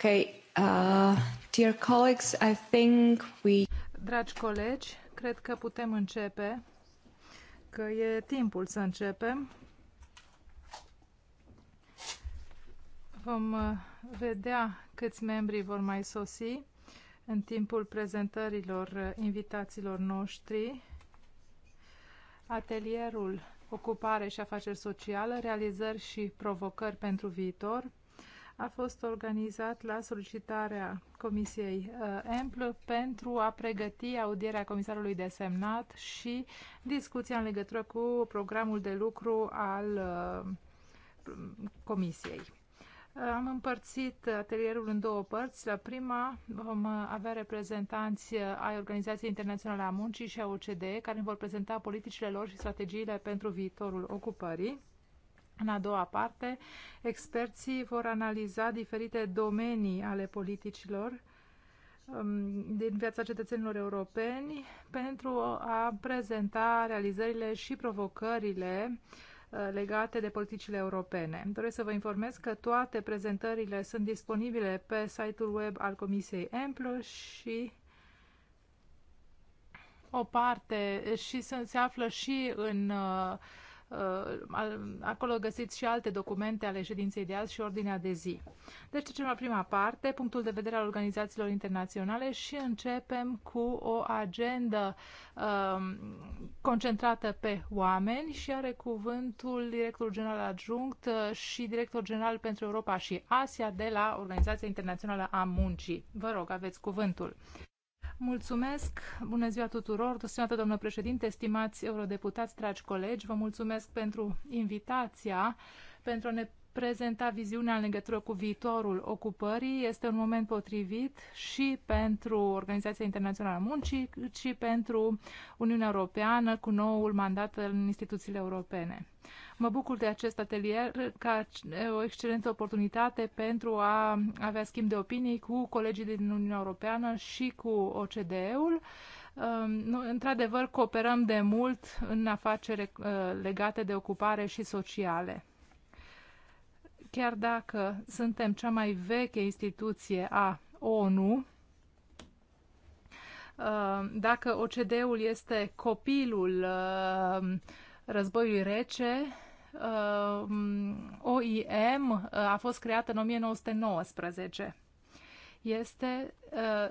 Okay, uh, dear colleagues, I think we... Dragi colegi, cred că putem începe, că e timpul să începem. Vom uh, vedea câți membri vor mai sosi în timpul prezentărilor uh, invitaților noștri. Atelierul Ocupare și afaceri sociale, realizări și provocări pentru viitor a fost organizat la solicitarea Comisiei uh, EMPL pentru a pregăti audierea comisarului desemnat și discuția în legătură cu programul de lucru al uh, Comisiei. Uh, am împărțit atelierul în două părți. La prima vom avea reprezentanți ai Organizației Internaționale a Muncii și a OCDE care vor prezenta politicile lor și strategiile pentru viitorul ocupării. În a doua parte, experții vor analiza diferite domenii ale politicilor um, din viața cetățenilor europeni pentru a prezenta realizările și provocările uh, legate de politicile europene. Doresc să vă informez că toate prezentările sunt disponibile pe site-ul web al Comisiei Emplu și o parte și se află și în uh, Uh, acolo găsiți și alte documente ale ședinței de azi și ordinea de zi. Deci trecem la prima parte, punctul de vedere al organizațiilor internaționale și începem cu o agendă um, concentrată pe oameni și are cuvântul directorul general adjunct uh, și director general pentru Europa și Asia de la Organizația Internațională a Muncii. Vă rog, aveți cuvântul. Mulțumesc, bună ziua tuturor, stimată doamnă președinte, estimați eurodeputați, dragi colegi, vă mulțumesc pentru invitația pentru a ne prezenta viziunea în legătură cu viitorul ocupării este un moment potrivit și pentru Organizația Internațională a Muncii, cât și pentru Uniunea Europeană cu noul mandat în instituțiile europene. Mă bucur de acest atelier ca o excelentă oportunitate pentru a avea schimb de opinii cu colegii din Uniunea Europeană și cu OCDE-ul. Um, într-adevăr, cooperăm de mult în afaceri uh, legate de ocupare și sociale chiar dacă suntem cea mai veche instituție a ONU, uh, dacă OCD-ul este copilul uh, războiului rece, uh, OIM a fost creată în 1919. Este uh,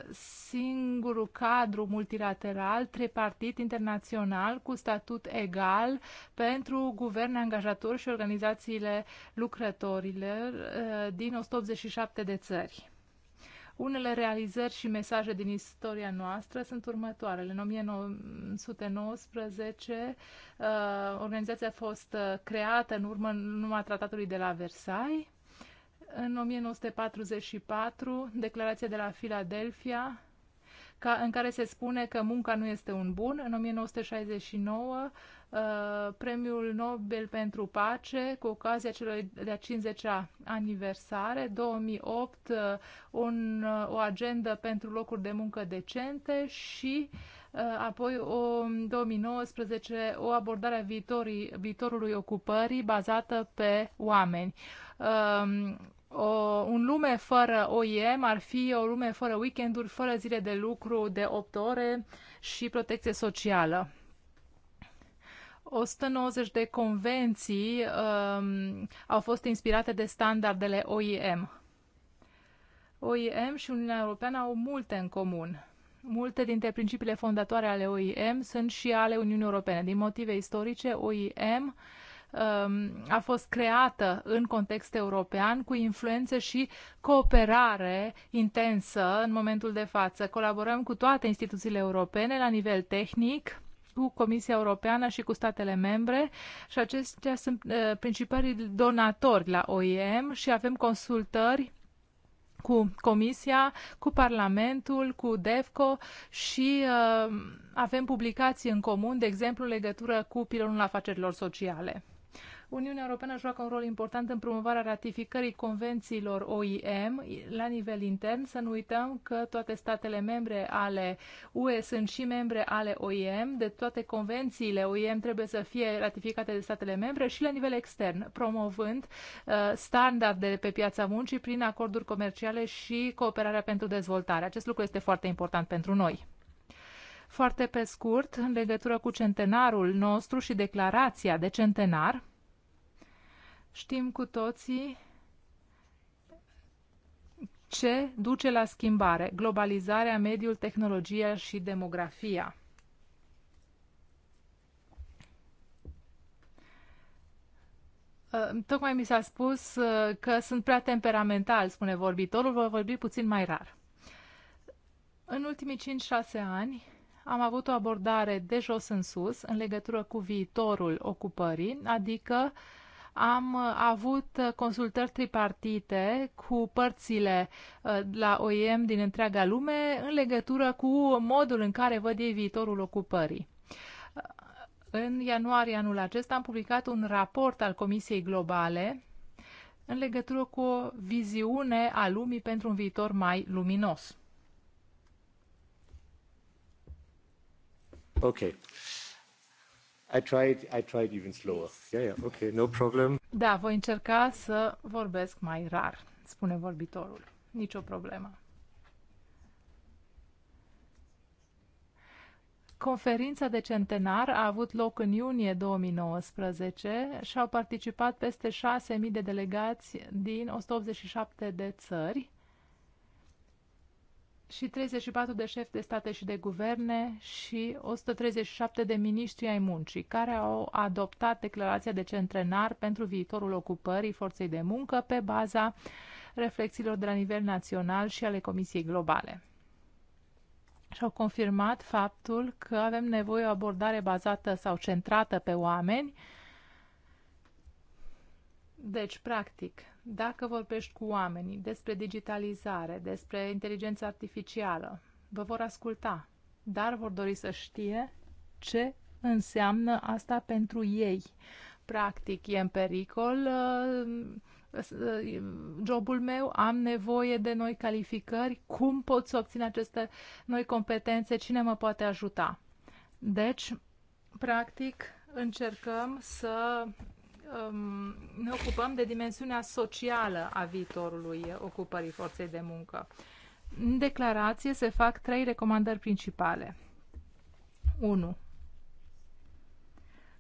singurul cadru multilateral, trepartit, internațional, cu statut egal pentru guverne, angajatori și organizațiile lucrătorilor uh, din 187 de țări. Unele realizări și mesaje din istoria noastră sunt următoarele. În 1919, uh, organizația a fost creată în în urma tratatului de la Versailles în 1944 declarația de la Philadelphia ca, în care se spune că munca nu este un bun. În 1969 uh, premiul Nobel pentru pace cu ocazia celor de-a 50-a aniversare. 2008 uh, un, uh, o agendă pentru locuri de muncă decente și uh, apoi o 2019 o abordare a viitorului ocupării bazată pe oameni. Um, o, un lume fără OIM ar fi o lume fără weekenduri, fără zile de lucru de 8 ore și protecție socială. 190 de convenții um, au fost inspirate de standardele OIM. OIM și Uniunea Europeană au multe în comun. Multe dintre principiile fondatoare ale OIM sunt și ale Uniunii Europene. Din motive istorice, OIM uh, Um, a fost creată în context european cu influență și cooperare intensă în momentul de față. Colaborăm cu toate instituțiile europene la nivel tehnic, cu Comisia Europeană și cu statele membre și acestea sunt uh, principalii donatori la OIM și avem consultări cu Comisia, cu Parlamentul, cu DEFCO și uh, avem publicații în comun, de exemplu, legătură cu pilonul afacerilor sociale. Uniunea Europeană joacă un rol important în promovarea ratificării convențiilor OIM la nivel intern. Să nu uităm că toate statele membre ale UE sunt și membre ale OIM, de toate convențiile OIM trebuie să fie ratificate de statele membre și la nivel extern, promovând uh, standarde pe piața muncii prin acorduri comerciale și cooperarea pentru dezvoltare. Acest lucru este foarte important pentru noi. Foarte pe scurt, în legătură cu centenarul nostru și declarația de centenar, Știm cu toții ce duce la schimbare, globalizarea, mediul, tehnologia și demografia. Ă, tocmai mi s-a spus ă, că sunt prea temperamental, spune vorbitorul, vă vorbi puțin mai rar. În ultimii 5-6 ani am avut o abordare de jos în sus în legătură cu viitorul ocupării, adică uh, am uh, avut uh, consultări tripartite cu părțile uh, la OIM din întreaga lume în legătură cu modul în care văd ei viitorul ocupării. În ianuarie anul acesta am publicat un raport al Comisiei Globale în legătură cu o viziune a lumii pentru un viitor mai luminos. Okay. I tried, I tried even slower. Yeah, yeah, okay, no problem. Da, voi încerca să vorbesc mai rar, spune vorbitorul. Nicio problemă. Conferința de centenar a avut loc în iunie 2019 și au participat peste 6.000 de delegați din 187 de țări și 34 de șefi de state și de guverne și 137 de miniștri ai muncii, care au adoptat declarația de centrenar pentru viitorul ocupării forței de muncă pe baza reflexiilor de la nivel național și ale Comisiei Globale. Și au confirmat faptul că avem nevoie o abordare bazată sau centrată pe oameni, deci, practic, dacă vorbești cu oamenii despre digitalizare, despre inteligență artificială, vă vor asculta, dar vor dori să știe ce înseamnă asta pentru ei. Practic, e în pericol uh, jobul meu, am nevoie de noi calificări, cum pot să obțin aceste noi competențe, cine mă poate ajuta. Deci, practic, încercăm să um, ne ocupăm de dimensiunea socială a viitorului ocupării forței de muncă. În declarație se fac trei recomandări principale. 1.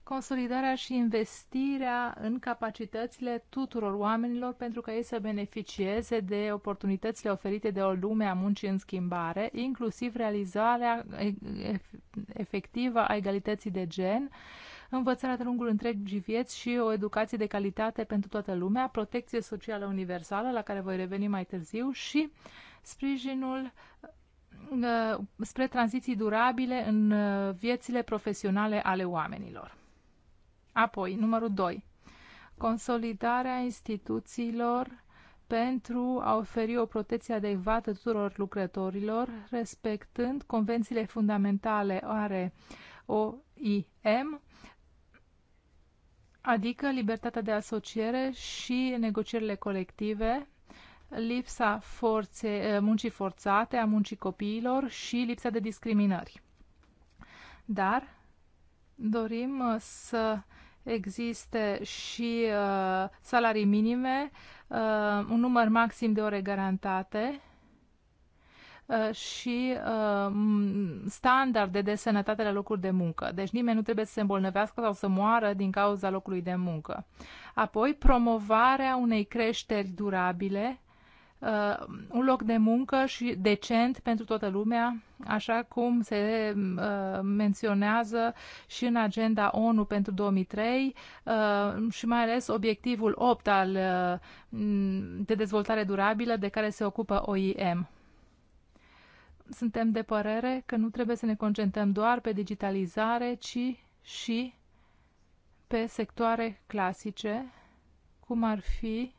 Consolidarea și investirea în capacitățile tuturor oamenilor pentru ca ei să beneficieze de oportunitățile oferite de o lume a muncii în schimbare, inclusiv realizarea efectivă a egalității de gen, uh, învățarea de lungul întregii vieți și o educație de calitate pentru toată lumea, protecție socială universală, la care voi reveni mai târziu, și sprijinul uh, spre tranziții durabile în uh, viețile profesionale ale oamenilor. Apoi, numărul 2. Consolidarea instituțiilor pentru a oferi o protecție adecvată tuturor lucrătorilor, respectând convențiile fundamentale are OIM, adică libertatea de asociere și negocierile colective, lipsa forțe, eh, muncii forțate, a muncii copiilor și lipsa de discriminări. Dar dorim eh, să existe și uh, salarii minime, uh, un număr maxim de ore garantate Uh, și uh, standarde de sănătate la locuri de muncă. Deci nimeni nu trebuie să se îmbolnăvească sau să moară din cauza locului de muncă. Apoi, promovarea unei creșteri durabile, uh, un loc de muncă și decent pentru toată lumea, așa cum se menționează și în agenda ONU pentru 2003 și mai ales obiectivul 8 al de dezvoltare durabilă de care se ocupă OIM suntem de părere că nu trebuie să ne concentrăm doar pe digitalizare, ci și pe sectoare clasice, cum ar fi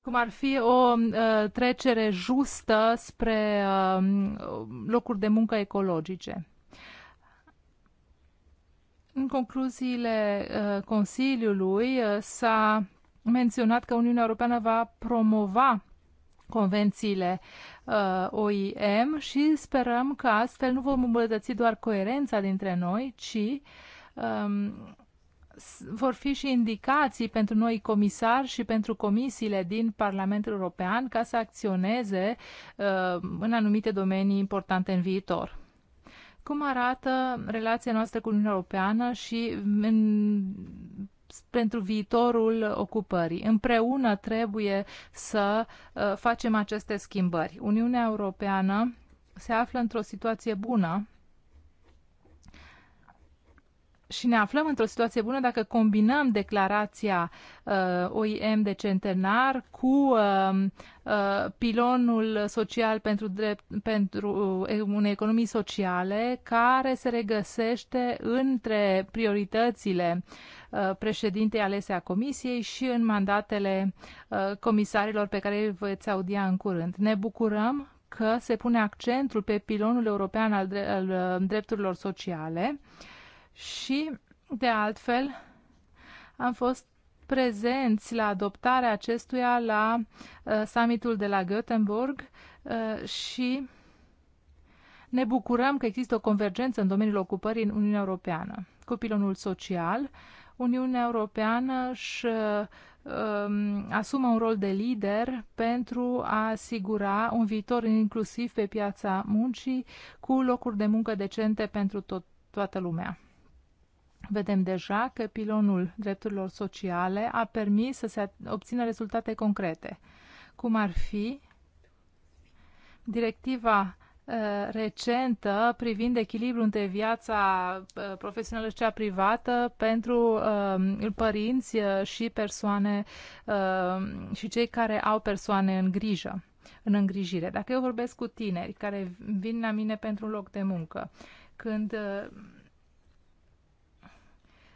cum ar fi o uh, trecere justă spre uh, locuri de muncă ecologice. În concluziile uh, Consiliului uh, s-a menționat că Uniunea Europeană va promova convențiile uh, OIM și sperăm că astfel nu vom îmbunătăți doar coerența dintre noi, ci um, vor fi și indicații pentru noi comisari și pentru comisiile din Parlamentul European ca să acționeze uh, în anumite domenii importante în viitor. Cum arată relația noastră cu Uniunea Europeană și în, pentru viitorul ocupării? Împreună trebuie să uh, facem aceste schimbări. Uniunea Europeană se află într-o situație bună și ne aflăm într-o situație bună dacă combinăm declarația uh, OIM de centenar cu uh, uh, pilonul social pentru, drept, pentru uh, unei economii sociale care se regăsește între prioritățile uh, președintei alese a Comisiei și în mandatele uh, comisarilor pe care îi veți audia în curând. Ne bucurăm că se pune accentul pe pilonul european al, dre al uh, drepturilor sociale uh, și, de altfel, am fost prezenți la adoptarea acestuia la uh, summitul de la Göteborg uh, și ne bucurăm că există o convergență în domeniul ocupării în Uniunea Europeană. Copilonul social, Uniunea Europeană își uh, um, asumă un rol de lider pentru a asigura un viitor inclusiv pe piața muncii cu locuri de muncă decente pentru tot, toată lumea. Vedem deja că pilonul drepturilor sociale a permis să se obțină rezultate concrete, cum ar fi directiva uh, recentă privind echilibrul între viața uh, profesională și cea privată pentru uh, părinți și persoane și cei care au persoane în grijă, în îngrijire. Dacă eu vorbesc cu tineri care vin la mine pentru un loc de muncă, când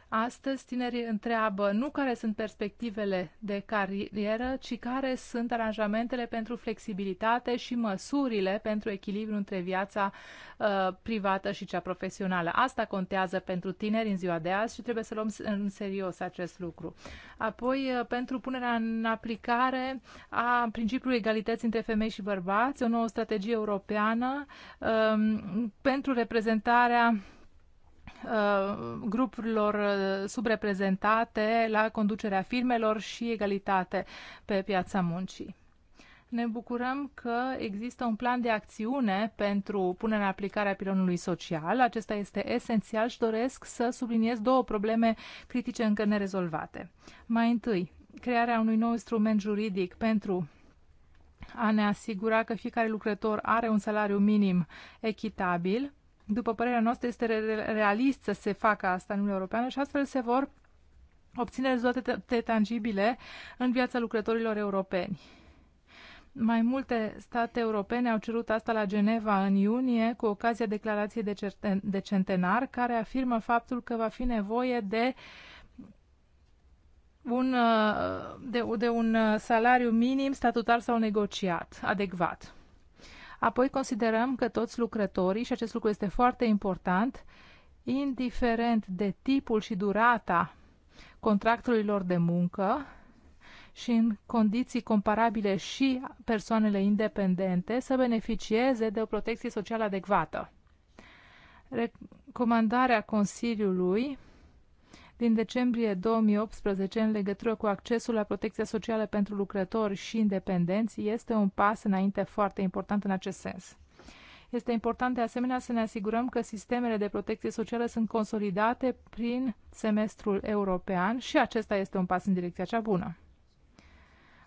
Astăzi tinerii întreabă nu care sunt perspectivele de carieră, ci care sunt aranjamentele pentru flexibilitate și măsurile pentru echilibru între viața uh, privată și cea profesională. Asta contează pentru tineri în ziua de azi și trebuie să luăm în serios acest lucru. Apoi, uh, pentru punerea în aplicare a principiului egalității între femei și bărbați, o nouă strategie europeană uh, pentru reprezentarea Uh, grupurilor uh, subreprezentate la conducerea firmelor și egalitate pe piața muncii. Ne bucurăm că există un plan de acțiune pentru punerea în aplicare a pilonului social. Acesta este esențial și doresc să subliniez două probleme critice încă nerezolvate. Mai întâi, crearea unui nou instrument juridic pentru a ne asigura că fiecare lucrător are un salariu minim echitabil după părerea noastră, este realist să se facă asta în Uniunea Europeană și astfel se vor obține rezultate tangibile în viața lucrătorilor europeni. Mai multe state europene au cerut asta la Geneva în iunie cu ocazia declarației de, certen, de centenar, care afirmă faptul că va fi nevoie de un, uh, de, de un uh, salariu minim statutar sau negociat, adecvat. Apoi considerăm că toți lucrătorii, și acest lucru este foarte important, indiferent de tipul și durata contractului lor de muncă și în condiții comparabile și persoanele independente să beneficieze de o protecție socială adecvată. Recomandarea Consiliului din decembrie 2018 în legătură cu accesul la protecția socială pentru lucrători și independenți este un pas înainte foarte important în acest sens. Este important de asemenea să ne asigurăm că sistemele de protecție socială sunt consolidate prin semestrul european și acesta este un pas în direcția cea bună.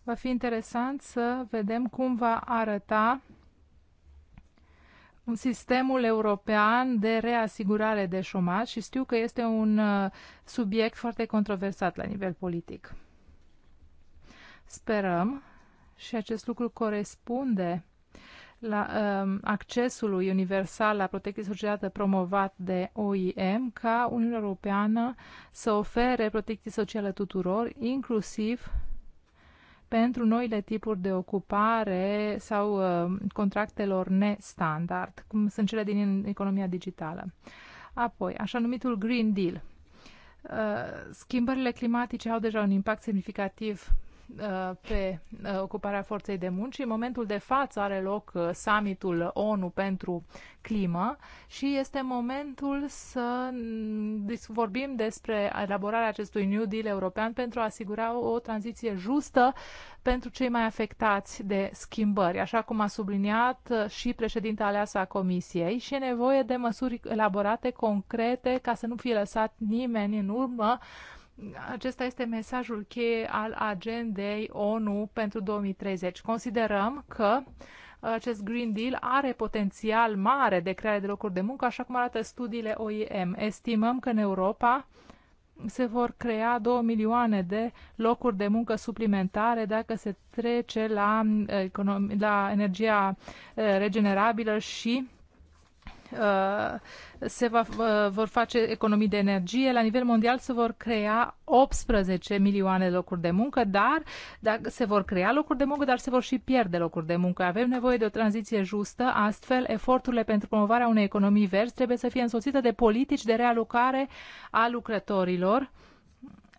Va fi interesant să vedem cum va arăta sistemul european de reasigurare de șomaj și știu că este un uh, subiect foarte controversat la nivel politic. Sperăm și acest lucru corespunde la um, accesului universal la protecție socială promovat de OIM ca Uniunea Europeană să ofere protecție socială tuturor, inclusiv pentru noile tipuri de ocupare sau uh, contractelor nestandard, cum sunt cele din economia digitală. Apoi, așa numitul Green Deal. Uh, schimbările climatice au deja un impact semnificativ Uh, pe uh, ocuparea forței de muncii. În momentul de față are loc uh, summitul ONU pentru climă și este momentul să vorbim despre elaborarea acestui New Deal european pentru a asigura o tranziție justă pentru cei mai afectați de schimbări, așa cum a subliniat și președinta aleasă a Comisiei și e nevoie de măsuri elaborate concrete ca să nu fie lăsat nimeni în urmă acesta este mesajul cheie al agendei ONU pentru 2030. Considerăm că acest Green Deal are potențial mare de creare de locuri de muncă, așa cum arată studiile OIM. Estimăm că în Europa se vor crea 2 milioane de locuri de muncă suplimentare dacă se trece la, la energia eh, regenerabilă și Uh, se va, uh, vor face economii de energie. La nivel mondial se vor crea 18 milioane de locuri de muncă, dar dacă se vor crea locuri de muncă, dar se vor și pierde locuri de muncă. Avem nevoie de o tranziție justă, astfel eforturile pentru promovarea unei economii verzi trebuie să fie însoțite de politici de realocare a lucrătorilor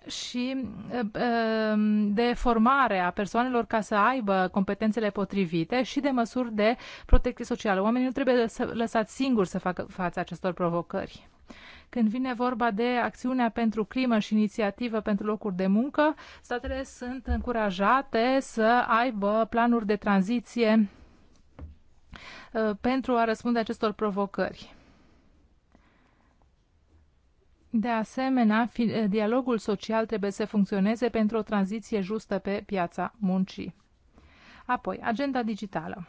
și eh, eh, de formare a persoanelor ca să aibă competențele potrivite și de măsuri de protecție socială. Oamenii nu trebuie să lăsați singuri să facă față acestor provocări. Când vine vorba de acțiunea pentru climă și inițiativă pentru locuri de muncă, statele sunt încurajate să aibă planuri de tranziție eh, pentru a răspunde acestor provocări de asemenea, dialogul social trebuie să funcționeze pentru o tranziție justă pe piața muncii. Apoi, agenda digitală.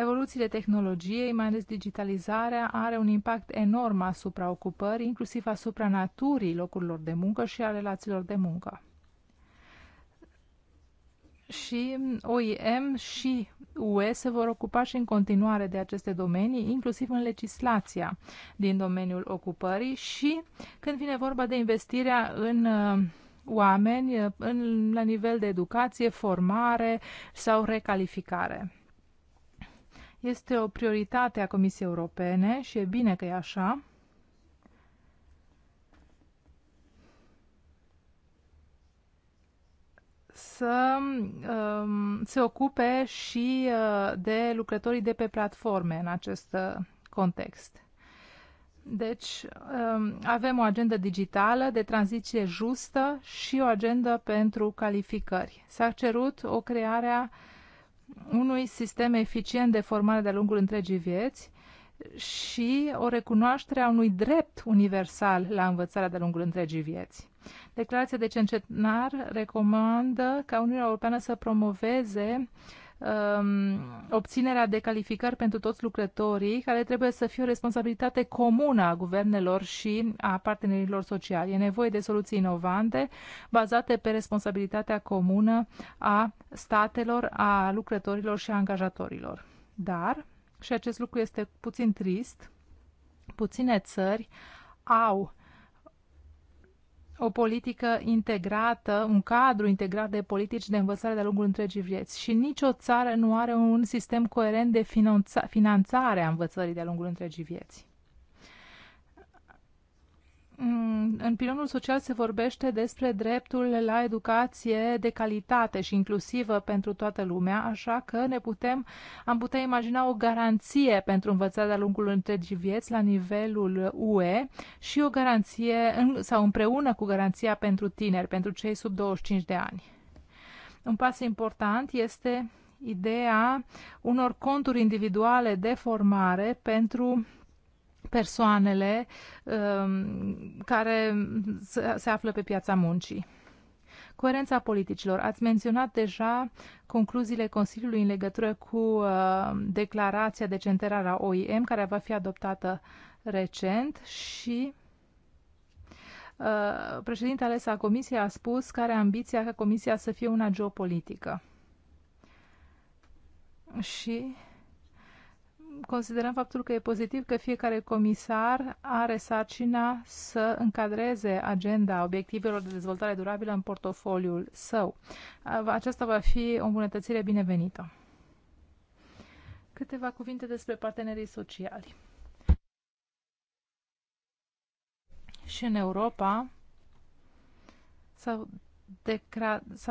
Evoluțiile tehnologiei, mai ales digitalizarea, are un impact enorm asupra ocupării, inclusiv asupra naturii locurilor de muncă și a relațiilor de muncă și OIM și UE se vor ocupa și în continuare de aceste domenii, inclusiv în legislația din domeniul ocupării și când vine vorba de investirea în uh, oameni uh, în, la nivel de educație, formare sau recalificare. Este o prioritate a Comisiei Europene și e bine că e așa să um, se ocupe și uh, de lucrătorii de pe platforme în acest uh, context. Deci, um, avem o agendă digitală de tranziție justă și o agendă pentru calificări. S-a cerut o crearea unui sistem eficient de formare de-a lungul întregii vieți și o recunoaștere a unui drept universal la învățarea de-a lungul întregii vieți. Declarația de Cencenar recomandă ca Uniunea Europeană să promoveze um, obținerea de calificări pentru toți lucrătorii, care trebuie să fie o responsabilitate comună a guvernelor și a partenerilor sociali. E nevoie de soluții inovante bazate pe responsabilitatea comună a statelor, a lucrătorilor și a angajatorilor. Dar, și acest lucru este puțin trist, puține țări au o politică integrată, un cadru integrat de politici de învățare de-a lungul întregii vieți. Și nicio țară nu are un sistem coerent de finanța- finanțare a învățării de-a lungul întregii vieți. Mm, în pilonul social se vorbește despre dreptul la educație de calitate și inclusivă pentru toată lumea, așa că ne putem, am putea imagina o garanție pentru învățarea de-a lungul întregii vieți la nivelul UE și o garanție sau împreună cu garanția pentru tineri, pentru cei sub 25 de ani. Un pas important este ideea unor conturi individuale de formare pentru persoanele um, care se află pe piața muncii. Coerența politicilor. Ați menționat deja concluziile Consiliului în legătură cu uh, declarația de centerare a OIM, care va fi adoptată recent și uh, președintele ales a Comisiei a spus că are ambiția ca Comisia să fie una geopolitică. Și considerăm faptul că e pozitiv că fiecare comisar are sarcina să încadreze agenda obiectivelor de dezvoltare durabilă în portofoliul său. Aceasta va fi o îmbunătățire binevenită. Câteva cuvinte despre partenerii sociali. Și în Europa s-au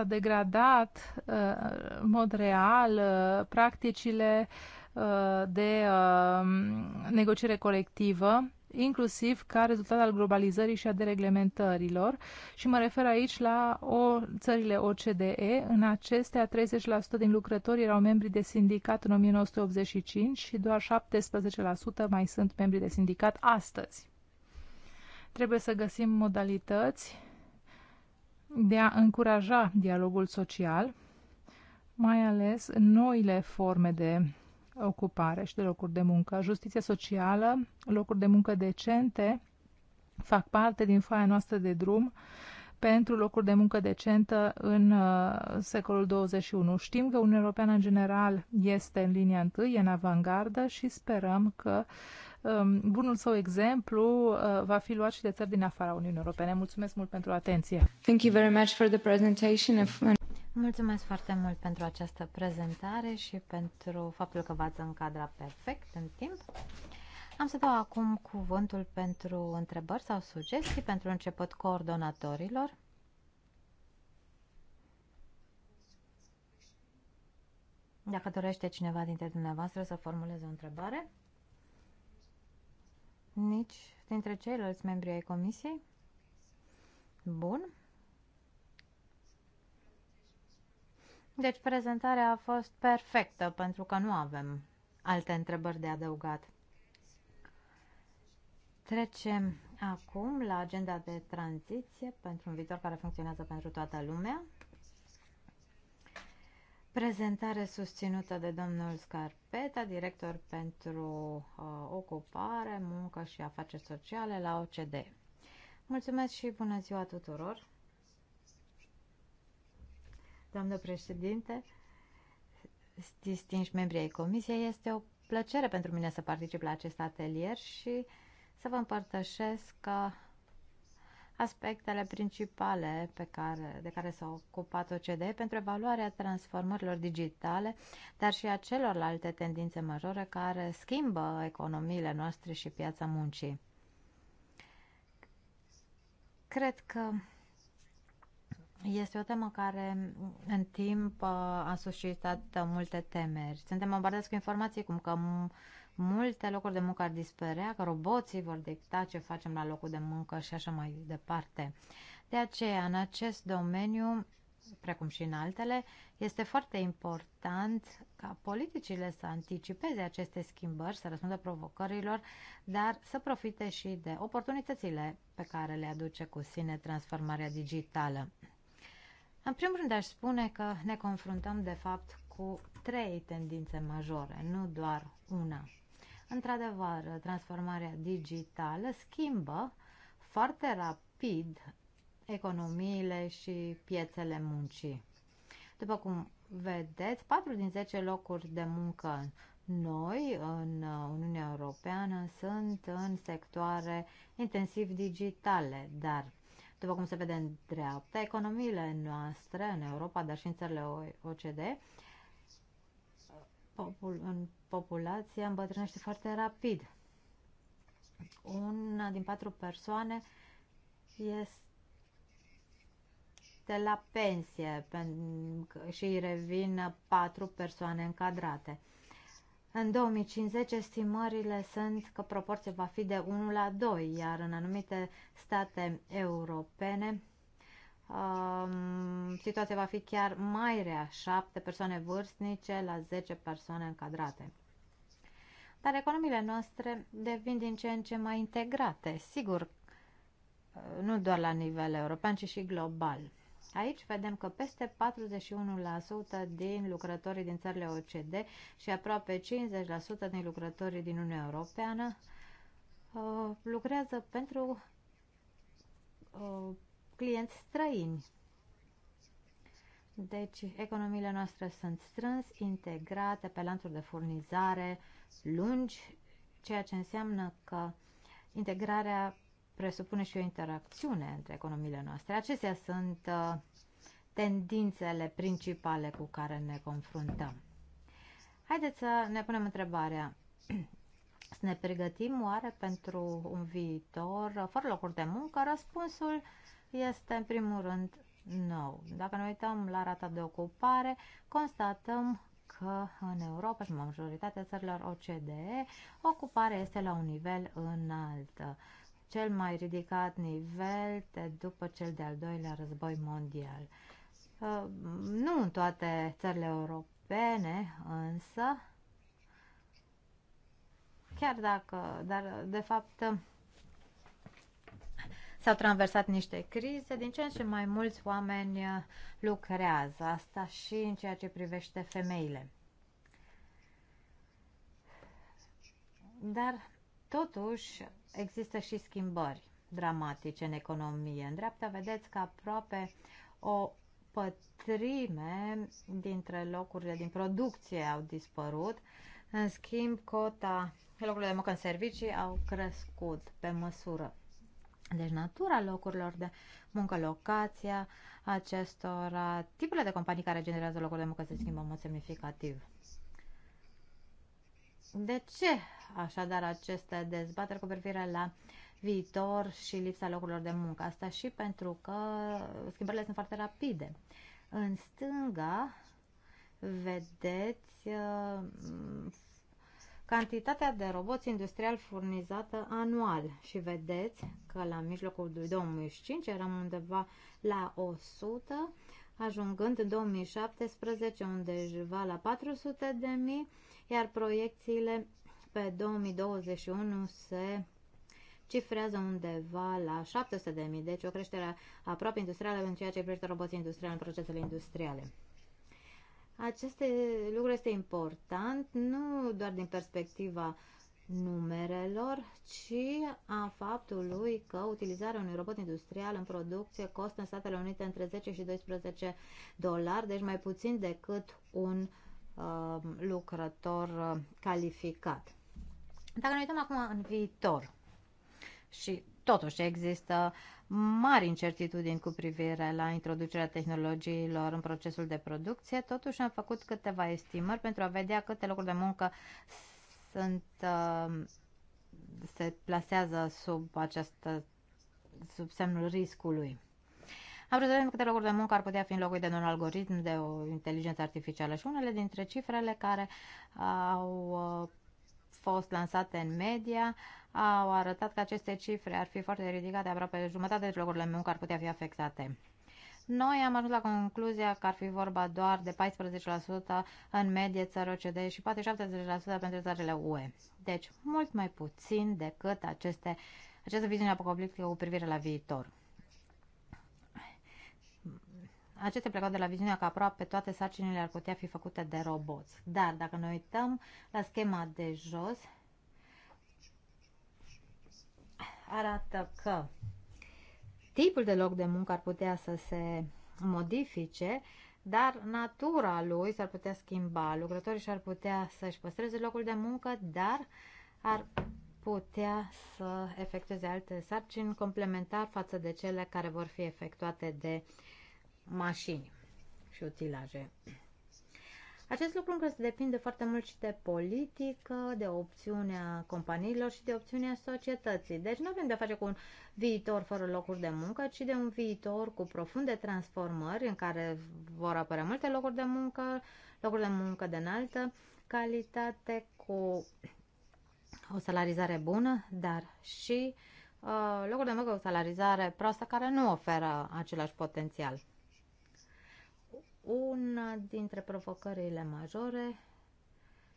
degradat uh, în mod real uh, practicile uh, Uh, de uh, negociere colectivă, inclusiv ca rezultat al globalizării și a dereglementărilor. Și mă refer aici la o, țările OCDE. În acestea, 30% din lucrători erau membri de sindicat în 1985 și doar 17% mai sunt membri de sindicat astăzi. Trebuie să găsim modalități de a încuraja dialogul social, mai ales în noile forme de ocupare și de locuri de muncă. Justiția socială, locuri de muncă decente fac parte din foaia noastră de drum pentru locuri de muncă decentă în uh, secolul 21. Știm că Uniunea Europeană în general este în linia întâi, e în avangardă și sperăm că um, bunul său exemplu uh, va fi luat și de țări din afara Uniunii Europene. Mulțumesc mult pentru atenție. Thank you very much for the presentation. Mulțumesc foarte mult pentru această prezentare și pentru faptul că v-ați încadrat perfect în timp. Am să dau acum cuvântul pentru întrebări sau sugestii pentru început coordonatorilor. Dacă dorește cineva dintre dumneavoastră să formuleze o întrebare, nici dintre ceilalți membri ai comisiei. Bun. Deci prezentarea a fost perfectă pentru că nu avem alte întrebări de adăugat. Trecem acum la agenda de tranziție pentru un viitor care funcționează pentru toată lumea. Prezentare susținută de domnul Scarpeta, director pentru uh, ocupare, muncă și afaceri sociale la OCD. Mulțumesc și bună ziua tuturor! doamnă președinte, distinși membrii ai comisiei, este o plăcere pentru mine să particip la acest atelier și să vă împărtășesc uh, aspectele principale pe care, de care s-a ocupat OCDE pentru evaluarea transformărilor digitale, dar și a celorlalte tendințe majore care schimbă economiile noastre și piața muncii. Cred că este o temă care în timp a suscitat multe temeri. Suntem bombardați cu informații cum că multe locuri de muncă ar dispărea, că roboții vor dicta ce facem la locul de muncă și așa mai departe. De aceea, în acest domeniu, precum și în altele, este foarte important ca politicile să anticipeze aceste schimbări, să răspundă provocărilor, dar să profite și de oportunitățile pe care le aduce cu sine transformarea digitală. În primul rând aș spune că ne confruntăm de fapt cu trei tendințe majore, nu doar una. Într-adevăr, transformarea digitală schimbă foarte rapid economiile și piețele muncii. După cum vedeți, 4 din 10 locuri de muncă noi în Uniunea Europeană sunt în sectoare intensiv digitale, dar după cum se vede în dreapta, economiile noastre în Europa, dar și în țările OCD, popul, în populația îmbătrânește foarte rapid. Una din patru persoane este la pensie și revin patru persoane încadrate. În 2050 estimările sunt că proporția va fi de 1 la 2, iar în anumite state europene um, situația va fi chiar mai rea, 7 persoane vârstnice la 10 persoane încadrate. Dar economiile noastre devin din ce în ce mai integrate, sigur, nu doar la nivel european, ci și global. Aici vedem că peste 41% din lucrătorii din țările OCD și aproape 50% din lucrătorii din Uniunea Europeană uh, lucrează pentru uh, clienți străini. Deci, economiile noastre sunt strâns integrate pe lanțuri de furnizare lungi, ceea ce înseamnă că integrarea presupune și o interacțiune între economiile noastre. Acestea sunt uh, tendințele principale cu care ne confruntăm. Haideți să ne punem întrebarea. Să ne pregătim oare pentru un viitor fără locuri de muncă? Răspunsul este în primul rând nou. Dacă ne uităm la rata de ocupare, constatăm că în Europa și în majoritatea țărilor OCDE, ocuparea este la un nivel înalt cel mai ridicat nivel de după cel de-al doilea război mondial. Uh, nu în toate țările europene, însă, chiar dacă, dar de fapt uh, s-au traversat niște crize, din ce în ce mai mulți oameni uh, lucrează, asta și în ceea ce privește femeile. Dar, totuși, există și schimbări dramatice în economie. În dreapta vedeți că aproape o pătrime dintre locurile din producție au dispărut. În schimb, cota locurilor de muncă în servicii au crescut pe măsură. Deci natura locurilor de muncă, locația acestora, tipurile de companii care generează locuri de muncă se schimbă în mod semnificativ. De ce așadar aceste dezbateri cu privire la viitor și lipsa locurilor de muncă? Asta și pentru că schimbările sunt foarte rapide. În stânga vedeți uh, cantitatea de roboți industrial furnizată anual și vedeți că la mijlocul 2005 eram undeva la 100, ajungând în 2017 undeva la 400 de mii iar proiecțiile pe 2021 se cifrează undeva la 700.000, deci o creștere aproape industrială în ceea ce privește roboții industriali în procesele industriale. Aceste lucruri este important nu doar din perspectiva numerelor, ci a faptului că utilizarea unui robot industrial în producție costă în Statele Unite între 10 și 12 dolari, deci mai puțin decât un uh, Um, lucrător uh, calificat. Dacă ne uităm acum în viitor și totuși există mari incertitudini cu privire la introducerea tehnologiilor în procesul de producție, totuși am făcut câteva estimări pentru a vedea câte locuri de muncă sunt, um, se plasează sub această sub semnul riscului. Am vrut să vedem câte locuri de muncă ar putea fi înlocuite de un algoritm de o inteligență artificială și unele dintre cifrele care au uh, fost lansate în media au arătat că aceste cifre ar fi foarte ridicate, aproape jumătate de locurile de muncă ar putea fi afectate. Noi am ajuns la concluzia că ar fi vorba doar de 14% în medie țări OCD și poate 70% pentru țările UE. Deci, mult mai puțin decât aceste, această viziune apocaliptică cu privire la viitor acestea plecau de la viziunea că aproape toate sarcinile ar putea fi făcute de roboți. Dar dacă ne uităm la schema de jos, arată că tipul de loc de muncă ar putea să se modifice, dar natura lui s-ar putea schimba. Lucrătorii și-ar putea să-și păstreze locul de muncă, dar ar putea să efectueze alte sarcini complementar față de cele care vor fi efectuate de uh, mașini și utilaje. Acest lucru încă se depinde foarte mult și de politică, de opțiunea companiilor și de opțiunea societății. Deci nu avem de-a face cu un viitor fără locuri de muncă, ci de un viitor cu profunde transformări în care vor apărea multe locuri de muncă, locuri de muncă de înaltă calitate, cu o salarizare bună, dar și uh, locuri de muncă cu salarizare proastă care nu oferă același potențial. Una dintre provocările majore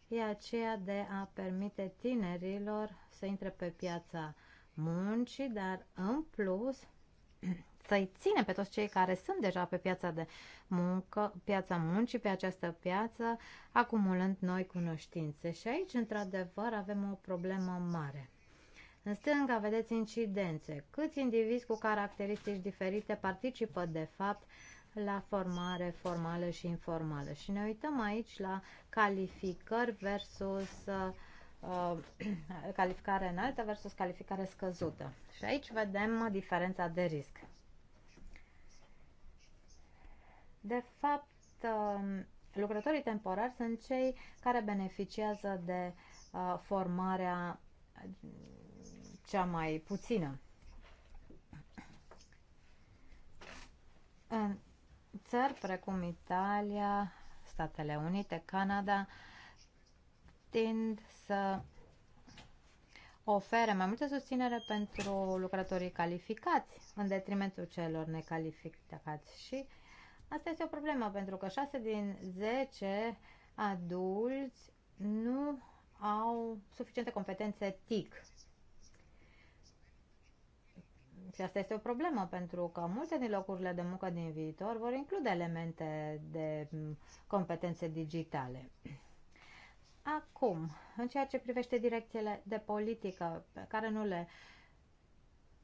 e aceea de a permite tinerilor să intre pe piața muncii, dar în plus să-i ține pe toți cei care sunt deja pe piața de muncă, piața muncii, pe această piață, acumulând noi cunoștințe. Și aici, într-adevăr, avem o problemă mare. În stânga vedeți incidențe. Câți indivizi cu caracteristici diferite participă, de fapt, la formare formală și informală. Și ne uităm aici la calificări versus uh, calificare înaltă versus calificare scăzută. Și aici vedem diferența de risc. De fapt, uh, lucrătorii temporari sunt cei care beneficiază de uh, formarea cea mai puțină țări precum Italia, Statele Unite, Canada, tind să ofere mai multă susținere pentru lucrătorii calificați în detrimentul celor necalificați și asta este o problemă pentru că 6 din 10 adulți nu au suficiente competențe TIC și asta este o problemă, pentru că multe din locurile de muncă din viitor vor include elemente de competențe digitale. Acum, în ceea ce privește direcțiile de politică, pe care nu le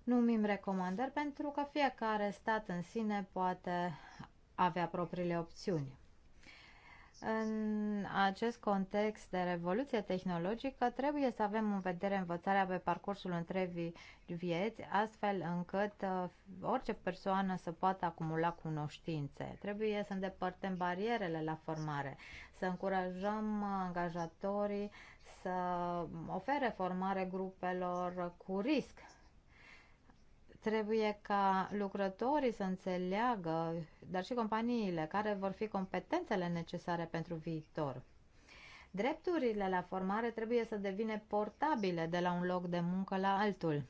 numim recomandări, pentru că fiecare stat în sine poate avea propriile opțiuni. În acest context de revoluție tehnologică, trebuie să avem în vedere învățarea pe parcursul întregii vieți, astfel încât uh, orice persoană să poată acumula cunoștințe. Trebuie să îndepărtăm barierele la formare, să încurajăm angajatorii să ofere formare grupelor cu risc Trebuie ca lucrătorii să înțeleagă, dar și companiile, care vor fi competențele necesare pentru viitor. Drepturile la formare trebuie să devină portabile de la un loc de muncă la altul.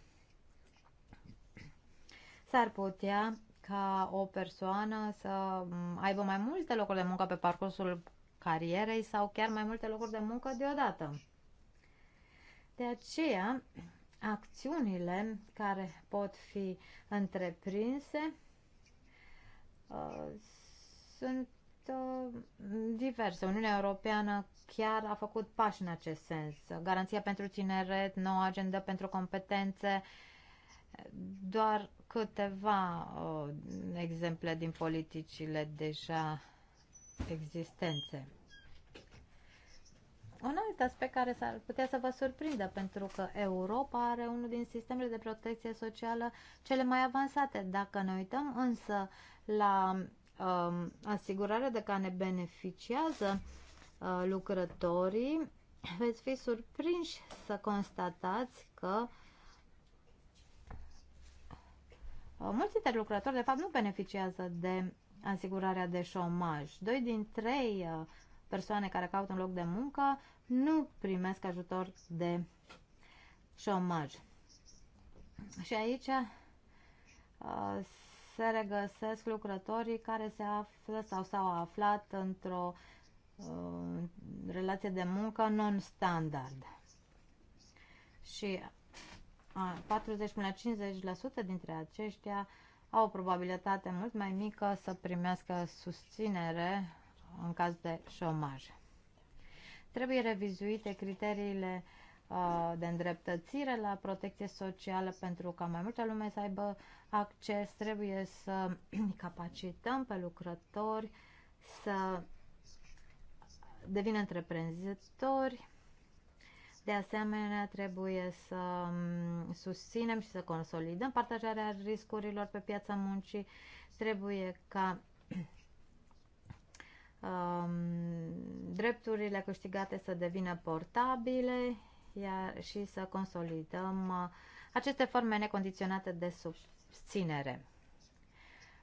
S-ar putea ca o persoană să aibă mai multe locuri de muncă pe parcursul carierei sau chiar mai multe locuri de muncă deodată. De aceea, acțiunile care pot fi întreprinse uh, sunt uh, diverse. Uniunea Europeană chiar a făcut pași în acest sens. Garanția pentru tineret, noua agendă pentru competențe, doar câteva uh, exemple din politicile deja existențe. Un alt aspect care s-ar putea să vă surprindă, pentru că Europa are unul din sistemele de protecție socială cele mai avansate. Dacă ne uităm însă la um, asigurarea de care ne beneficiază uh, lucrătorii, veți fi surprinși să constatați că uh, mulți dintre lucrători, de fapt, nu beneficiază de asigurarea de șomaj. Doi din trei uh, persoane care caută un loc de muncă nu primesc ajutor de șomaj. Și aici uh, se regăsesc lucrătorii care se află sau s-au aflat într-o uh, relație de muncă non-standard. Și 40 uh, la 50% dintre aceștia au o probabilitate mult mai mică să primească susținere în caz de șomaj. Trebuie revizuite criteriile uh, de îndreptățire la protecție socială pentru ca mai multă lume să aibă acces. Trebuie să capacităm pe lucrători să devină întreprinzători. De asemenea, trebuie să um, susținem și să consolidăm partajarea riscurilor pe piața muncii. Trebuie ca Um, drepturile câștigate să devină portabile iar, și să consolidăm uh, aceste forme necondiționate de susținere.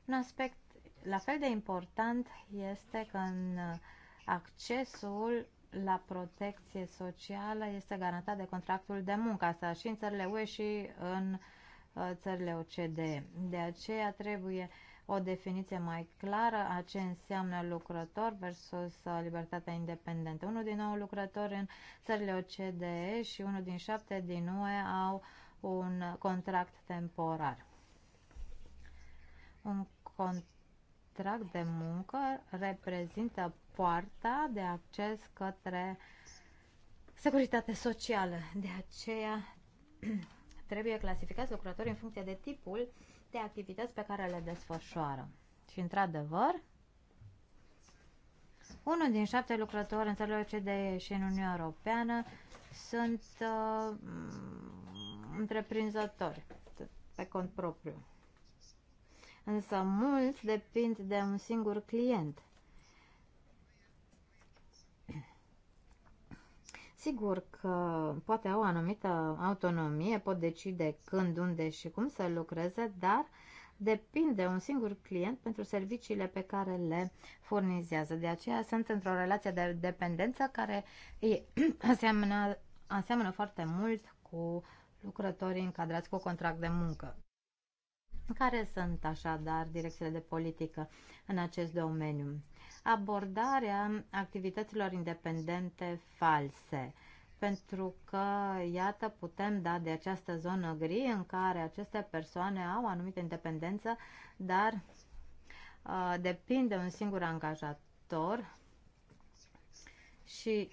Un aspect la fel de important este că în accesul la protecție socială este garantat de contractul de muncă, asta și în țările UE și în uh, țările OCDE. De aceea trebuie uh, o definiție mai clară a ce înseamnă lucrător versus uh, libertatea independentă. Unul din nou lucrători în țările OCDE și unul din șapte din UE au un contract temporar. Un contract de muncă reprezintă poarta de acces către securitate socială. De aceea trebuie clasificați lucrătorii în funcție de tipul de activități pe care le desfășoară. Și, într-adevăr, unul din șapte lucrători în țările OCDE și în Uniunea Europeană sunt uh, întreprinzători pe cont propriu. Însă mulți depind de un singur client. Sigur că poate au anumită autonomie, pot decide când, unde și cum să lucreze, dar depinde un singur client pentru serviciile pe care le furnizează. De aceea sunt într-o relație de dependență care îi aseamănă, aseamănă foarte mult cu lucrătorii încadrați cu contract de muncă. Care sunt așadar direcțiile de politică în acest domeniu? abordarea activităților independente false. Pentru că, iată, putem da de această zonă gri în care aceste persoane au anumită independență, dar uh, depind de un singur angajator și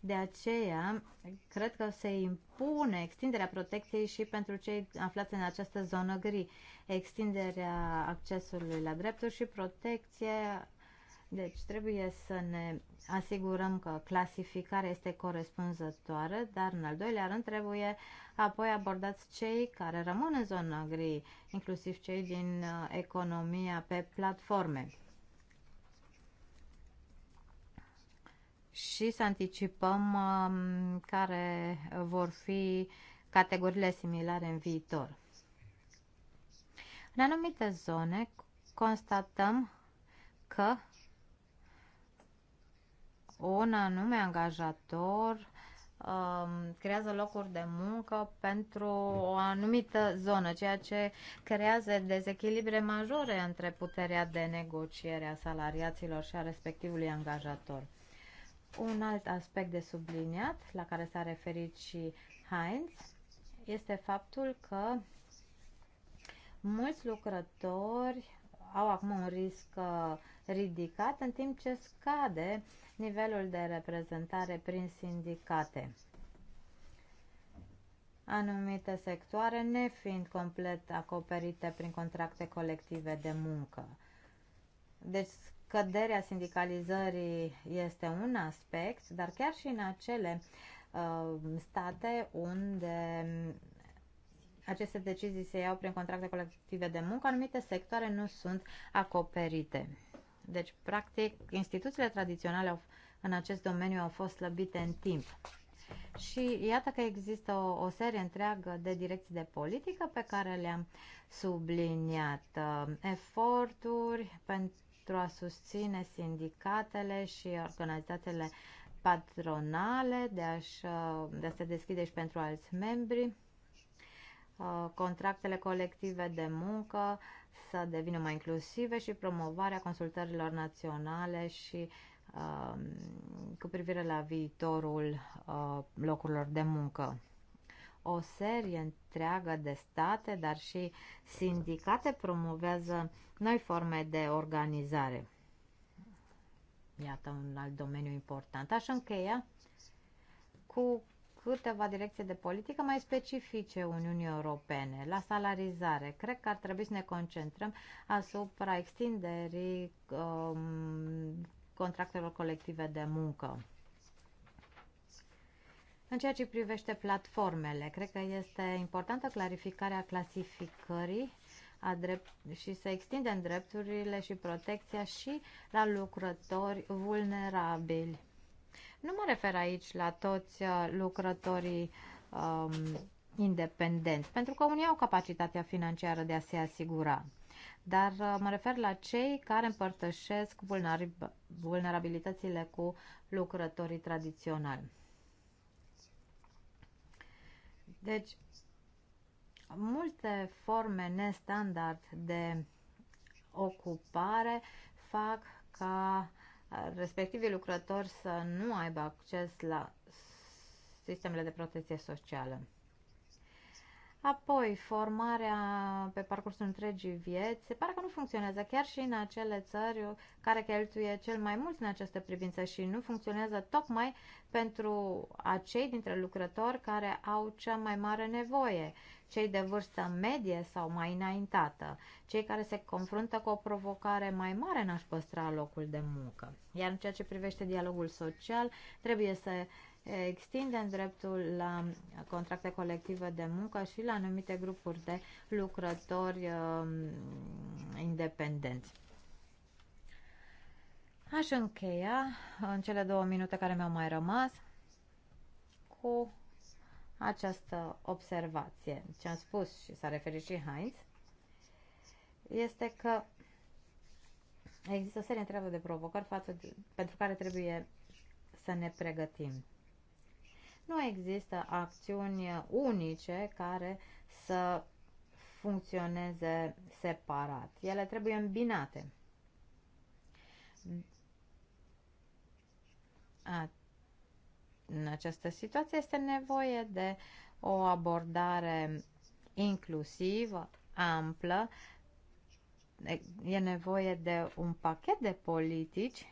de aceea, cred că se impune extinderea protecției și pentru cei aflați în această zonă gri, extinderea accesului la drepturi și protecție deci trebuie să ne asigurăm că clasificarea este corespunzătoare, dar în al doilea rând trebuie apoi abordați cei care rămân în zona gri, inclusiv cei din uh, economia pe platforme. Și să anticipăm um, care vor fi categoriile similare în viitor. În anumite zone constatăm că un anume angajator um, creează locuri de muncă pentru o anumită zonă, ceea ce creează dezechilibre majore între puterea de negociere a salariaților și a respectivului angajator. Un alt aspect de subliniat, la care s-a referit și Heinz, este faptul că mulți lucrători au acum un risc uh, ridicat, în timp ce scade nivelul de reprezentare prin sindicate. Anumite sectoare nefiind complet acoperite prin contracte colective de muncă. Deci scăderea sindicalizării este un aspect, dar chiar și în acele uh, state unde aceste decizii se iau prin contracte colective de muncă, anumite sectoare nu sunt acoperite. Deci, practic, instituțiile tradiționale au, în acest domeniu au fost slăbite în timp. Și iată că există o, o serie întreagă de direcții de politică pe care le-am subliniat. Uh, eforturi pentru a susține sindicatele și organizațiile patronale de, aș, uh, de a se deschide și pentru alți membri, uh, contractele colective de muncă, să devină mai inclusive și promovarea consultărilor naționale și uh, cu privire la viitorul uh, locurilor de muncă. O serie întreagă de state, dar și sindicate promovează noi forme de organizare. Iată un alt domeniu important. Aș încheia cu câteva direcții de politică mai specifice Uniunii Europene, la salarizare. Cred că ar trebui să ne concentrăm asupra extinderii um, contractelor colective de muncă. În ceea ce privește platformele, cred că este importantă clarificarea clasificării a drept, și să extindem drepturile și protecția și la lucrători vulnerabili nu mă refer aici la toți uh, lucrătorii um, independenți, pentru că unii au capacitatea financiară de a se asigura. Dar uh, mă refer la cei care împărtășesc vulnerabilitățile cu lucrătorii tradiționali. Deci, multe forme nestandard de ocupare fac ca respectivii lucrători să nu aibă acces la sistemele de protecție socială. Apoi, formarea pe parcursul întregii vieți se pare că nu funcționează chiar și în acele țări care cheltuie cel mai mult în această privință și nu funcționează tocmai pentru acei dintre lucrători care au cea mai mare nevoie, cei de vârstă medie sau mai înaintată, cei care se confruntă cu o provocare mai mare în a-și păstra locul de muncă. Iar în ceea ce privește dialogul social, trebuie să extindem dreptul la contracte colective de muncă și la anumite grupuri de lucrători um, independenți. Aș încheia în cele două minute care mi-au mai rămas cu această observație. Ce am spus și s-a referit și Heinz este că există o serie întreabă de provocări față de, pentru care trebuie să ne pregătim. Nu există acțiuni unice care să funcționeze separat. Ele trebuie îmbinate. A, în această situație este nevoie de o abordare inclusivă, amplă. E nevoie de un pachet de politici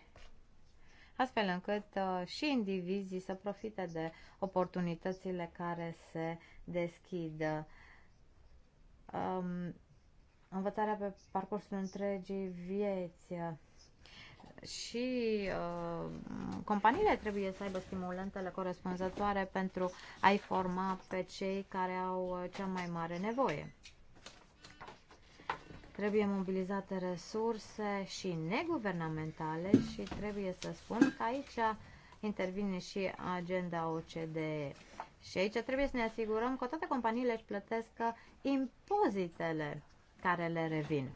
astfel încât uh, și indivizii să profite de oportunitățile care se deschid. Um, învățarea pe parcursul întregii vieți și uh, companiile trebuie să aibă stimulentele corespunzătoare pentru a-i forma pe cei care au uh, cea mai mare nevoie. Trebuie mobilizate resurse și neguvernamentale și trebuie să spun că aici intervine și agenda OCDE. Și aici trebuie să ne asigurăm că toate companiile își plătesc impozitele care le revin.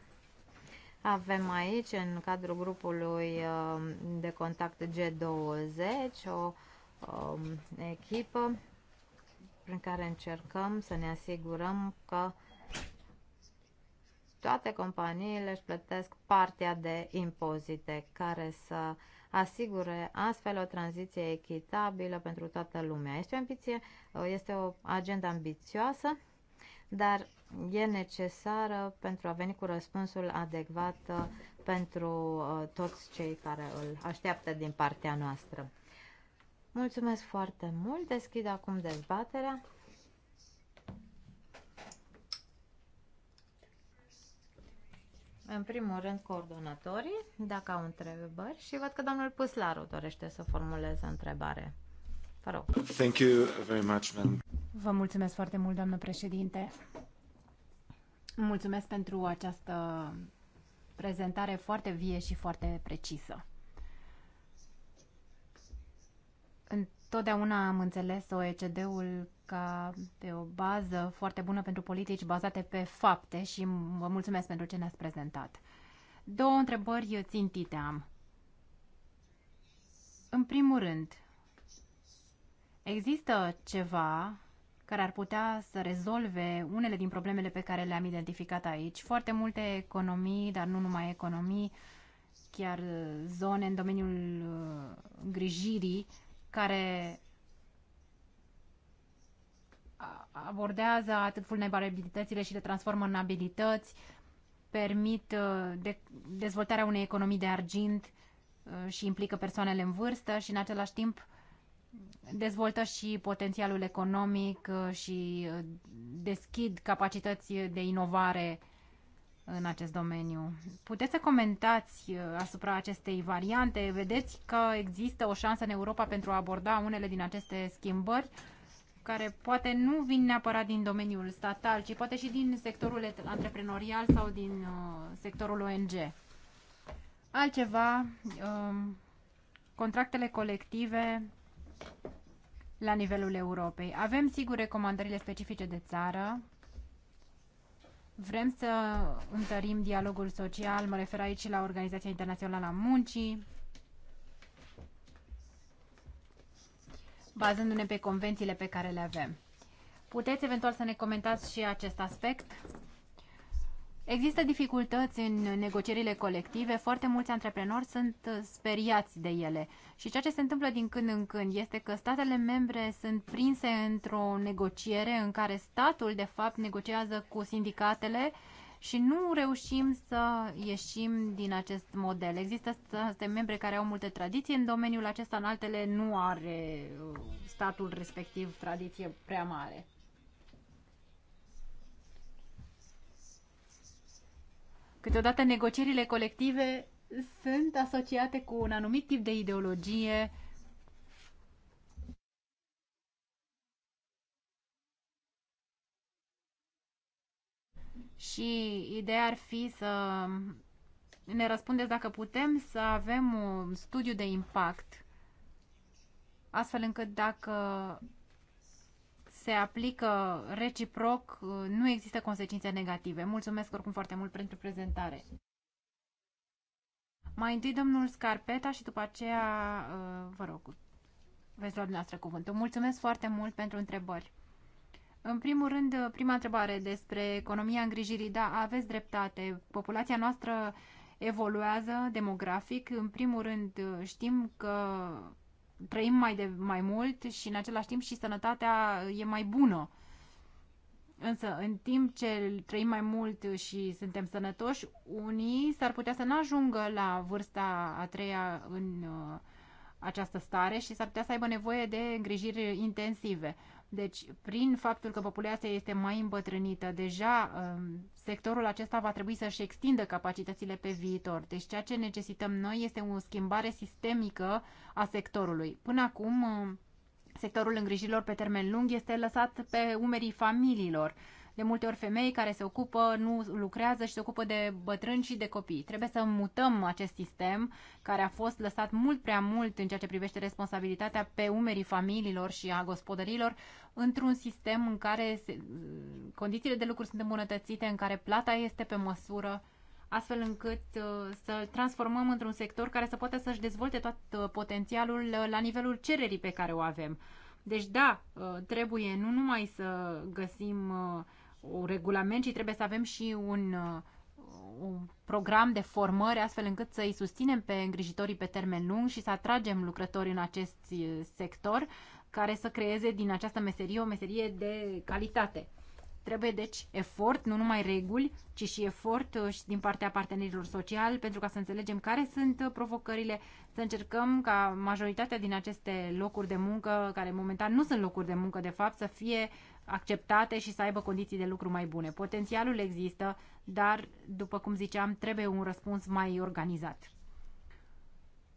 Avem aici, în cadrul grupului um, de contact G20, o, o um, echipă prin care încercăm să ne asigurăm că toate companiile își plătesc partea de impozite care să asigure astfel o tranziție echitabilă pentru toată lumea. Este o, ambiție, este o agenda ambițioasă, dar e necesară pentru a veni cu răspunsul adecvat uh, pentru uh, toți cei care îl așteaptă din partea noastră. Mulțumesc foarte mult, deschid acum dezbaterea. în primul rând, coordonatorii, dacă au întrebări și văd că domnul puslaru dorește să formuleze întrebare. Vă rog. Thank you very much, man. Vă mulțumesc foarte mult, doamnă președinte. Mulțumesc pentru această prezentare foarte vie și foarte precisă. Întotdeauna am înțeles OECD-ul ca pe o bază foarte bună pentru politici bazate pe fapte și vă mulțumesc pentru ce ne-ați prezentat. Două întrebări țintite am. În primul rând, există ceva care ar putea să rezolve unele din problemele pe care le-am identificat aici. Foarte multe economii, dar nu numai economii, chiar zone în domeniul uh, grijirii care abordează atât vulnerabilitățile și le transformă în abilități, permit uh, de dezvoltarea unei economii de argint uh, și implică persoanele în vârstă și în același timp dezvoltă și potențialul economic uh, și deschid capacități de inovare în acest domeniu. Puteți să comentați asupra acestei variante? Vedeți că există o șansă în Europa pentru a aborda unele din aceste schimbări? care poate nu vin neapărat din domeniul statal, ci poate și din sectorul antreprenorial sau din uh, sectorul ONG. Altceva, uh, contractele colective la nivelul Europei. Avem, sigur, recomandările specifice de țară. Vrem să întărim dialogul social, mă refer aici la Organizația Internațională a Muncii, bazându-ne pe convențiile pe care le avem. Puteți eventual să ne comentați și acest aspect? Există dificultăți în negocierile colective, foarte mulți antreprenori sunt speriați de ele și ceea ce se întâmplă din când în când este că statele membre sunt prinse într-o negociere în care statul de fapt negociază cu sindicatele și nu reușim să ieșim din acest model. Există state membre care au multe tradiții în domeniul acesta, în altele nu are uh, statul respectiv tradiție prea mare. Câteodată negocierile colective sunt asociate cu un anumit tip de ideologie uh, și ideea ar fi să ne răspundeți dacă putem să avem un studiu de impact astfel încât dacă se aplică reciproc, nu există consecințe negative. Mulțumesc oricum foarte mult pentru prezentare. Mai întâi domnul Scarpeta și după aceea uh, vă rog, veți lua dumneavoastră cuvântul. Mulțumesc foarte mult pentru întrebări. În primul rând, prima întrebare despre economia îngrijirii. Da, aveți dreptate. Populația noastră evoluează demografic. În primul rând, știm că trăim mai, de, mai mult și în același timp și sănătatea e mai bună. Însă, în timp ce trăim mai mult și suntem sănătoși, unii s-ar putea să nu ajungă la vârsta a treia în uh, această stare și s-ar putea să aibă nevoie de îngrijiri intensive. Deci, prin faptul că populația este mai îmbătrânită, deja um, sectorul acesta va trebui să-și extindă capacitățile pe viitor. Deci, ceea ce necesităm noi este o schimbare sistemică a sectorului. Până acum, um, sectorul îngrijirilor pe termen lung este lăsat pe umerii familiilor de multe ori femei care se ocupă, nu lucrează și se ocupă de bătrâni și de copii. Trebuie să mutăm acest sistem care a fost lăsat mult prea mult în ceea ce privește responsabilitatea pe umerii familiilor și a gospodărilor într-un sistem în care se, condițiile de lucru sunt îmbunătățite, în care plata este pe măsură astfel încât uh, să transformăm într-un sector care să poată să-și dezvolte tot uh, potențialul uh, la nivelul cererii pe care o avem. Deci da, trebuie nu numai să găsim un regulament, ci trebuie să avem și un, uh, un program de formări astfel încât să îi susținem pe îngrijitorii pe termen lung și să atragem lucrători în acest uh, sector care să creeze din această meserie o meserie de calitate. Trebuie deci efort, nu numai reguli, ci și efort uh, și din partea partenerilor sociali pentru ca să înțelegem care sunt provocările, să încercăm ca majoritatea din aceste locuri de muncă, care momentan nu sunt locuri de muncă de fapt, să fie acceptate și să aibă condiții de lucru mai bune. Potențialul există, dar, după cum ziceam, trebuie un răspuns mai organizat.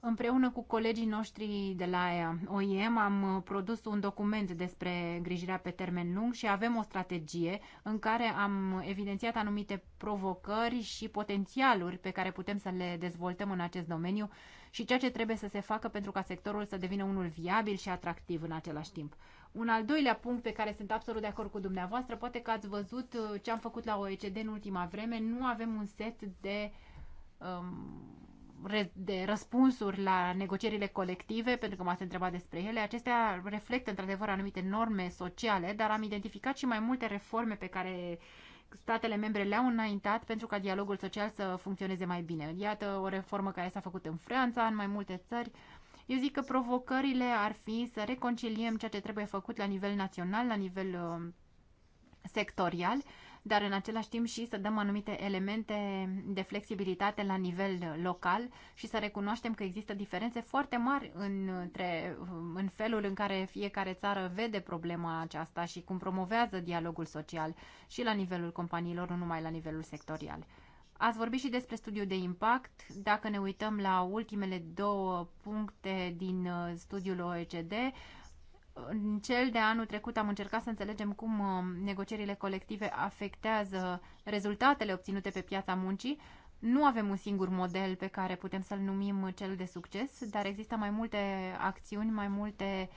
Împreună cu colegii noștri de la OIM am produs un document despre grijirea pe termen lung și avem o strategie în care am evidențiat anumite provocări și potențialuri pe care putem să le dezvoltăm în acest domeniu și ceea ce trebuie să se facă pentru ca sectorul să devină unul viabil și atractiv în același timp. Un al doilea punct pe care sunt absolut de acord cu dumneavoastră, poate că ați văzut uh, ce am făcut la OECD în ultima vreme, nu avem un set de, um, de răspunsuri la negocierile colective, pentru că m-ați întrebat despre ele. Acestea reflectă într-adevăr anumite norme sociale, dar am identificat și mai multe reforme pe care statele membre le-au înaintat pentru ca dialogul social să funcționeze mai bine. Iată o reformă care s-a făcut în Franța, în mai multe țări, eu zic că provocările ar fi să reconciliem ceea ce trebuie făcut la nivel național, la nivel uh, sectorial, dar în același timp și să dăm anumite elemente de flexibilitate la nivel uh, local și să recunoaștem că există diferențe foarte mari între, uh, în felul în care fiecare țară vede problema aceasta și cum promovează dialogul social și la nivelul companiilor, nu numai la nivelul sectorial. Ați vorbit și despre studiul de impact. Dacă ne uităm la ultimele două puncte din uh, studiul OECD, în cel de anul trecut am încercat să înțelegem cum uh, negocierile colective afectează rezultatele obținute pe piața muncii. Nu avem un singur model pe care putem să-l numim cel de succes, dar există mai multe acțiuni, mai multe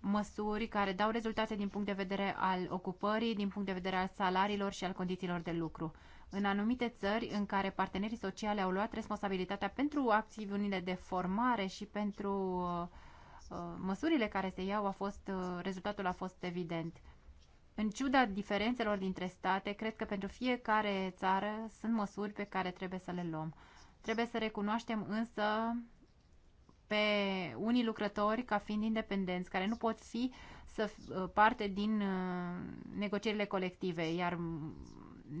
măsuri care dau rezultate din punct de vedere al ocupării, din punct de vedere al salariilor și al condițiilor de lucru. În anumite țări în care partenerii sociale au luat responsabilitatea pentru acțiunile de formare și pentru uh, uh, măsurile care se iau, a fost, uh, rezultatul a fost evident. În ciuda diferențelor dintre state, cred că pentru fiecare țară sunt măsuri pe care trebuie să le luăm. Trebuie să recunoaștem însă pe unii lucrători ca fiind independenți, care nu pot fi să parte din negocierile colective, iar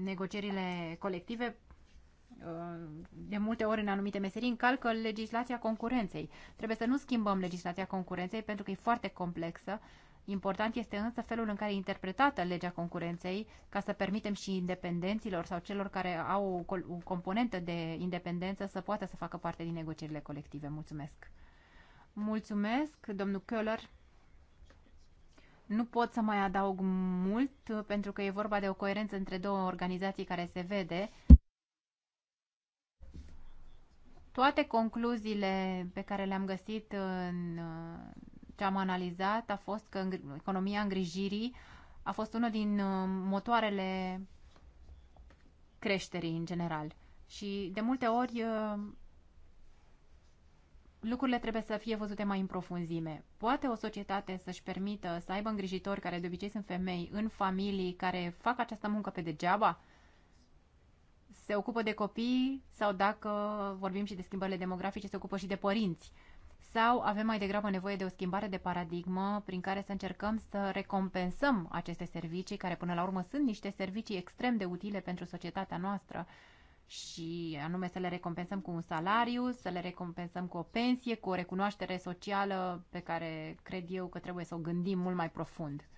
negocierile colective uh, de multe ori în anumite meserii încalcă legislația concurenței. Trebuie să nu schimbăm legislația concurenței pentru că e foarte complexă. Important este însă felul în care e interpretată legea concurenței ca să permitem și independenților sau celor care au o, componentă de independență să poată să facă parte din negocierile colective. Mulțumesc! Mulțumesc, domnul Köhler! Nu pot să mai adaug mult pentru că e vorba de o coerență între două organizații care se vede. Toate concluziile pe care le-am găsit în ce am analizat a fost că economia îngrijirii a fost unul din uh, motoarele creșterii în general. Și de multe ori uh, lucrurile trebuie să fie văzute mai în profunzime. Poate o societate să-și permită să aibă îngrijitori care de obicei sunt femei în familii care fac această muncă pe degeaba? Se ocupă de copii sau dacă vorbim și de schimbările demografice, se ocupă și de părinți? Sau avem mai degrabă nevoie de o schimbare de paradigmă prin care să încercăm să recompensăm aceste servicii, care până la urmă sunt niște servicii extrem de utile pentru societatea noastră, și anume să le recompensăm cu un salariu, să le recompensăm cu o pensie, cu o recunoaștere socială pe care cred eu că trebuie să o gândim mult mai profund.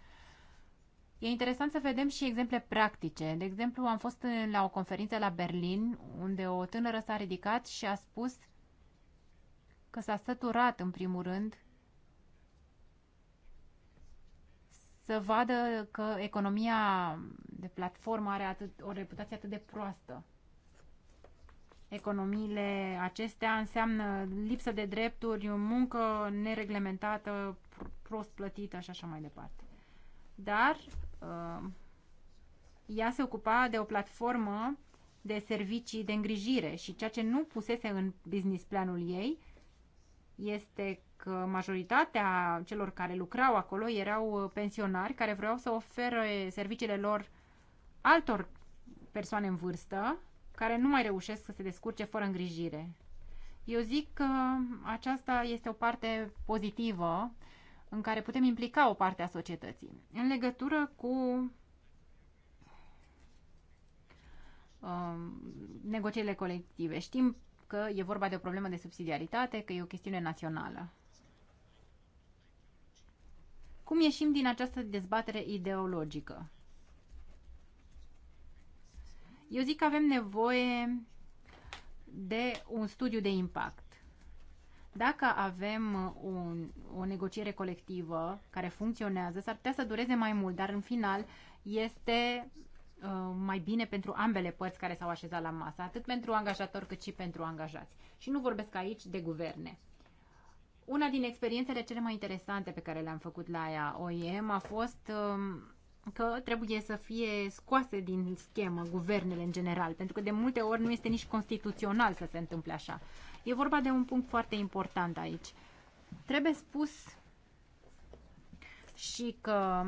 E interesant să vedem și exemple practice. De exemplu, am fost la o conferință la Berlin unde o tânără s-a ridicat și a spus că s-a săturat în primul rând să vadă că economia de platformă are atât, o reputație atât de proastă economiile acestea înseamnă lipsă de drepturi, muncă nereglementată, prost plătită și așa mai departe. Dar uh, ea se ocupa de o platformă de servicii de îngrijire și ceea ce nu pusese în business planul ei este că majoritatea celor care lucrau acolo erau pensionari care vreau să ofere serviciile lor altor persoane în vârstă care nu mai reușesc să se descurce fără îngrijire. Eu zic că aceasta este o parte pozitivă în care putem implica o parte a societății. În legătură cu um, negocierile colective. Știm că e vorba de o problemă de subsidiaritate, că e o chestiune națională. Cum ieșim din această dezbatere ideologică? Eu zic că avem nevoie de un studiu de impact. Dacă avem un, o negociere colectivă care funcționează, s-ar putea să dureze mai mult, dar în final este uh, mai bine pentru ambele părți care s-au așezat la masă, atât pentru angajator cât și pentru angajați. Și nu vorbesc aici de guverne. Una din experiențele cele mai interesante pe care le-am făcut la OIM a fost uh, că trebuie să fie scoase din schemă guvernele în general, pentru că de multe ori nu este nici constituțional să se întâmple așa. E vorba de un punct foarte important aici. Trebuie spus și că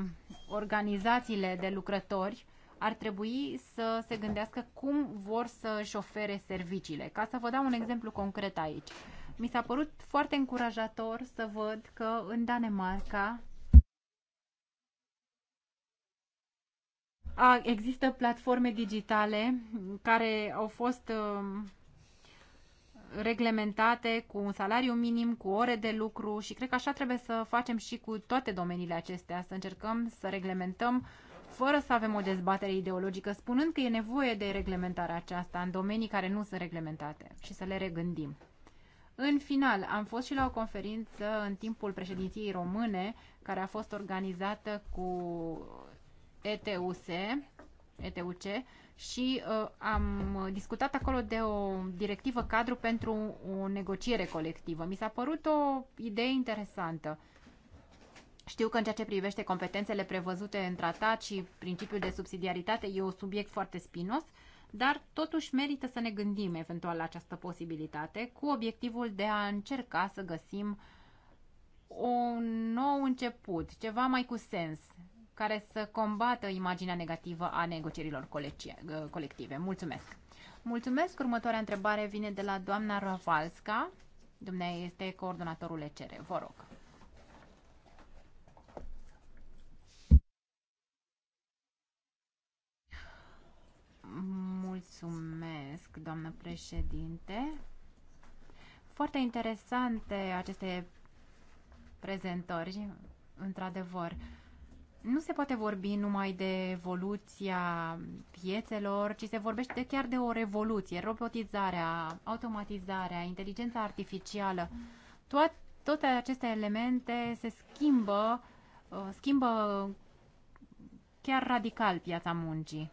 organizațiile de lucrători ar trebui să se gândească cum vor să își ofere serviciile. Ca să vă dau un exemplu concret aici. Mi s-a părut foarte încurajator să văd că în Danemarca a, există platforme digitale care au fost uh, reglementate cu un salariu minim, cu ore de lucru și cred că așa trebuie să facem și cu toate domeniile acestea, să încercăm să reglementăm fără să avem o dezbatere ideologică, spunând că e nevoie de reglementarea aceasta în domenii care nu sunt reglementate și să le regândim. În final, am fost și la o conferință în timpul președinției române, care a fost organizată cu ETUC, ETUC și uh, am discutat acolo de o directivă cadru pentru o negociere colectivă. Mi s-a părut o idee interesantă. Știu că în ceea ce privește competențele prevăzute în tratat și principiul de subsidiaritate e un subiect foarte spinos, dar totuși merită să ne gândim eventual la această posibilitate cu obiectivul de a încerca să găsim un nou început, ceva mai cu sens care să combată imaginea negativă a negocierilor uh, colective. Mulțumesc! Mulțumesc! Următoarea întrebare vine de la doamna Ravalska. Dumnezeu este coordonatorul ECR. Vă rog! Mulțumesc, doamnă președinte. Foarte interesante aceste prezentări, într-adevăr. Uh, nu se poate vorbi numai de evoluția piețelor, ci se vorbește chiar de o revoluție, robotizarea, automatizarea, inteligența artificială. Toate, toate aceste elemente se schimbă, uh, schimbă chiar radical piața muncii.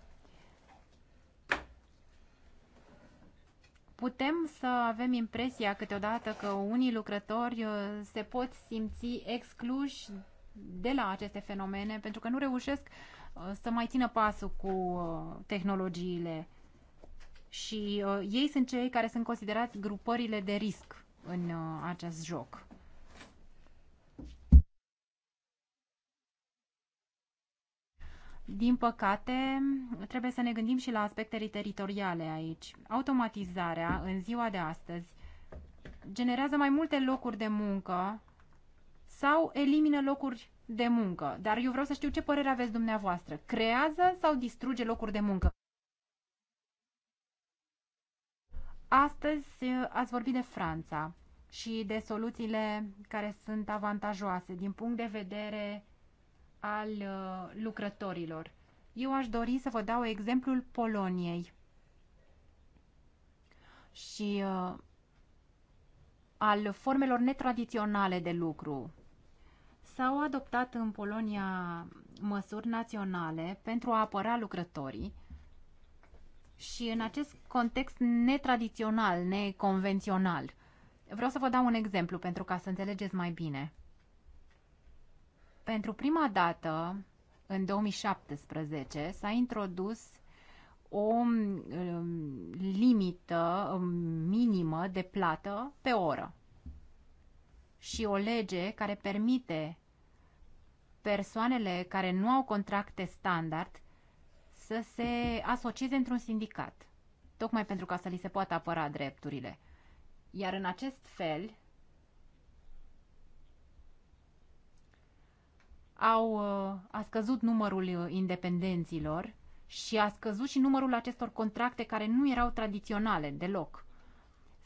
putem să avem impresia câteodată că unii lucrători uh, se pot simți excluși de la aceste fenomene, pentru că nu reușesc uh, să mai țină pasul cu uh, tehnologiile. Și uh, ei sunt cei care sunt considerați grupările de risc în uh, acest joc. Din păcate, trebuie să ne gândim și la aspectele teritoriale aici. Automatizarea în ziua de astăzi generează mai multe locuri de muncă sau elimină locuri de muncă. Dar eu vreau să știu ce părere aveți dumneavoastră. Creează sau distruge locuri de muncă? Astăzi eh, ați vorbit de Franța și de soluțiile care sunt avantajoase din punct de vedere al eh, lucrătorilor. Eu aș dori să vă dau exemplul Poloniei și eh, al formelor netradiționale de lucru S-au adoptat în Polonia măsuri naționale pentru a apăra lucrătorii și în acest context netradițional, neconvențional. Vreau să vă dau un exemplu pentru ca să înțelegeți mai bine. Pentru prima dată, în 2017, s-a introdus o um, limită um, minimă de plată pe oră și o lege care permite persoanele care nu au contracte standard să se asocieze într-un sindicat, tocmai pentru ca să li se poată apăra drepturile. Iar în acest fel au, uh, a scăzut numărul uh, independenților și a scăzut și numărul acestor contracte care nu erau tradiționale deloc.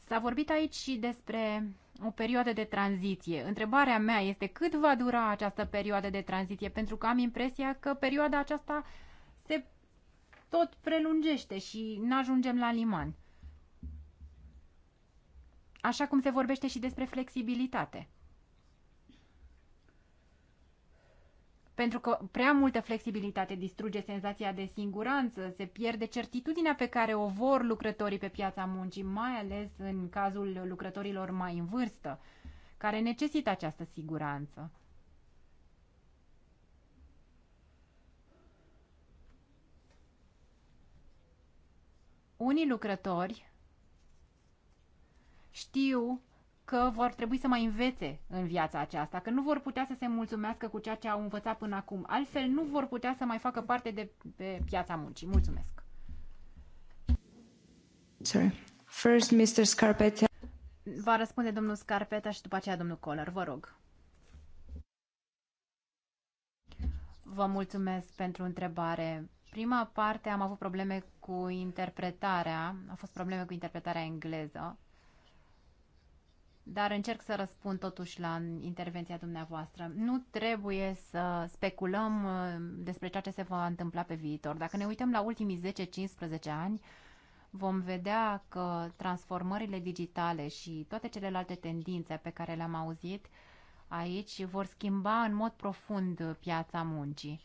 S-a vorbit aici și despre o perioadă de tranziție. Întrebarea mea este cât va dura această perioadă de tranziție, pentru că am impresia că perioada aceasta se tot prelungește și nu ajungem la liman. Așa cum se vorbește și despre flexibilitate. pentru că prea multă flexibilitate distruge senzația de siguranță, se pierde certitudinea pe care o vor lucrătorii pe piața muncii, mai ales în cazul lucrătorilor mai în vârstă, care necesită această siguranță. Unii lucrători știu că vor trebui să mai învețe în viața aceasta, că nu vor putea să se mulțumească cu ceea ce au învățat până acum. Altfel nu vor putea să mai facă parte de pe piața muncii. Mulțumesc. Sorry. First, Mr. Scarpetta. Va răspunde domnul Scarpeta și după aceea domnul Coller. Vă rog. Vă mulțumesc pentru întrebare. Prima parte am avut probleme cu interpretarea, au fost probleme cu interpretarea engleză dar încerc să răspund totuși la intervenția dumneavoastră. Nu trebuie să speculăm uh, despre ceea ce se va întâmpla pe viitor. Dacă ne uităm la ultimii 10-15 ani, vom vedea că transformările digitale și toate celelalte tendințe pe care le-am auzit aici vor schimba în mod profund piața muncii.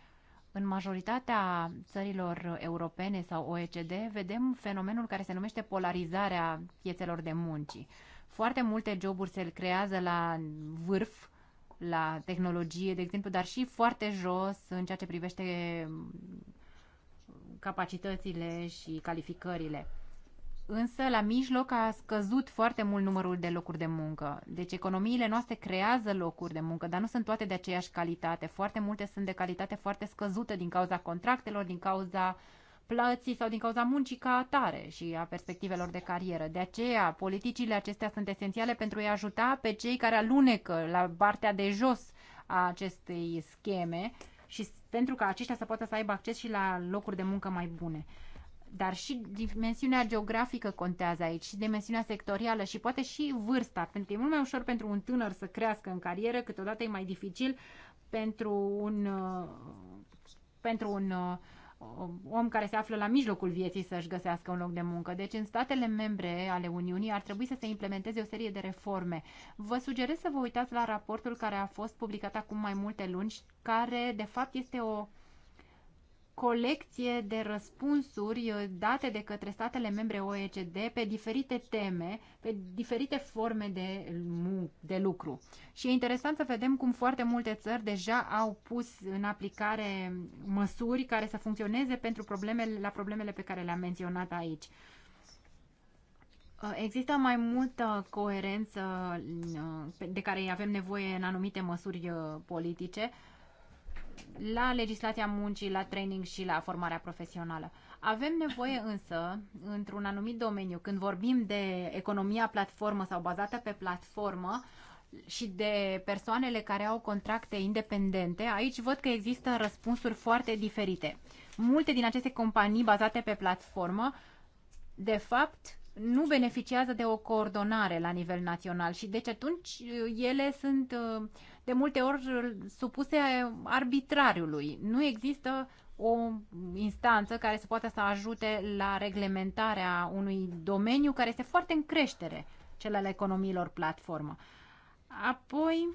În majoritatea țărilor europene sau OECD vedem fenomenul care se numește polarizarea piețelor de muncii foarte multe joburi se creează la vârf, la tehnologie, de exemplu, dar și foarte jos în ceea ce privește mm, capacitățile și calificările. Însă, la mijloc a scăzut foarte mult numărul de locuri de muncă. Deci, economiile noastre creează locuri de muncă, dar nu sunt toate de aceeași calitate. Foarte multe sunt de calitate foarte scăzută din cauza contractelor, din cauza uh, plății sau din cauza muncii ca atare și a perspectivelor de carieră. De aceea, politicile acestea sunt esențiale pentru a-i ajuta pe cei care alunecă la partea de jos a acestei scheme și pentru ca aceștia să poată să aibă acces și la locuri de muncă mai bune. Dar și dimensiunea geografică contează aici, și dimensiunea sectorială și poate și vârsta, pentru că e mult mai ușor pentru un tânăr să crească în carieră, câteodată e mai dificil pentru un, uh, pentru un uh, om care se află la mijlocul vieții să-și găsească un loc de muncă. Deci în statele membre ale Uniunii ar trebui să se implementeze o serie de reforme. Vă sugerez să vă uitați la raportul care a fost publicat acum mai multe luni, care de fapt este o colecție de răspunsuri uh, date de către statele membre OECD pe diferite teme, pe diferite forme de, de lucru. Și e interesant să vedem cum foarte multe țări deja au pus în aplicare măsuri care să funcționeze pentru problemele, la problemele pe care le-am menționat aici. Uh, există mai multă coerență uh, de care avem nevoie în anumite măsuri politice la legislația muncii, la training și la formarea profesională. Avem nevoie însă, într-un anumit domeniu, când vorbim de economia platformă sau bazată pe platformă și de persoanele care au contracte independente, aici văd că există răspunsuri foarte diferite. Multe din aceste companii bazate pe platformă, de fapt, nu beneficiază de o coordonare la nivel național și deci atunci uh, ele sunt uh, de multe ori supuse arbitrariului. Nu există o instanță care să poată să ajute la reglementarea unui domeniu care este foarte în creștere, cel al economiilor platformă. Apoi,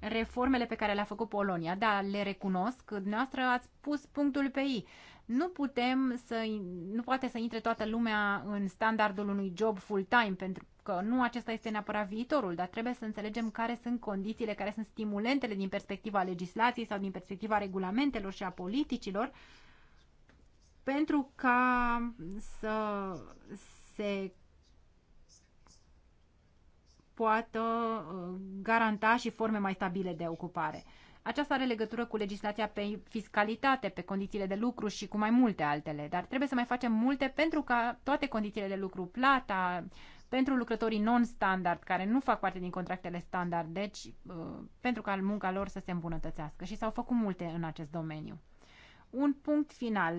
reformele pe care le-a făcut Polonia. Da, le recunosc. Dumneavoastră ați pus punctul pe ei. Nu putem să, nu poate să intre toată lumea în standardul unui job full-time, pentru că nu acesta este neapărat viitorul, dar trebuie să înțelegem care sunt condițiile, care sunt stimulentele din perspectiva legislației sau din perspectiva regulamentelor și a politicilor, pentru ca să se poată uh, garanta și forme mai stabile de ocupare. Aceasta are legătură cu legislația pe fiscalitate, pe condițiile de lucru și cu mai multe altele, dar trebuie să mai facem multe pentru ca toate condițiile de lucru, plata, pentru lucrătorii non-standard, care nu fac parte din contractele standard, deci uh, pentru ca munca lor să se îmbunătățească. Și s-au făcut multe în acest domeniu. Un punct final,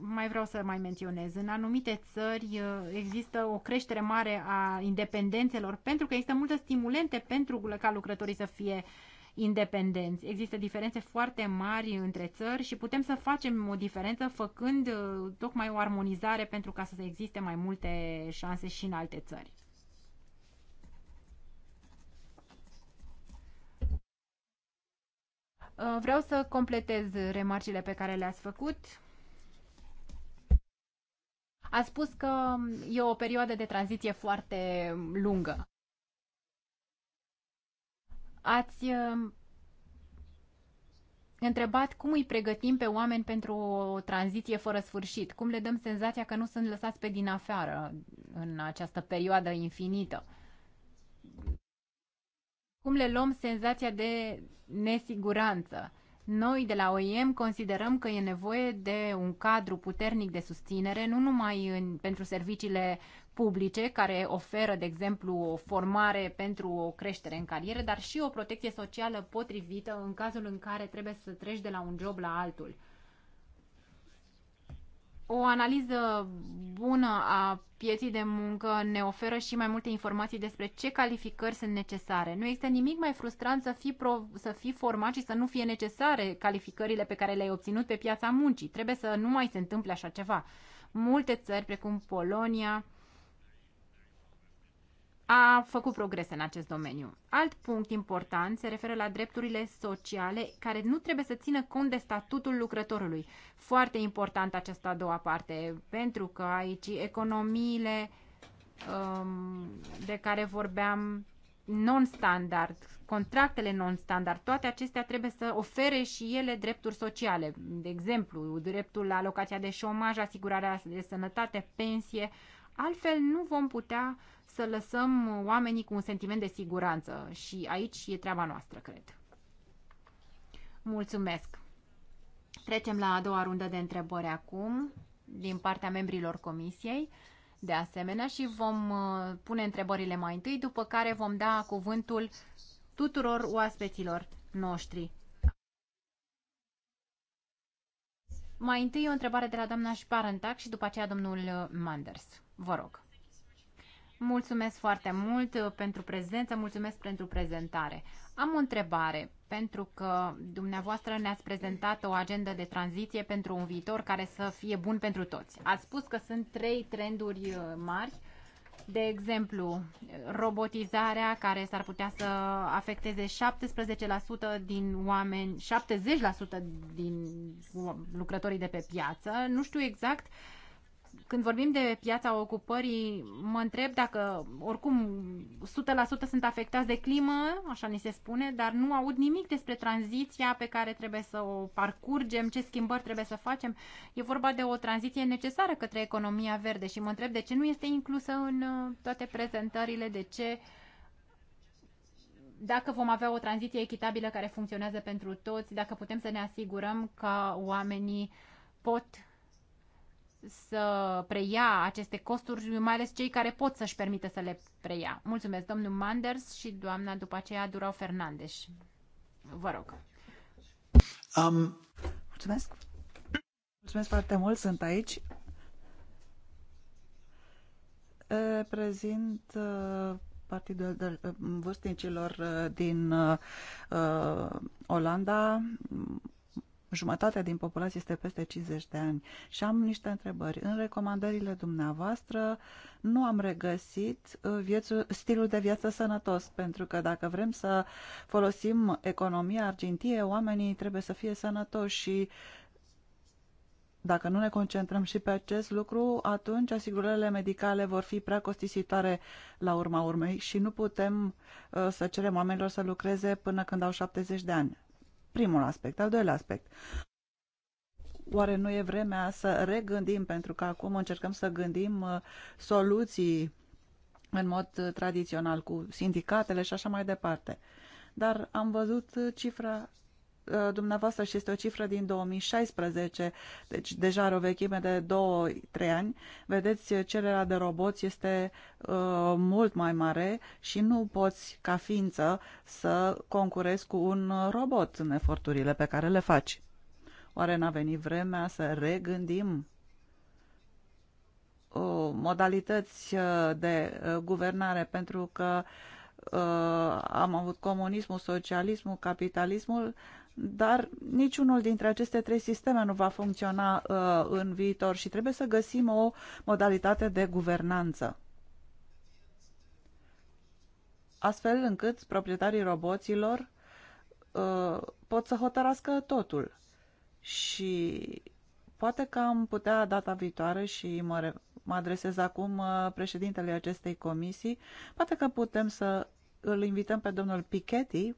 mai vreau să mai menționez. În anumite țări uh, există o creștere mare a independențelor pentru că există multe stimulente pentru ca lucrătorii să fie uh, independenți. Există diferențe foarte mari între țări și putem să facem o diferență făcând uh, tocmai o armonizare pentru ca să existe mai multe șanse și în alte țări. Uh, vreau să completez remarcile pe care le-ați făcut. A spus că e o perioadă de tranziție foarte lungă ați uh, întrebat cum îi pregătim pe oameni pentru o tranziție fără sfârșit, cum le dăm senzația că nu sunt lăsați pe din afară în această perioadă infinită. Cum le luăm senzația de nesiguranță? Noi de la OIM considerăm că e nevoie de un cadru puternic de susținere, nu numai în, pentru serviciile publice care oferă, de exemplu, o formare pentru o creștere în carieră, dar și o protecție socială potrivită în cazul în care trebuie să treci de la un job la altul. O analiză bună a pieții de muncă ne oferă și mai multe informații despre ce calificări sunt necesare. Nu există nimic mai frustrant să fii, pro, să fii format și să nu fie necesare calificările pe care le-ai obținut pe piața muncii. Trebuie să nu mai se întâmple așa ceva. Multe țări, precum Polonia, a făcut progrese în acest domeniu. Alt punct important se referă la drepturile sociale care nu trebuie să țină cont de statutul lucrătorului. Foarte important această a doua parte, pentru că aici economiile um, de care vorbeam non-standard, contractele non-standard, toate acestea trebuie să ofere și ele drepturi sociale. De exemplu, dreptul la locația de șomaj, asigurarea de sănătate, pensie, uh, Altfel nu vom putea să lăsăm oamenii cu un sentiment de siguranță și aici e treaba noastră, cred. Mulțumesc! Trecem la a doua rundă de întrebări acum din partea membrilor comisiei de asemenea și vom uh, pune întrebările mai întâi, după care vom da cuvântul tuturor oaspeților noștri. Mai întâi o întrebare de la doamna Șparantac și după aceea domnul uh, Manders. Vă rog. Mulțumesc foarte mult uh, pentru prezență, mulțumesc pentru prezentare. Am o întrebare, pentru că dumneavoastră ne-ați prezentat o agendă de tranziție pentru un viitor care să fie bun pentru toți. Ați spus că sunt trei trenduri uh, mari de exemplu, robotizarea care s-ar putea să afecteze 17% din oameni, 70% din lucrătorii de pe piață. Nu știu exact uh, când vorbim de piața ocupării, mă întreb dacă, oricum, 100% sunt afectați de climă, așa ni se spune, dar nu aud nimic despre tranziția pe care trebuie să o parcurgem, ce schimbări trebuie să facem. E vorba de o tranziție necesară către economia verde și mă întreb de ce nu este inclusă în uh, toate prezentările, de ce dacă vom avea o tranziție echitabilă care funcționează pentru toți, dacă putem să ne asigurăm că oamenii pot să preia aceste costuri, mai ales cei care pot să-și permită să le preia. Mulțumesc, domnul Manders și doamna după aceea Durau Fernandes. Vă rog. Um, mulțumesc. Mulțumesc foarte mult, sunt aici. Prezint uh, Partidul de uh, Vârstnicilor uh, din Olanda. Jumătatea din populație este peste 50 de ani și am niște întrebări. În recomandările dumneavoastră nu am regăsit uh, viețul, stilul de viață sănătos, pentru că dacă vrem să folosim economia argintie, oamenii trebuie să fie sănătoși și dacă nu ne concentrăm și pe acest lucru, atunci asigurările medicale vor fi prea costisitoare la urma urmei și nu putem uh, să cerem oamenilor să lucreze până când au 70 de ani primul aspect. Al doilea aspect. Oare nu e vremea să regândim, pentru că acum încercăm să gândim uh, soluții în mod uh, tradițional cu sindicatele și așa mai departe. Dar am văzut uh, cifra Uh, dumneavoastră și este o cifră din 2016, deci deja are o vechime de 2-3 ani, vedeți, cererea de roboți este uh, mult mai mare și nu poți, ca ființă, să concurezi cu un robot în eforturile pe care le faci. Oare n-a venit vremea să regândim uh, modalități uh, de uh, guvernare, pentru că uh, am avut comunismul, socialismul, capitalismul, dar niciunul dintre aceste trei sisteme nu va funcționa uh, în viitor și trebuie să găsim o modalitate de guvernanță. Astfel încât proprietarii roboților uh, pot să hotărască totul. Și poate că am putea data viitoare și mă, mă adresez acum uh, președintele acestei comisii, poate că putem să îl invităm pe domnul Piketty,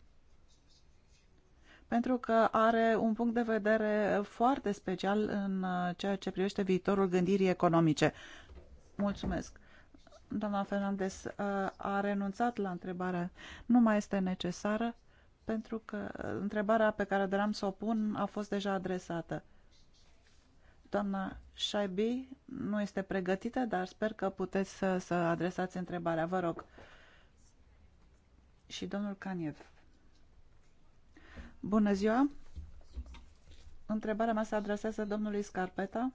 pentru că are un punct de vedere foarte special în uh, ceea ce privește viitorul gândirii economice. Mulțumesc. Doamna Fernandez uh, a renunțat la întrebare. Nu mai este necesară pentru că întrebarea pe care doream să o pun a fost deja adresată. Doamna Shaibi nu este pregătită, dar sper că puteți să, să adresați întrebarea. Vă rog. Și domnul Caniev. Bună ziua! Întrebarea mea se adresează domnului Scarpeta.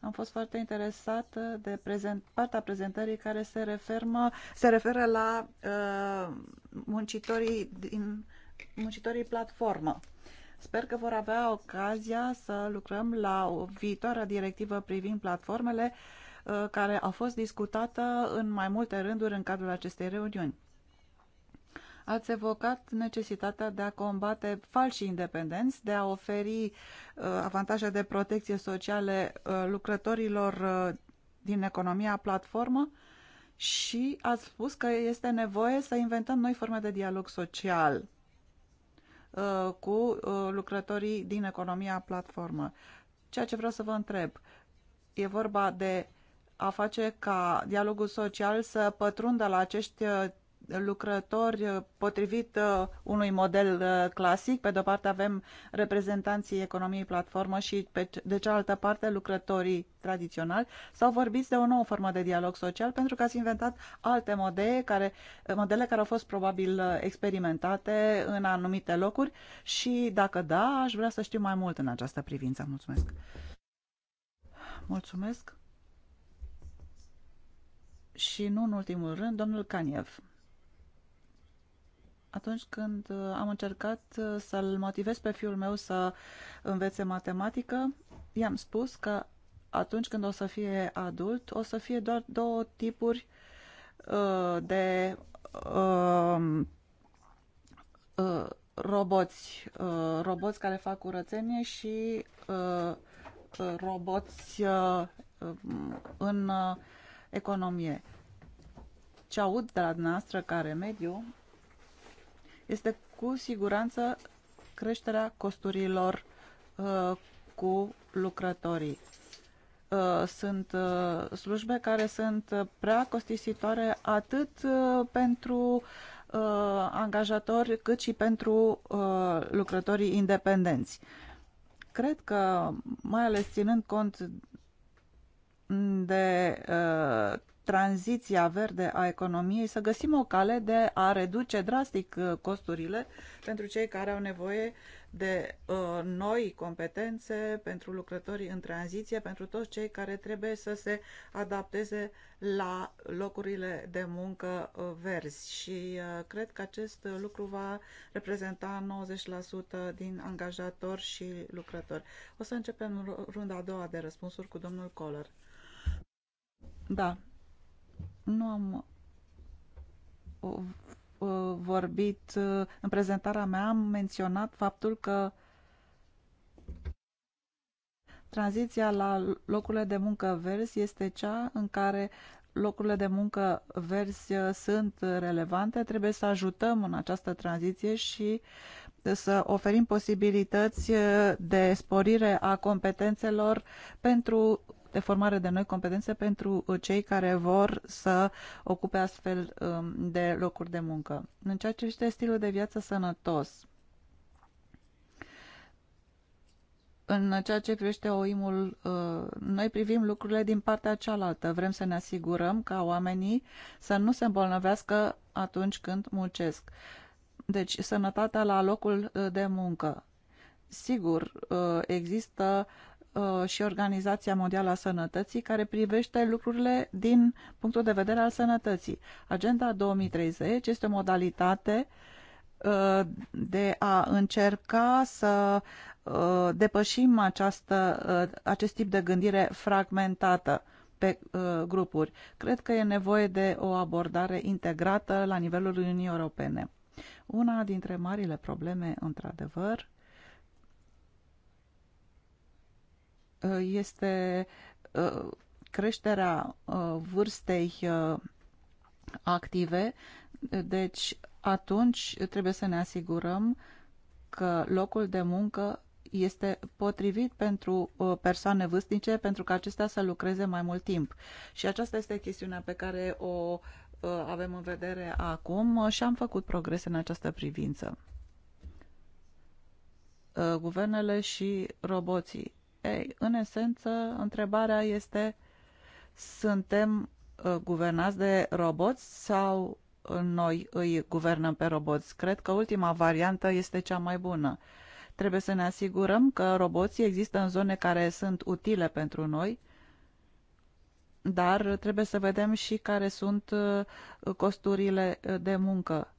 Am fost foarte interesat de prezent, partea prezentării care se, refermă, se referă la uh, muncitorii, din, muncitorii platformă. Sper că vor avea ocazia să lucrăm la o viitoare directivă privind platformele uh, care a fost discutată în mai multe rânduri în cadrul acestei reuniuni ați evocat necesitatea de a combate falsii independenți, de a oferi uh, avantaje de protecție sociale uh, lucrătorilor uh, din economia platformă și ați spus că este nevoie să inventăm noi forme de dialog social cu lucrătorii din economia platformă. Ceea ce vreau să vă întreb, e vorba de a face ca dialogul social să pătrundă la acești lucrători potrivit uh, unui model uh, clasic. Pe de-o parte avem reprezentanții economiei platformă și pe de cealaltă parte lucrătorii tradiționali. Sau vorbiți de o nouă formă de dialog social pentru că ați inventat alte modele care, uh, modele care au fost probabil experimentate în anumite locuri și dacă da, aș vrea să știu mai mult în această privință. Mulțumesc! Mulțumesc! Și nu în ultimul rând, domnul Caniev atunci când uh, am încercat uh, să-l motivez pe fiul meu să învețe matematică, i-am spus că atunci când o să fie adult, o să fie doar două tipuri uh, de uh, uh, roboți. Uh, roboți care fac curățenie și uh, uh roboți uh, um, în uh, economie. Ce aud de la dumneavoastră care mediu este cu siguranță creșterea costurilor uh, cu lucrătorii. Uh, sunt uh, slujbe care sunt prea costisitoare atât uh, pentru angajatori cât și pentru lucrătorii independenți. Cred că, mai ales ținând cont de tranziția verde a economiei, să găsim o cale de a reduce drastic uh, costurile pentru cei care au nevoie de uh, noi competențe pentru lucrătorii în tranziție, pentru toți cei care trebuie să se adapteze la locurile de muncă uh, verzi. Și uh, cred că acest lucru va reprezenta 90% din angajatori și lucrători. O să începem runda a doua de răspunsuri cu domnul Coller. Da, nu am uh, uh, vorbit, uh, în prezentarea mea am menționat faptul că tranziția la locurile de muncă verzi este cea în care locurile de muncă verzi sunt relevante, trebuie să ajutăm în această tranziție și să oferim posibilități de sporire a competențelor pentru de formare de noi competențe pentru uh, cei care vor să ocupe astfel um, de locuri de muncă. În ceea ce este stilul de viață sănătos, în ceea ce privește OIM-ul, uh, noi privim lucrurile din partea cealaltă. Vrem să ne asigurăm ca oamenii să nu se îmbolnăvească atunci când muncesc. Deci, sănătatea la locul uh, de muncă. Sigur, există Uh, și Organizația Mondială a Sănătății care privește lucrurile din punctul de vedere al sănătății. Agenda 2030 este o modalitate uh, de a încerca să uh, depășim această, acest tip de gândire fragmentată pe grupuri. Cred că e nevoie de o abordare integrată la nivelul Uniunii Europene. Una dintre marile probleme, într-adevăr, Uh, este uh, creșterea uh, vârstei active, deci atunci trebuie să ne asigurăm că locul de muncă este potrivit pentru persoane vârstnice pentru că acestea să lucreze mai mult timp. Și aceasta este chestiunea pe care o avem în vedere acum și am făcut progrese în această privință. Guvernele și roboții ei, în esență, întrebarea este suntem uh, guvernați de roboți sau uh, noi îi guvernăm pe roboți? Cred că ultima variantă este cea mai bună. Trebuie să ne asigurăm că roboții există în zone care sunt utile pentru noi, dar trebuie să vedem și care sunt uh, costurile de muncă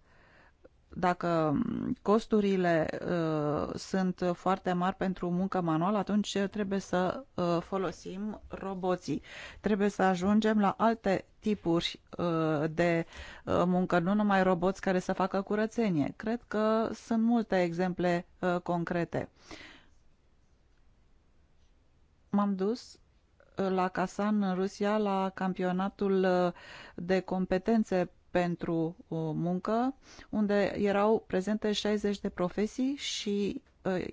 dacă costurile uh, sunt foarte mari pentru muncă manuală, atunci trebuie să uh, folosim roboții. Trebuie să ajungem la alte tipuri uh, de uh, muncă, nu numai roboți care să facă curățenie. Cred că sunt multe exemple uh, concrete. M-am dus uh, la Kazan, în Rusia, la campionatul uh, de competențe pentru uh, muncă, unde erau prezente 60 de profesii și uh,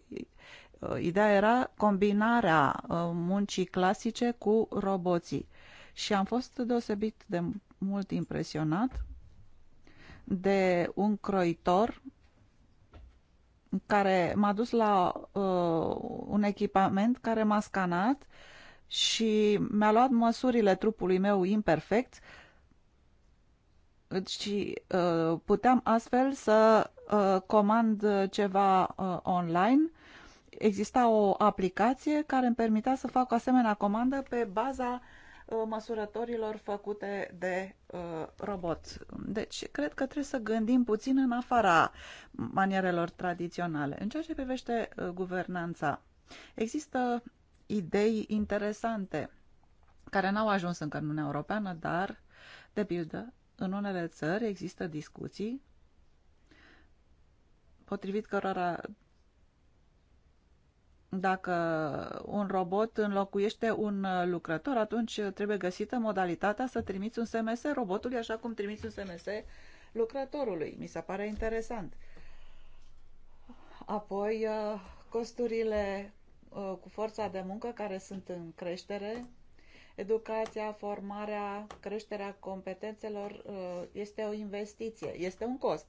uh, ideea era combinarea muncii clasice cu roboții. Și am fost deosebit de mult impresionat de un croitor care m-a dus la uh, un echipament care m-a scanat și mi-a luat măsurile trupului meu imperfect și uh, puteam astfel să uh, comand ceva uh, online. Exista o aplicație care îmi permitea să fac o asemenea comandă pe baza măsurătorilor făcute de uh, robot. Deci, cred că trebuie să gândim puțin în afara manierelor tradiționale. În ceea ce privește uh, guvernanța, există idei interesante care n-au ajuns încă în Uniunea Europeană, dar, de pildă, în unele țări există discuții potrivit cărora dacă un robot înlocuiește un lucrător, atunci trebuie găsită modalitatea să trimiți un SMS robotului așa cum trimiți un SMS lucrătorului. Mi se pare interesant. Apoi, costurile uh, cu forța de muncă care sunt în creștere Educația, formarea, creșterea competențelor uh, este o investiție, este un cost.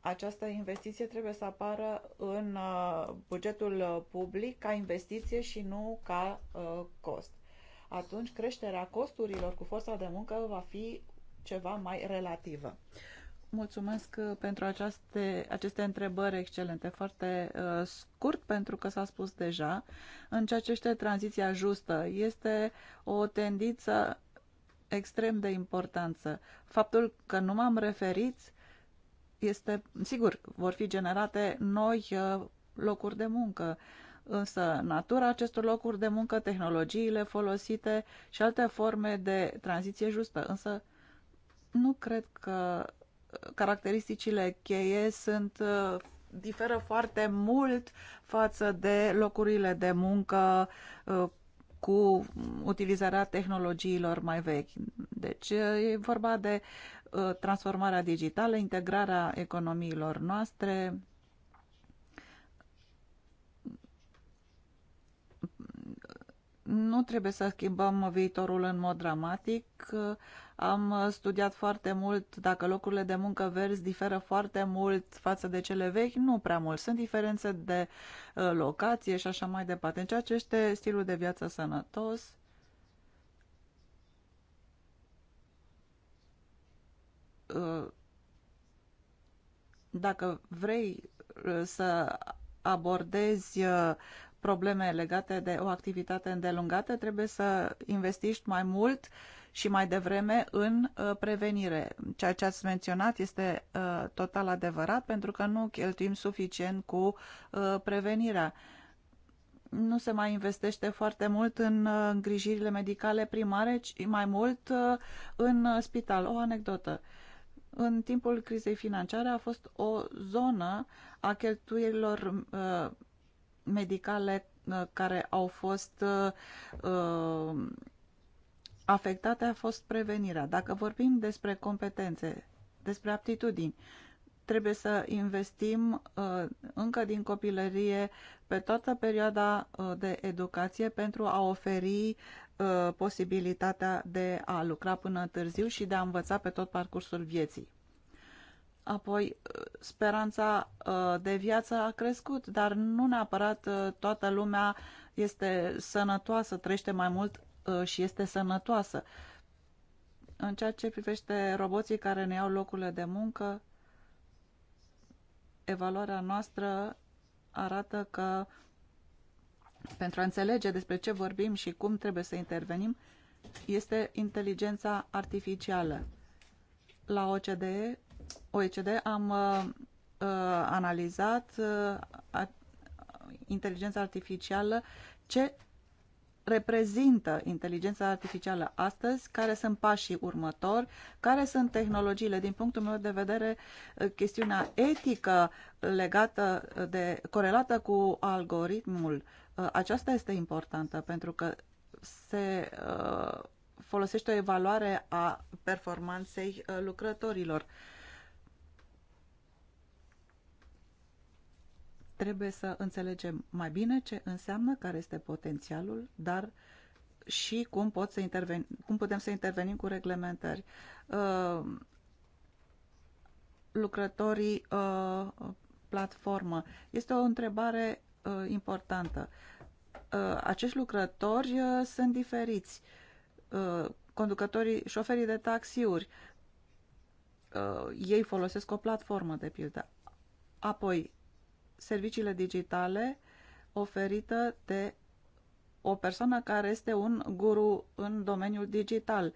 Această investiție trebuie să apară în uh, bugetul uh, public ca investiție și nu ca cost. Atunci creșterea costurilor cu forța de muncă va fi ceva mai relativă. Mulțumesc uh, pentru aceste, aceste întrebări excelente, foarte uh, scurt pentru că s-a spus deja. În ceea ce este tranziția justă, este o tendință extrem de importantă. Faptul că nu m-am referit este, sigur, vor fi generate noi uh, locuri de muncă, însă natura acestor locuri de muncă, tehnologiile folosite și alte forme de tranziție justă, însă nu cred că caracteristicile cheie sunt uh, diferă foarte mult față de locurile de muncă uh, cu utilizarea tehnologiilor mai vechi. Deci uh, e vorba de transformarea digitală, integrarea economiilor noastre, nu trebuie să schimbăm viitorul în mod dramatic, am uh, studiat foarte mult dacă locurile de muncă verzi diferă foarte mult față de cele vechi. Nu prea mult. Sunt diferențe de uh, locație și așa mai departe. În ceea ce este stilul de viață sănătos, uh, dacă vrei să abordezi probleme legate de o activitate îndelungată, trebuie să investiști mai mult și mai devreme în uh, prevenire. Ceea ce ați menționat este uh, total adevărat pentru că nu cheltuim suficient cu uh, prevenirea nu se mai investește foarte mult în îngrijirile medicale primare, ci mai mult în spital. O anecdotă. În timpul crizei financiare a fost o zonă a cheltuielilor medicale uh, care au fost uh, afectate a fost prevenirea. Dacă vorbim despre competențe, despre aptitudini, trebuie să investim uh, încă din copilărie pe toată perioada de educație pentru a oferi posibilitatea de a lucra până târziu și de a învăța pe tot parcursul vieții. Apoi, uh, speranța uh, de viață a crescut, dar nu neapărat uh, toată lumea este sănătoasă, trăiește mai mult și este sănătoasă. În ceea ce privește roboții care ne iau locurile de muncă, evaluarea noastră arată că pentru a înțelege despre ce vorbim și cum trebuie să intervenim, este inteligența artificială. La OCDE OECD am uh, uh, analizat uh, inteligența artificială, ce reprezintă inteligența artificială astăzi, care sunt pașii următori, care sunt tehnologiile. Din punctul meu de vedere, chestiunea etică legată de, corelată cu algoritmul, aceasta este importantă pentru că se folosește o evaluare a performanței lucrătorilor. Trebuie să înțelegem mai bine ce înseamnă, care este potențialul, dar și cum, pot să interveni, cum putem să intervenim cu reglementări. Uh, lucrătorii uh, platformă. Este o întrebare uh, importantă. Acești lucrători sunt diferiți. Conducătorii, șoferii de taxiuri, ei folosesc o platformă, de pildă. Apoi, serviciile digitale oferită de o persoană care este un guru în domeniul digital.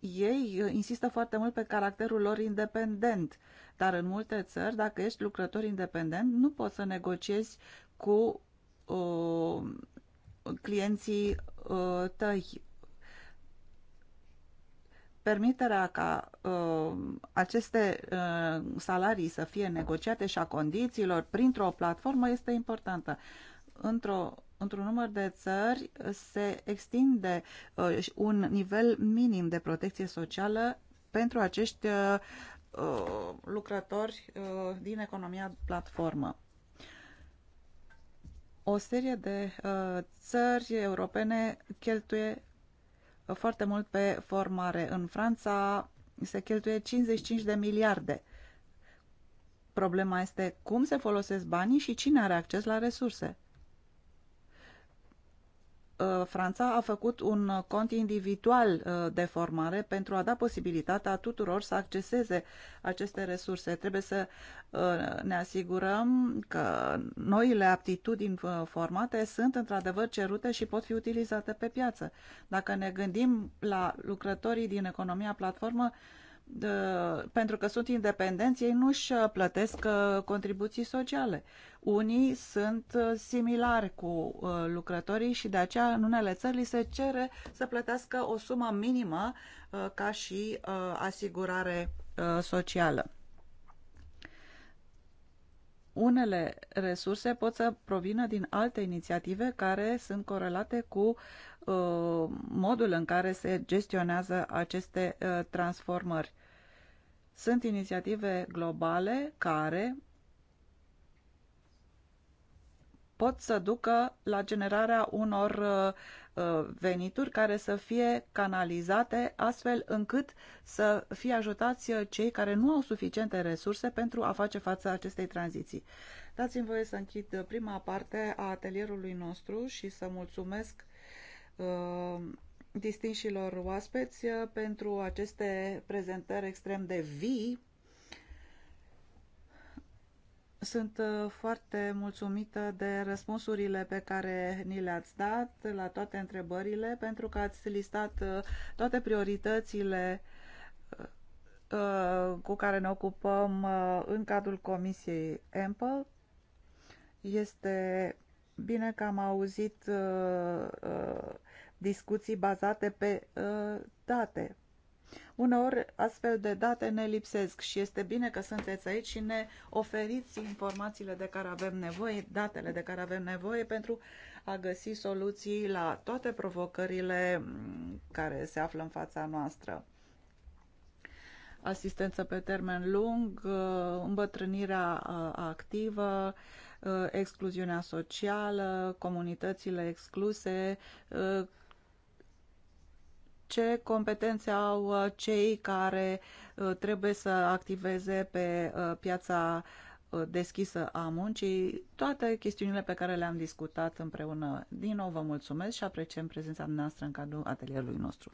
Ei insistă foarte mult pe caracterul lor independent, dar în multe țări, dacă ești lucrător independent, nu poți să negociezi cu uh, clienții uh, tăi permiterea ca uh, aceste uh, salarii să fie negociate și a condițiilor printr-o platformă este importantă. Într-o într-un număr de țări se extinde uh, un nivel minim de protecție socială pentru acești uh, uh lucrători uh, din economia platformă. O serie de uh, țări europene cheltuie foarte mult pe formare. În Franța se cheltuie 55 de miliarde. Problema este cum se folosesc banii și cine are acces la resurse. Uh, Franța a făcut un cont individual uh, de formare pentru a da posibilitatea tuturor să acceseze aceste resurse. Trebuie să uh, ne asigurăm că noile aptitudini formate sunt într-adevăr cerute și pot fi utilizate pe piață. Dacă ne gândim la lucrătorii din economia platformă, de, pentru că sunt independenți, ei nu-și uh, plătesc uh, contribuții sociale. Unii sunt uh, similari cu lucrătorii și de aceea în unele țări li se cere să plătească o sumă minimă ca și asigurare socială. Unele resurse pot să provină din alte inițiative care sunt corelate cu modul în care se gestionează aceste transformări. Sunt inițiative globale care pot să ducă la generarea unor uh, venituri care să fie canalizate astfel încât să fie ajutați uh, cei care nu au suficiente resurse pentru a face față acestei tranziții. Dați-mi voie să închid uh, prima parte a atelierului nostru și să mulțumesc distinșilor oaspeți uh, pentru aceste prezentări extrem de vii. Sunt uh, foarte mulțumită de răspunsurile pe care ni le-ați dat la toate întrebările, pentru că ați listat uh, toate prioritățile cu care ne ocupăm în cadrul Comisiei EMPL. Este bine că am auzit uh, uh, discuții bazate pe uh, date. Uneori astfel de date ne lipsesc și este bine că sunteți aici și ne oferiți informațiile de care avem nevoie, datele de care avem nevoie pentru a găsi soluții la toate provocările mm, care se află în fața noastră. Asistență pe termen lung, uh, îmbătrânirea uh, activă, uh, excluziunea socială, comunitățile excluse, ce competențe au uh, cei care uh, trebuie să activeze pe uh, piața deschisă a muncii, toate chestiunile pe care le-am discutat împreună. Din nou vă mulțumesc și apreciem prezența noastră în cadrul atelierului nostru.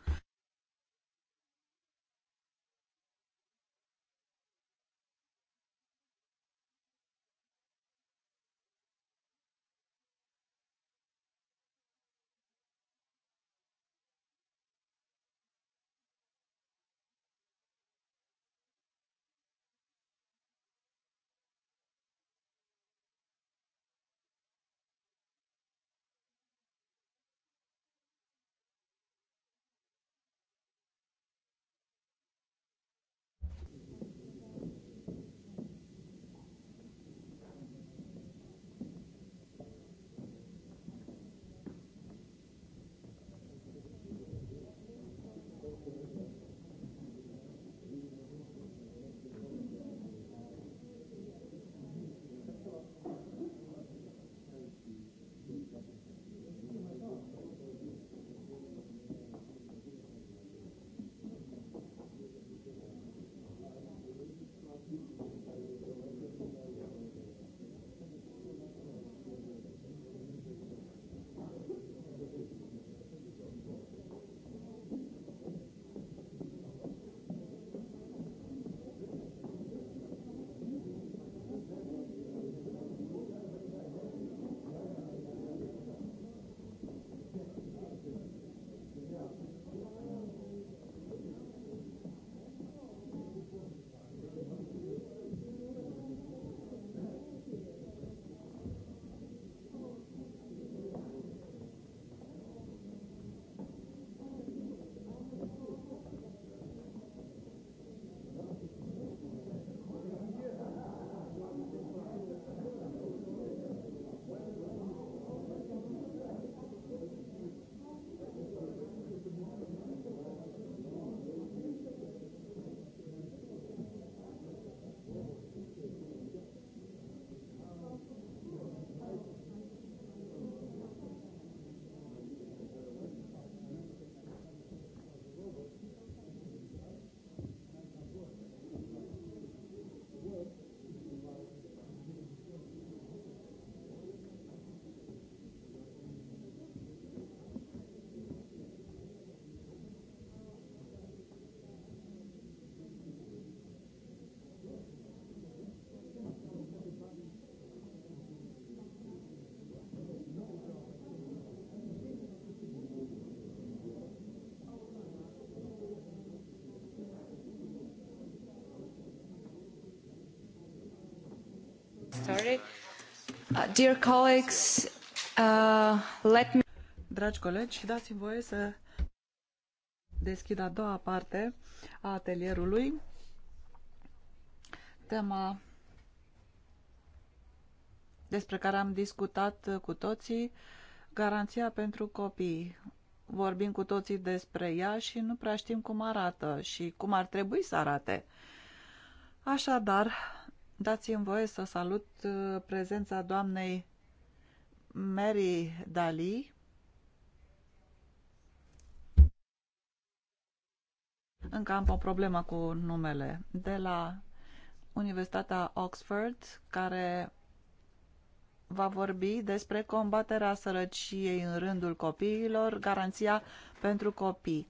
Uh, uh, Dragi colegi, dați-mi voie să deschid a doua parte a atelierului. Tema despre care am discutat cu toții, garanția pentru copii. Vorbim cu toții despre ea și nu prea știm cum arată și cum ar trebui să arate. Așadar, Dați-mi voie să salut uh, prezența doamnei Mary Dali, încă am o problemă cu numele, de la Universitatea Oxford, care va vorbi despre combaterea sărăciei în rândul copiilor, garanția pentru copii.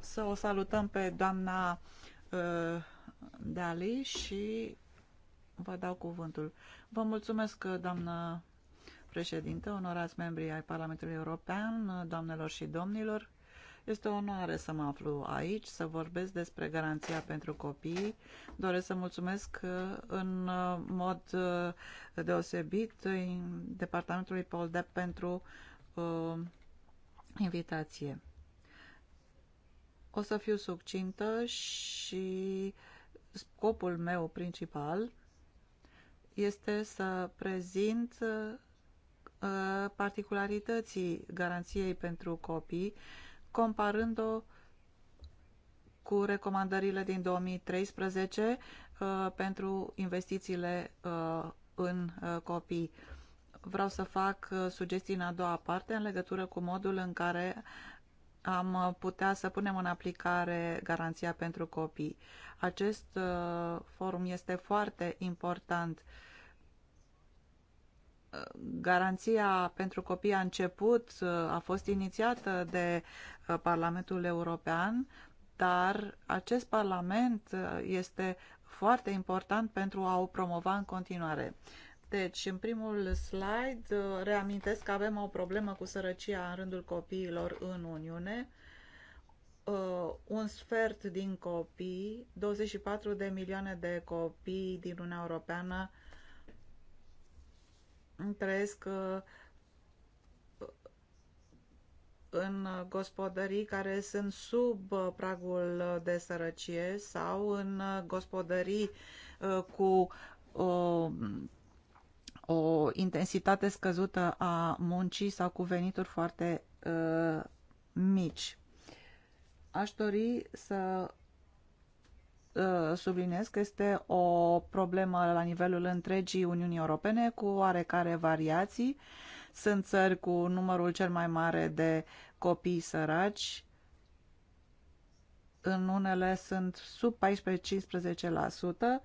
Să o salutăm pe doamna Uh, Dali și vă dau cuvântul. Vă mulțumesc, doamnă președintă, onorați membrii ai Parlamentului European, doamnelor și domnilor. Este o onoare să mă aflu aici, să vorbesc despre garanția pentru copii. Doresc să mulțumesc uh, în uh, mod deosebit Departamentului Poldep pentru invitație. O să fiu succintă și scopul meu principal este să prezint uh, particularității garanției pentru copii, comparând-o cu recomandările din 2013 uh, pentru investițiile uh, în copii. Vreau să fac sugestii în a doua parte în legătură cu modul în care am uh, putea să punem în aplicare garanția pentru copii. Acest uh, forum este foarte important. Uh, garanția pentru copii a început, uh, a fost inițiată de Parlamentul European, dar acest Parlament este foarte important pentru a o promova în continuare. Deci, în primul slide, uh, reamintesc că avem o problemă cu sărăcia în rândul copiilor în Uniune. Uh, un sfert din copii, 24 de milioane de copii din Uniunea Europeană trăiesc uh, în gospodării care sunt sub pragul de sărăcie sau în gospodării cu o intensitate scăzută a muncii sau cu venituri foarte uh, mici. Aș dori să uh, subliniez că este o problemă la nivelul întregii Uniunii Europene cu oarecare variații. Sunt țări cu numărul cel mai mare de copii săraci. În unele sunt sub 14-15%,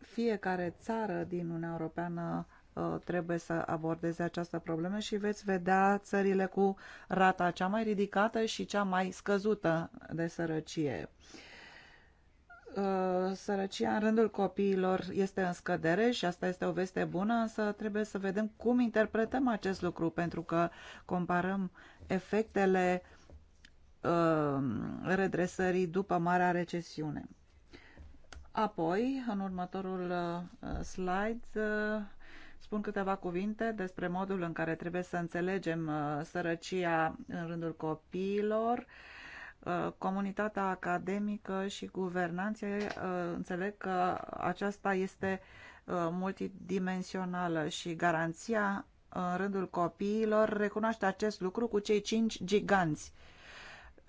fiecare țară din Uniunea Europeană uh, trebuie să abordeze această problemă și veți vedea țările cu rata cea mai ridicată și cea mai scăzută de sărăcie. Uh, sărăcia în rândul copiilor este în scădere și asta este o veste bună, însă trebuie să vedem cum interpretăm acest lucru, pentru că comparăm efectele uh, redresării după Marea Recesiune. Apoi, în următorul uh, slide, uh, spun câteva cuvinte despre modul în care trebuie să înțelegem uh, sărăcia în rândul copiilor. Comunitatea academică și guvernanții înțeleg că aceasta este multidimensională și garanția în rândul copiilor recunoaște acest lucru cu cei cinci giganți –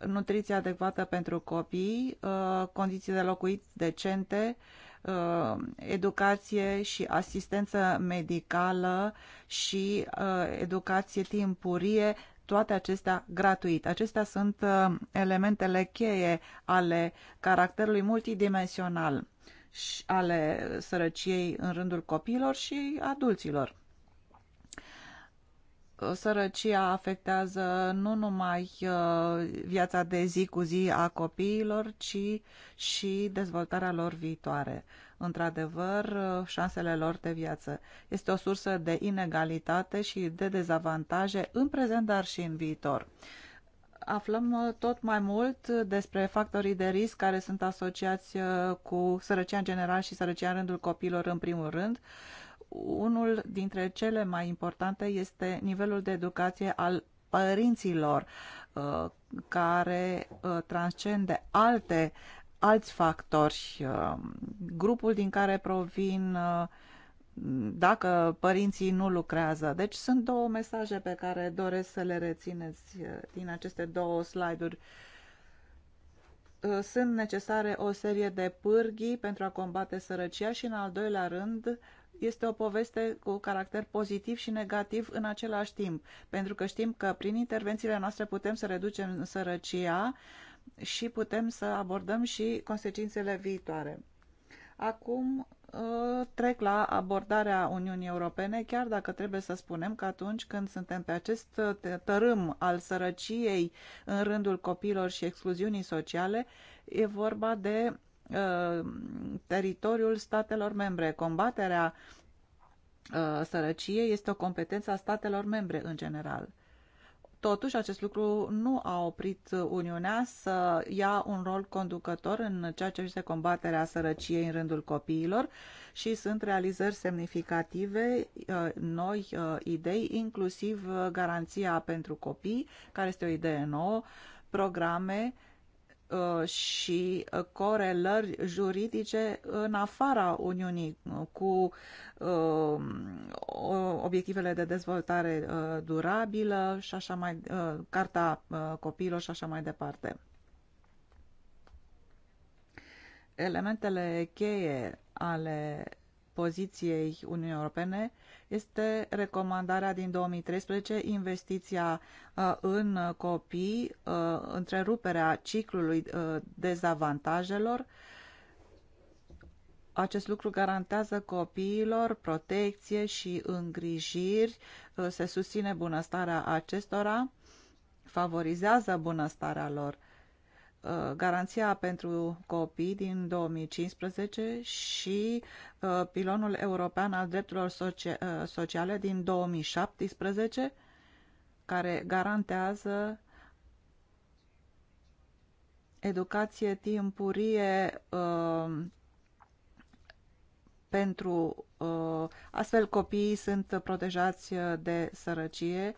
nutriție adecvată pentru copii, uh, condiții de locuit decente, uh, educație și asistență medicală și uh, educație timpurie, toate acestea gratuit. Acestea sunt elementele cheie ale caracterului multidimensional ale sărăciei în rândul copiilor și adulților sărăcia afectează nu numai uh, viața de zi cu zi a copiilor, ci și dezvoltarea lor viitoare. Într-adevăr, uh, șansele lor de viață. Este o sursă de inegalitate și de dezavantaje în prezent, dar și în viitor. Aflăm uh, tot mai mult despre factorii de risc care sunt asociați cu sărăcia în general și sărăcia în rândul copiilor în primul rând unul dintre cele mai importante este nivelul de educație al părinților uh, care uh, transcende alte alți factori, uh, grupul din care provin, dacă părinții nu lucrează. Deci sunt două mesaje pe care doresc să le rețineți din aceste două slide-uri. Sunt necesare o serie de pârghii pentru a combate sărăcia și, în al doilea rând, este o poveste cu caracter pozitiv și negativ în același timp, pentru că știm că prin intervențiile noastre putem să reducem sărăcia și putem să abordăm și consecințele viitoare. Acum ă, trec la abordarea Uniunii Europene, chiar dacă trebuie să spunem că atunci când suntem pe acest tărâm al sărăciei în rândul copiilor și excluziunii sociale, e vorba de Uh, teritoriul statelor membre. Combaterea uh, sărăciei este o competență a statelor membre în general. Totuși, acest lucru nu a oprit Uniunea să ia un rol conducător în ceea ce este combaterea sărăciei în rândul copiilor și sunt realizări semnificative, uh, noi idei, inclusiv garanția pentru copii, care este o idee nouă, programe Uh, și uh, corelări juridice în afara Uniunii uh, cu um, obiectivele de dezvoltare durabilă și așa mai, carta copiilor și așa mai departe. Elementele cheie ale poziției Uniunii Europene este recomandarea din 2013, investiția uh, în copii, uh, întreruperea ciclului uh, dezavantajelor. Acest lucru garantează copiilor protecție și îngrijiri, se susține bunăstarea acestora, favorizează bunăstarea lor Uh, garanția pentru copii din 2015 și uh, pilonul european al drepturilor uh, sociale din 2017, care garantează educație timpurie pentru astfel copiii sunt protejați de sărăcie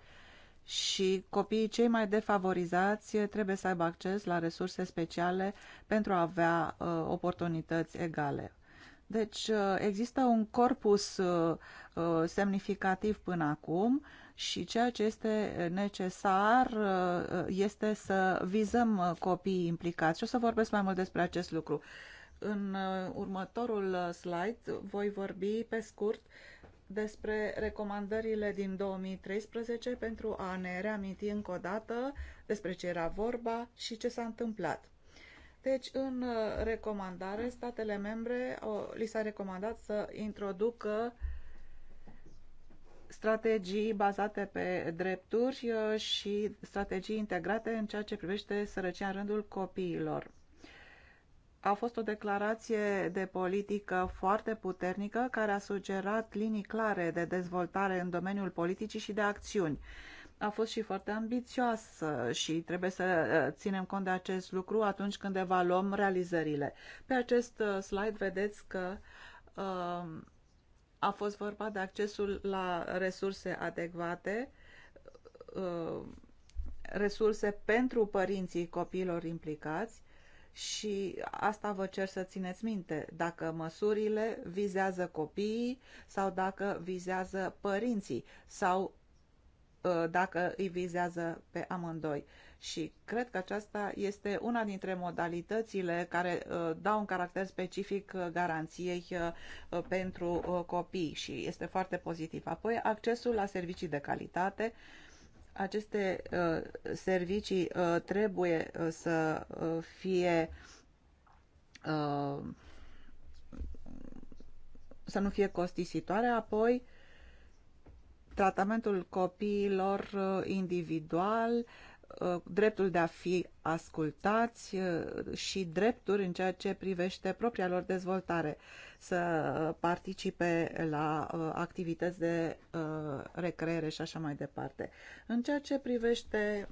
și copiii cei mai defavorizați trebuie să aibă acces la resurse speciale pentru a avea uh, oportunități egale. Deci uh, există un corpus uh, uh, semnificativ până acum și ceea ce este necesar uh, este să vizăm uh, copiii implicați și o să vorbesc mai mult despre acest lucru. În uh, următorul uh, slide voi vorbi pe scurt uh, despre recomandările din 2013 pentru a ne reaminti încă o dată despre ce era vorba și ce s-a întâmplat. Deci, în uh, recomandare, statele membre o, li s-a recomandat să introducă strategii bazate pe drepturi uh, și strategii integrate în ceea ce privește sărăcia în rândul copiilor a fost o declarație de politică foarte puternică care a sugerat linii clare de dezvoltare în domeniul politicii și de acțiuni. A fost și foarte ambițioasă și trebuie să uh, ținem cont de acest lucru atunci când evaluăm realizările. Pe acest uh, slide vedeți că uh, a fost vorba de accesul la resurse adecvate, resurse pentru părinții copiilor implicați, și asta vă cer să țineți minte, dacă măsurile vizează copiii sau dacă vizează părinții sau uh, dacă îi vizează pe amândoi. Și cred că aceasta este una dintre modalitățile care uh, dau un caracter specific uh, garanției pentru copii și este foarte pozitiv. Apoi, accesul la servicii de calitate, aceste uh, servicii uh, trebuie uh, să fie să nu fie costisitoare, apoi tratamentul copiilor individual, Uh, dreptul de a fi ascultați uh, și drepturi în ceea ce privește propria lor dezvoltare, să participe la uh, activități de recreere și așa mai departe. În ceea ce privește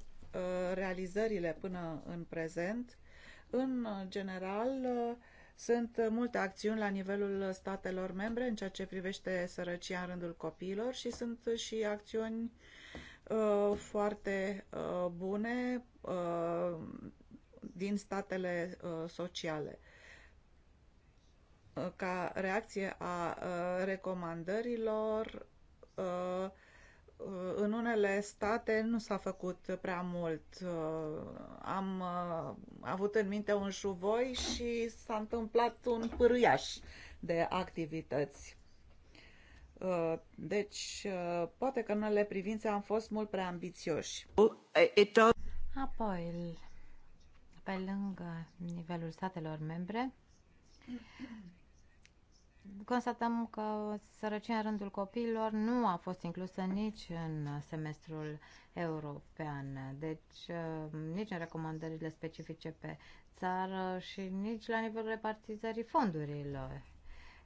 realizările până în prezent, în general, sunt multe acțiuni la nivelul statelor membre în ceea ce privește sărăcia în rândul copiilor și sunt și acțiuni uh, Uh, foarte uh, bune uh, din statele uh, sociale. Uh, ca reacție a uh, recomandărilor, uh, uh, în unele state nu s-a făcut prea mult. Am avut în minte un șuvoi și s-a întâmplat un pârâiaș de activități. Uh, deci, uh, poate că în unele privințe am fost mult prea ambițioși. Apoi, pe lângă nivelul statelor membre, constatăm că sărăcia în rândul copiilor nu a fost inclusă nici în semestrul european, deci uh, nici în recomandările specifice pe țară și nici la nivelul repartizării fondurilor.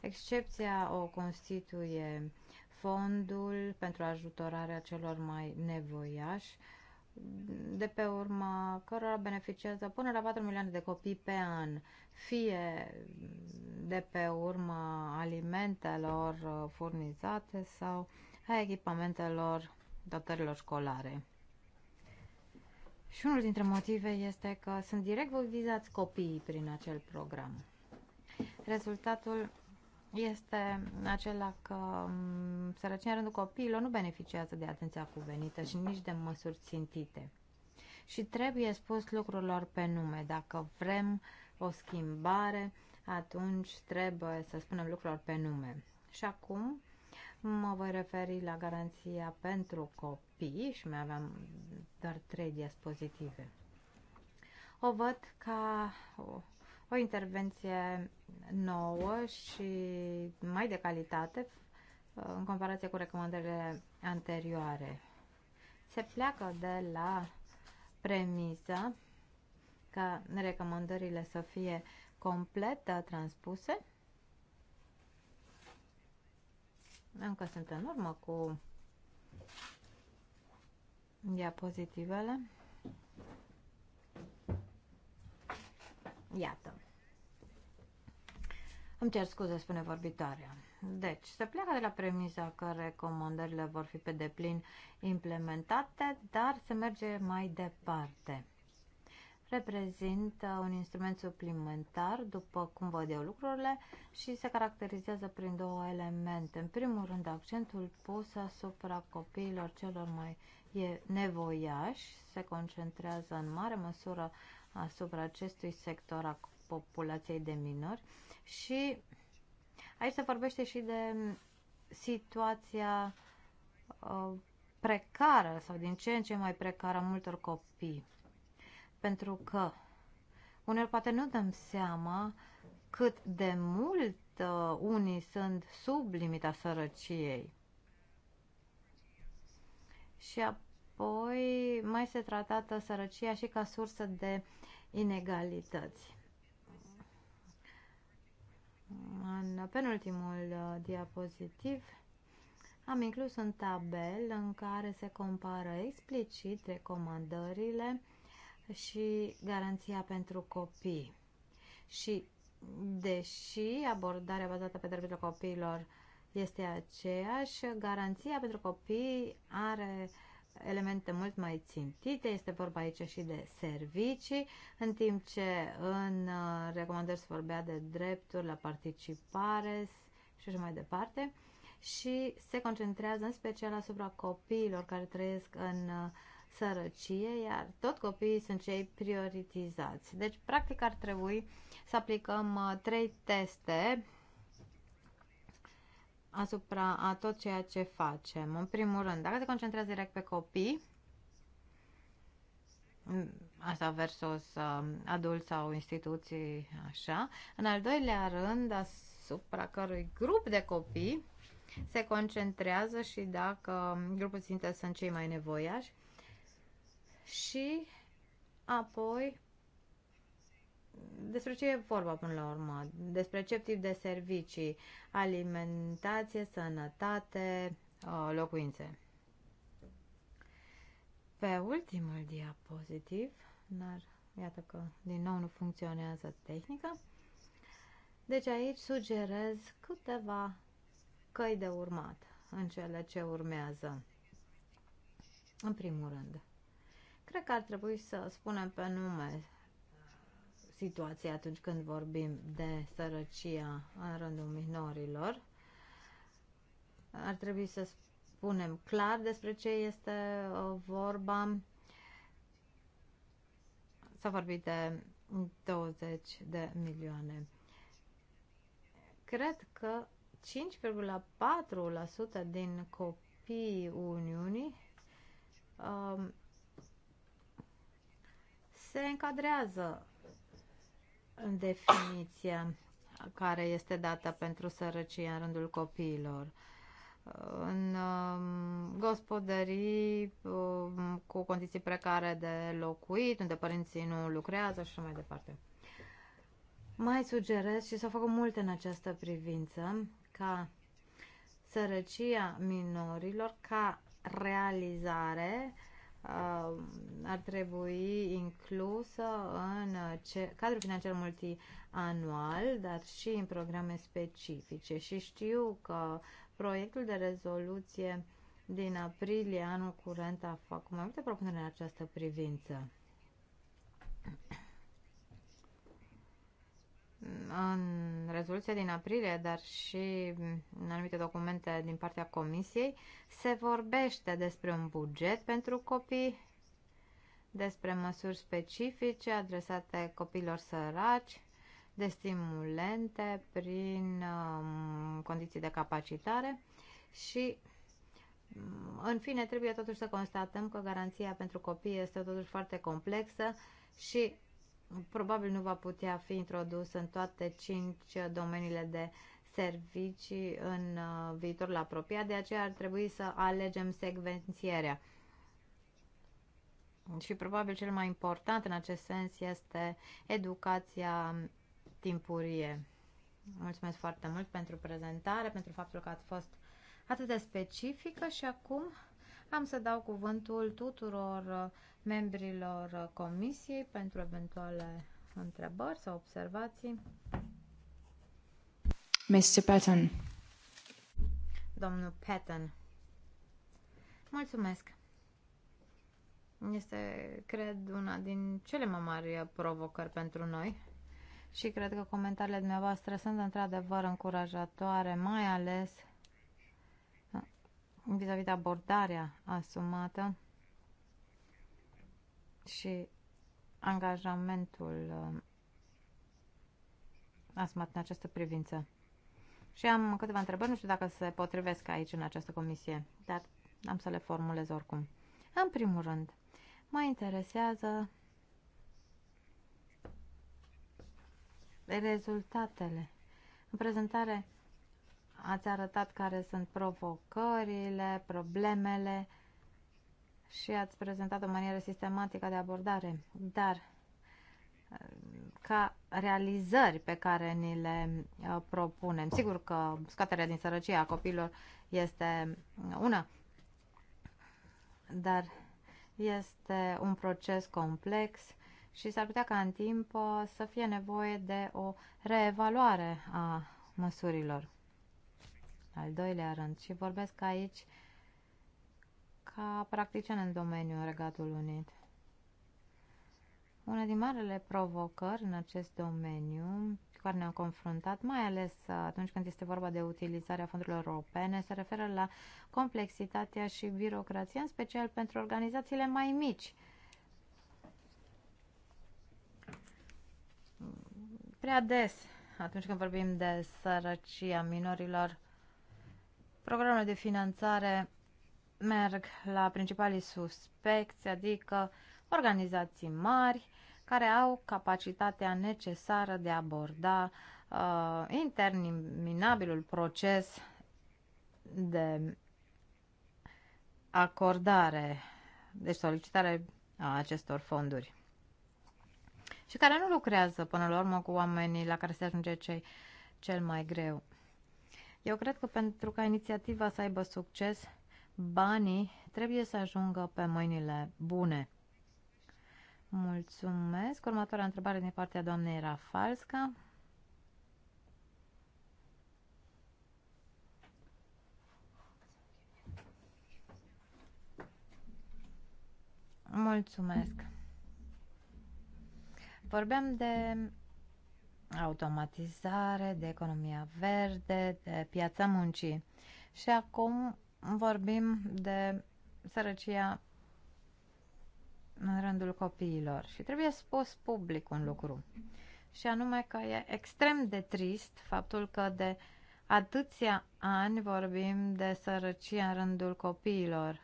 Excepția o constituie fondul pentru ajutorarea celor mai nevoiași, de pe urma cărora beneficiază până la 4 milioane de copii pe an, fie de pe urma alimentelor uh, furnizate sau a echipamentelor dotărilor școlare. Și unul dintre motive este că sunt direct vizați copiii prin acel program. Rezultatul este acela că mm, sărăcia în rândul copiilor nu beneficiază de atenția cuvenită și nici de măsuri țintite. Și trebuie spus lucrurilor pe nume. Dacă vrem o schimbare, atunci trebuie să spunem lucrurilor pe nume. Și acum mă voi referi la garanția pentru copii și mai aveam doar trei dispozitive. O văd ca o intervenție nouă și mai de calitate uh, în comparație cu recomandările anterioare. Se pleacă de la premisa ca recomandările să fie complet uh, transpuse. Încă sunt în urmă cu diapozitivele. Iată. Îmi cer scuze, spune vorbitoarea. Deci, se pleacă de la premisa că recomandările vor fi pe deplin implementate, dar se merge mai departe. Reprezintă un instrument suplimentar, după cum văd eu lucrurile, și se caracterizează prin două elemente. În primul rând, accentul pus asupra copiilor celor mai nevoiași se concentrează în mare măsură asupra acestui sector a populației de minori și aici se vorbește și de situația uh, precară sau din ce în ce mai precară a multor copii. Pentru că uneori poate nu dăm seama cât de mult uh, unii sunt sub limita sărăciei. Și a, Apoi mai este tratată sărăcia și ca sursă de inegalități. În penultimul uh, diapozitiv am inclus un tabel în care se compară explicit recomandările și garanția pentru copii. Și deși abordarea bazată pe drepturile copiilor este aceeași, garanția pentru copii are uh, elemente mult mai țintite, este vorba aici și de servicii, în timp ce în uh, recomandări se vorbea de drepturi la participare și așa mai departe și se concentrează în special asupra copiilor care trăiesc în uh, sărăcie, iar tot copiii sunt cei prioritizați. Deci, practic, ar trebui să aplicăm uh, trei teste asupra a tot ceea ce facem. În primul rând, dacă te concentrezi direct pe copii, asta versus uh, adulți sau instituții, așa. În al doilea rând, asupra cărui grup de copii se concentrează și dacă um, grupul țintă sunt cei mai nevoiași. Și apoi despre ce e vorba până la urmă? Despre ce tip de servicii? Alimentație, sănătate, uh, locuințe. Pe ultimul diapozitiv, dar iată că din nou nu funcționează tehnica, deci aici sugerez câteva căi de urmat în cele ce urmează. În primul rând, cred că ar trebui să spunem pe nume situație atunci când vorbim de sărăcia în rândul minorilor. Ar trebui să spunem clar despre ce este uh, vorba. S-a vorbit de 20 de milioane. Cred că 5,4% din copiii Uniunii um, se încadrează definiția care este dată pentru sărăcie în rândul copiilor. În um, gospodării um, cu condiții precare de locuit, unde părinții nu lucrează și mai departe. Mai sugerez și s-au făcut multe în această privință ca sărăcia minorilor ca realizare uh, ar trebui inclusă în uh, cadrul financiar multianual, dar și în programe specifice. Și știu că proiectul de rezoluție din aprilie anul curent a făcut mai multe propuneri în această privință în rezoluția din aprilie, dar și în anumite documente din partea Comisiei, se vorbește despre un buget pentru copii, despre măsuri specifice adresate copiilor săraci, de stimulente prin um, condiții de capacitare și um, în fine, trebuie totuși să constatăm că garanția pentru copii este totuși foarte complexă și probabil nu va putea fi introdus în toate cinci domeniile de servicii în uh, viitorul apropiat, de aceea ar trebui să alegem secvențierea. Și probabil cel mai important în acest sens este educația timpurie. Mulțumesc foarte mult pentru prezentare, pentru faptul că ați fost atât de specifică și acum am să dau cuvântul tuturor uh, membrilor uh, comisiei pentru eventuale întrebări sau observații. Mr. Patton. Domnul Patton. Mulțumesc. Este, cred, una din cele mai mari provocări pentru noi și cred că comentariile dumneavoastră sunt într-adevăr încurajatoare, mai ales vis-a-vis -vis de abordarea asumată și angajamentul uh, asumat în această privință. Și am câteva întrebări, nu știu dacă se potrivesc aici în această comisie, dar am să le formulez oricum. În primul rând, mă interesează rezultatele. În prezentare Ați arătat care sunt provocările, problemele și ați prezentat o manieră sistematică de abordare. Dar ca realizări pe care ni le uh, propunem. Sigur că scoaterea din sărăcie a copiilor este una, dar este un proces complex și s-ar putea ca în timp uh, să fie nevoie de o reevaluare a măsurilor al doilea rând și vorbesc aici ca practician în domeniul Regatul Unit. Una din marele provocări în acest domeniu cu care ne-am confruntat, mai ales atunci când este vorba de utilizarea fondurilor europene, se referă la complexitatea și birocrația, în special pentru organizațiile mai mici. Prea des, atunci când vorbim de sărăcia minorilor, Programele de finanțare merg la principalii suspecți, adică organizații mari care au capacitatea necesară de a aborda uh, interminabilul proces de acordare, deci solicitare a acestor fonduri și care nu lucrează până la urmă cu oamenii la care se ajunge cei, cel mai greu. Eu cred că pentru ca inițiativa să aibă succes, banii trebuie să ajungă pe mâinile bune. Mulțumesc. Următoarea întrebare din partea doamnei Rafalska. Mulțumesc. Vorbeam de automatizare, de economia verde, de piața muncii. Și acum vorbim de sărăcia în rândul copiilor. Și trebuie spus public un lucru. Și anume că e extrem de trist faptul că de atâția ani vorbim de sărăcie în rândul copiilor.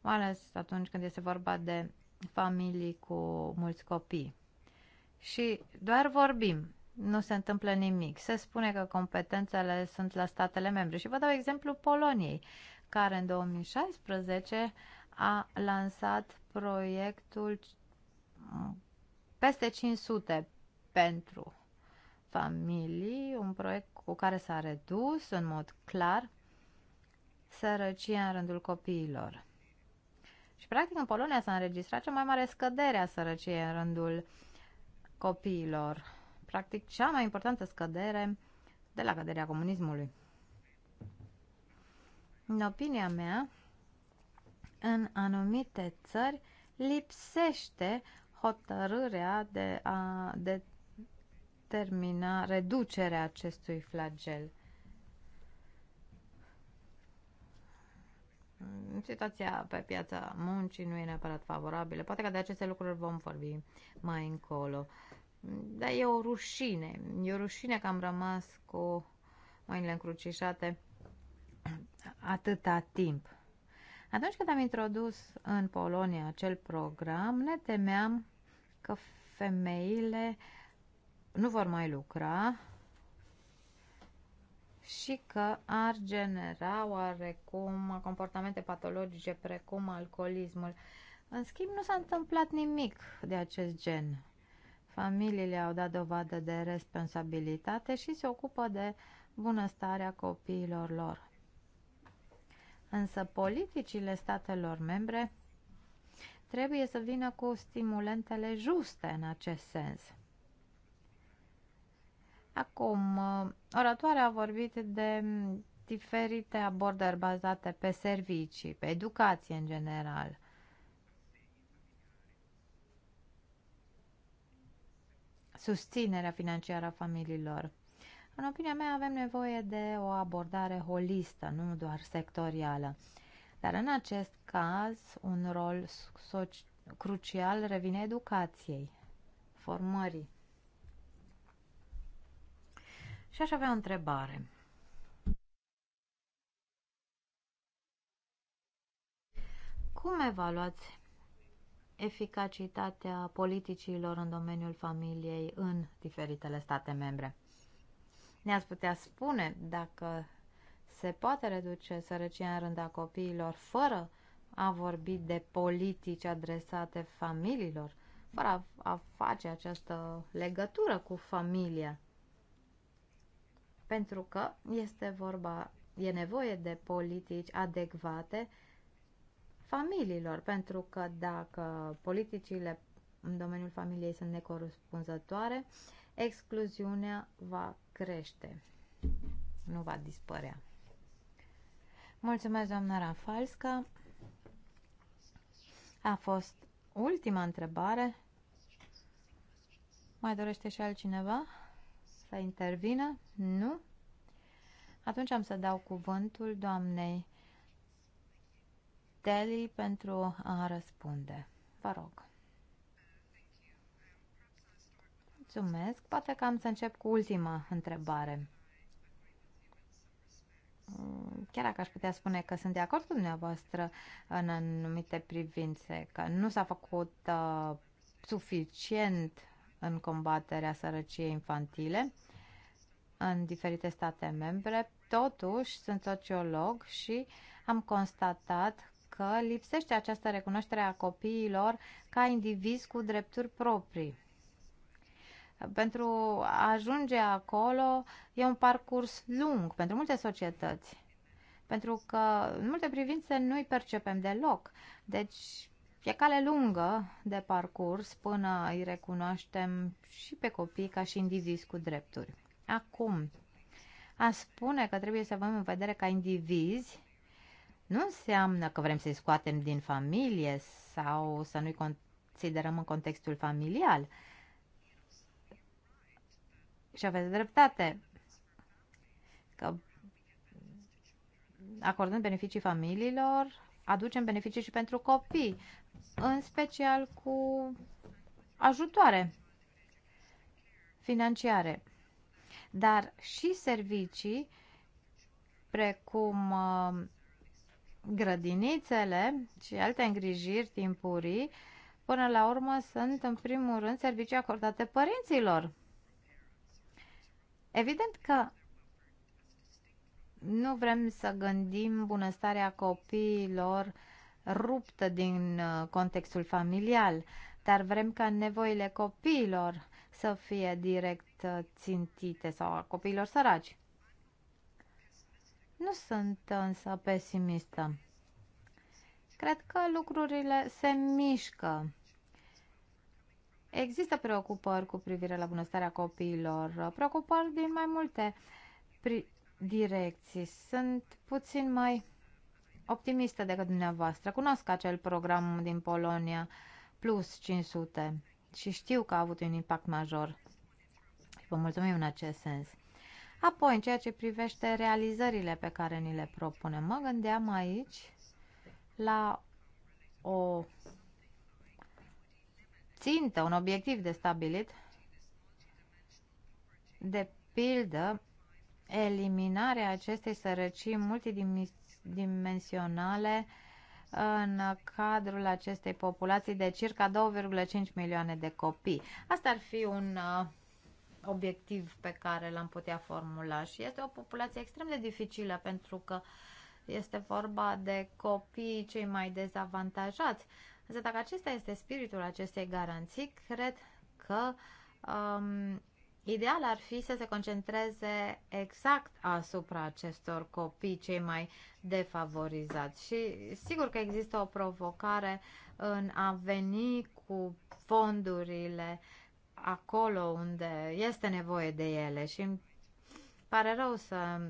Mai ales atunci când este vorba de familii cu mulți copii și doar vorbim. Nu se întâmplă nimic. Se spune că competențele sunt la statele membre. Și vă dau exemplu Poloniei, care în 2016 a lansat proiectul peste 500 pentru familii, un proiect cu care s-a redus în mod clar sărăcia în rândul copiilor. Și practic în Polonia s-a înregistrat cea mai mare scădere a sărăciei în rândul copiilor. Practic, cea mai importantă scădere de la căderea comunismului. În opinia mea, în anumite țări lipsește hotărârea de a determina reducerea acestui flagel. situația pe piața muncii nu e neapărat favorabilă. Poate că de aceste lucruri vom vorbi mai încolo. Dar e o rușine. E o rușine că am rămas cu mâinile încrucișate atâta timp. Atunci când am introdus în Polonia acel program, ne temeam că femeile nu vor mai lucra și că ar genera oarecum comportamente patologice precum alcoolismul. În schimb, nu s-a întâmplat nimic de acest gen. Familiile au dat dovadă de responsabilitate și se ocupă de bunăstarea copiilor lor. Însă politicile statelor membre trebuie să vină cu stimulentele juste în acest sens. Acum, uh, oratoarea a vorbit de mm, diferite abordări bazate pe servicii, pe educație în general. Susținerea financiară a familiilor. În opinia mea avem nevoie de o abordare holistă, nu doar sectorială. Dar în acest caz, un rol crucial revine educației, formării. Și aș avea o întrebare. Cum evaluați eficacitatea politicilor în domeniul familiei în diferitele state membre? Ne-ați putea spune dacă se poate reduce sărăcia în rândul copiilor fără a vorbi de politici adresate familiilor, fără a, a face această legătură cu familia pentru că este vorba, e nevoie de politici adecvate familiilor, pentru că dacă politicile în domeniul familiei sunt necorespunzătoare, excluziunea va crește, nu va dispărea. Mulțumesc, doamna Rafalska. A fost ultima întrebare. Mai dorește și altcineva? să intervină? Nu? Atunci am să dau cuvântul doamnei Deli pentru a răspunde. Vă rog. Mulțumesc. Poate că am să încep cu ultima întrebare. Chiar dacă aș putea spune că sunt de acord cu dumneavoastră în anumite privințe, că nu s-a făcut uh, suficient în combaterea sărăciei infantile în diferite state membre. Totuși, sunt sociolog și am constatat că lipsește această recunoaștere a copiilor ca indivizi cu drepturi proprii. Pentru a ajunge acolo e un parcurs lung pentru multe societăți, pentru că în multe privințe nu-i percepem deloc. Deci E cale lungă de parcurs până îi recunoaștem și pe copii ca și indivizi cu drepturi. Acum, a spune că trebuie să avem în vedere ca indivizi nu înseamnă că vrem să-i scoatem din familie sau să nu-i considerăm în contextul familial. Și aveți dreptate că acordând beneficii familiilor, aducem beneficii și pentru copii, în special cu ajutoare financiare, dar și servicii precum uh, grădinițele și alte îngrijiri timpurii, până la urmă sunt în primul rând servicii acordate părinților. Evident că nu vrem să gândim bunăstarea copiilor ruptă din uh, contextul familial, dar vrem ca nevoile copiilor să fie direct uh, țintite sau a copiilor săraci. Nu sunt uh, însă pesimistă. Cred că lucrurile se mișcă. Există preocupări cu privire la bunăstarea copiilor, preocupări din mai multe pri- direcții. Sunt puțin mai optimistă decât dumneavoastră. Cunosc acel program din Polonia, Plus 500, și știu că a avut un impact major. Vă mulțumim în acest sens. Apoi, în ceea ce privește realizările pe care ni le propunem, mă gândeam aici la o țintă, un obiectiv de stabilit, de pildă eliminarea acestei sărăcii multidimensionale în cadrul acestei populații de circa 2,5 milioane de copii. Asta ar fi un uh, obiectiv pe care l-am putea formula și este o populație extrem de dificilă pentru că este vorba de copiii cei mai dezavantajați. Însă dacă acesta este spiritul acestei garanții, cred că um, Ideal ar fi să se concentreze exact asupra acestor copii cei mai defavorizați și sigur că există o provocare în a veni cu fondurile acolo unde este nevoie de ele și îmi pare rău să,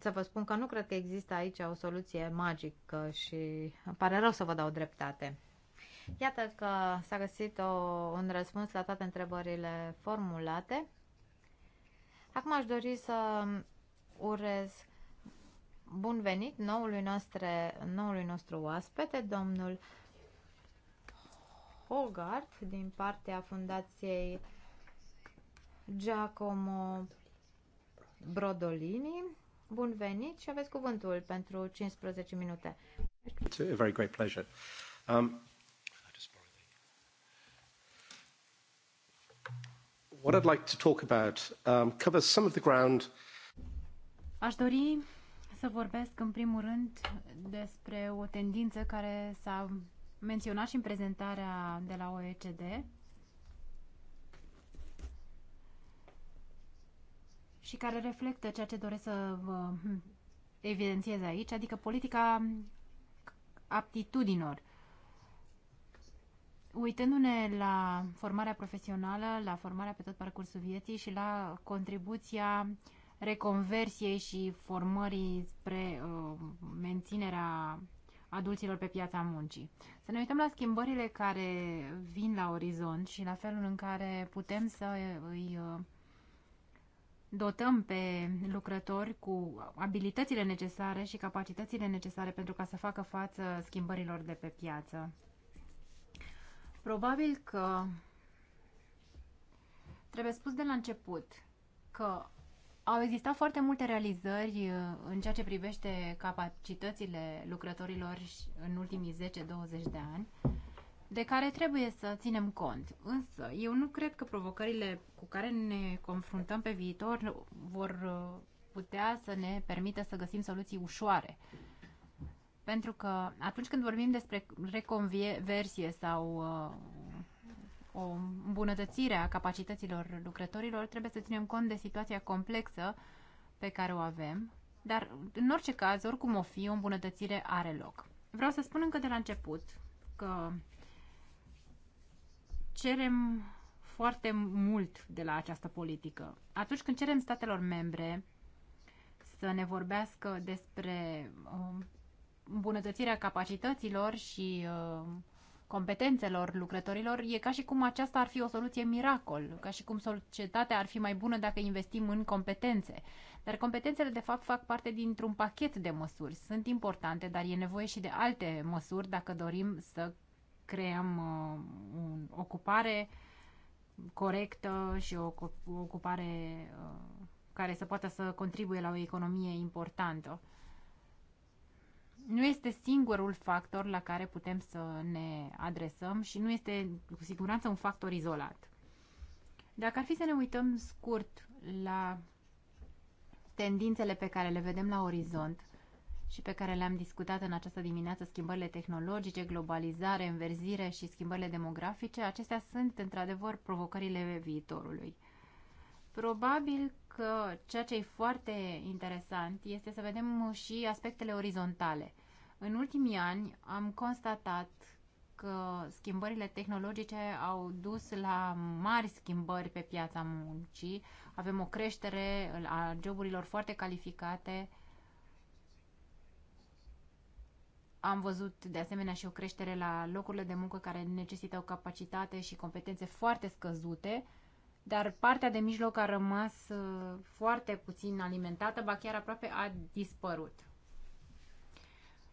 să vă spun că nu cred că există aici o soluție magică și îmi pare rău să vă dau dreptate. Iată că s-a găsit o, un răspuns la toate întrebările formulate. Acum aș dori să urez bun venit noului, noastre, noului nostru oaspete, domnul Hogart, din partea Fundației Giacomo Brodolini. Bun venit și aveți cuvântul pentru 15 minute. It's a very great pleasure. Um, What I'd like to talk about um, covers some of the ground. Aș dori să vorbesc în primul rând despre o tendință care s-a menționat și în prezentarea de la OECD și care reflectă ceea ce doresc să vă hm, evidențiez aici, adică politica aptitudinilor. Uitându-ne la formarea profesională, la formarea pe tot parcursul vieții și la contribuția reconversiei și formării spre uh, menținerea adulților pe piața muncii. Să ne uităm la schimbările care vin la orizont și la felul în care putem să îi uh, dotăm pe lucrători cu abilitățile necesare și capacitățile necesare pentru ca să facă față schimbărilor de pe piață. Probabil că trebuie spus de la început că au existat foarte multe realizări uh, în ceea ce privește capacitățile lucrătorilor în ultimii 10-20 de ani, de care trebuie să ținem cont. Însă, eu nu cred că provocările cu care ne confruntăm pe viitor vor uh, putea să ne permită să găsim soluții ușoare. Pentru că atunci când vorbim despre reconversie sau uh, o îmbunătățire a capacităților lucrătorilor, trebuie să ținem cont de situația complexă pe care o avem, dar în orice caz, oricum o fi, o îmbunătățire are loc. Vreau să spun încă de la început că cerem foarte mult de la această politică. Atunci când cerem statelor membre să ne vorbească despre um, îmbunătățirea capacităților și uh, competențelor lucrătorilor, e ca și cum aceasta ar fi o soluție miracol, ca și cum societatea ar fi mai bună dacă investim în competențe. Dar competențele, de fapt, fac parte dintr-un pachet de măsuri. Sunt importante, dar e nevoie și de alte măsuri dacă dorim să creăm uh, un, ocupare corectă și o, o ocupare uh, care să poată să contribuie la o economie importantă nu este singurul factor la care putem să ne adresăm și nu este cu siguranță un factor izolat. Dacă ar fi să ne uităm scurt la tendințele pe care le vedem la orizont și pe care le-am discutat în această dimineață, schimbările tehnologice, globalizare, înverzire și schimbările demografice, acestea sunt într-adevăr provocările viitorului. Probabil că ceea ce e foarte interesant este să vedem și aspectele orizontale. În ultimii ani am constatat că schimbările tehnologice au dus la mari schimbări pe piața muncii. Avem o creștere a joburilor foarte calificate. Am văzut de asemenea și o creștere la locurile de muncă care necesită o capacitate și competențe foarte scăzute, dar partea de mijloc a rămas uh, foarte puțin alimentată, ba chiar aproape a dispărut.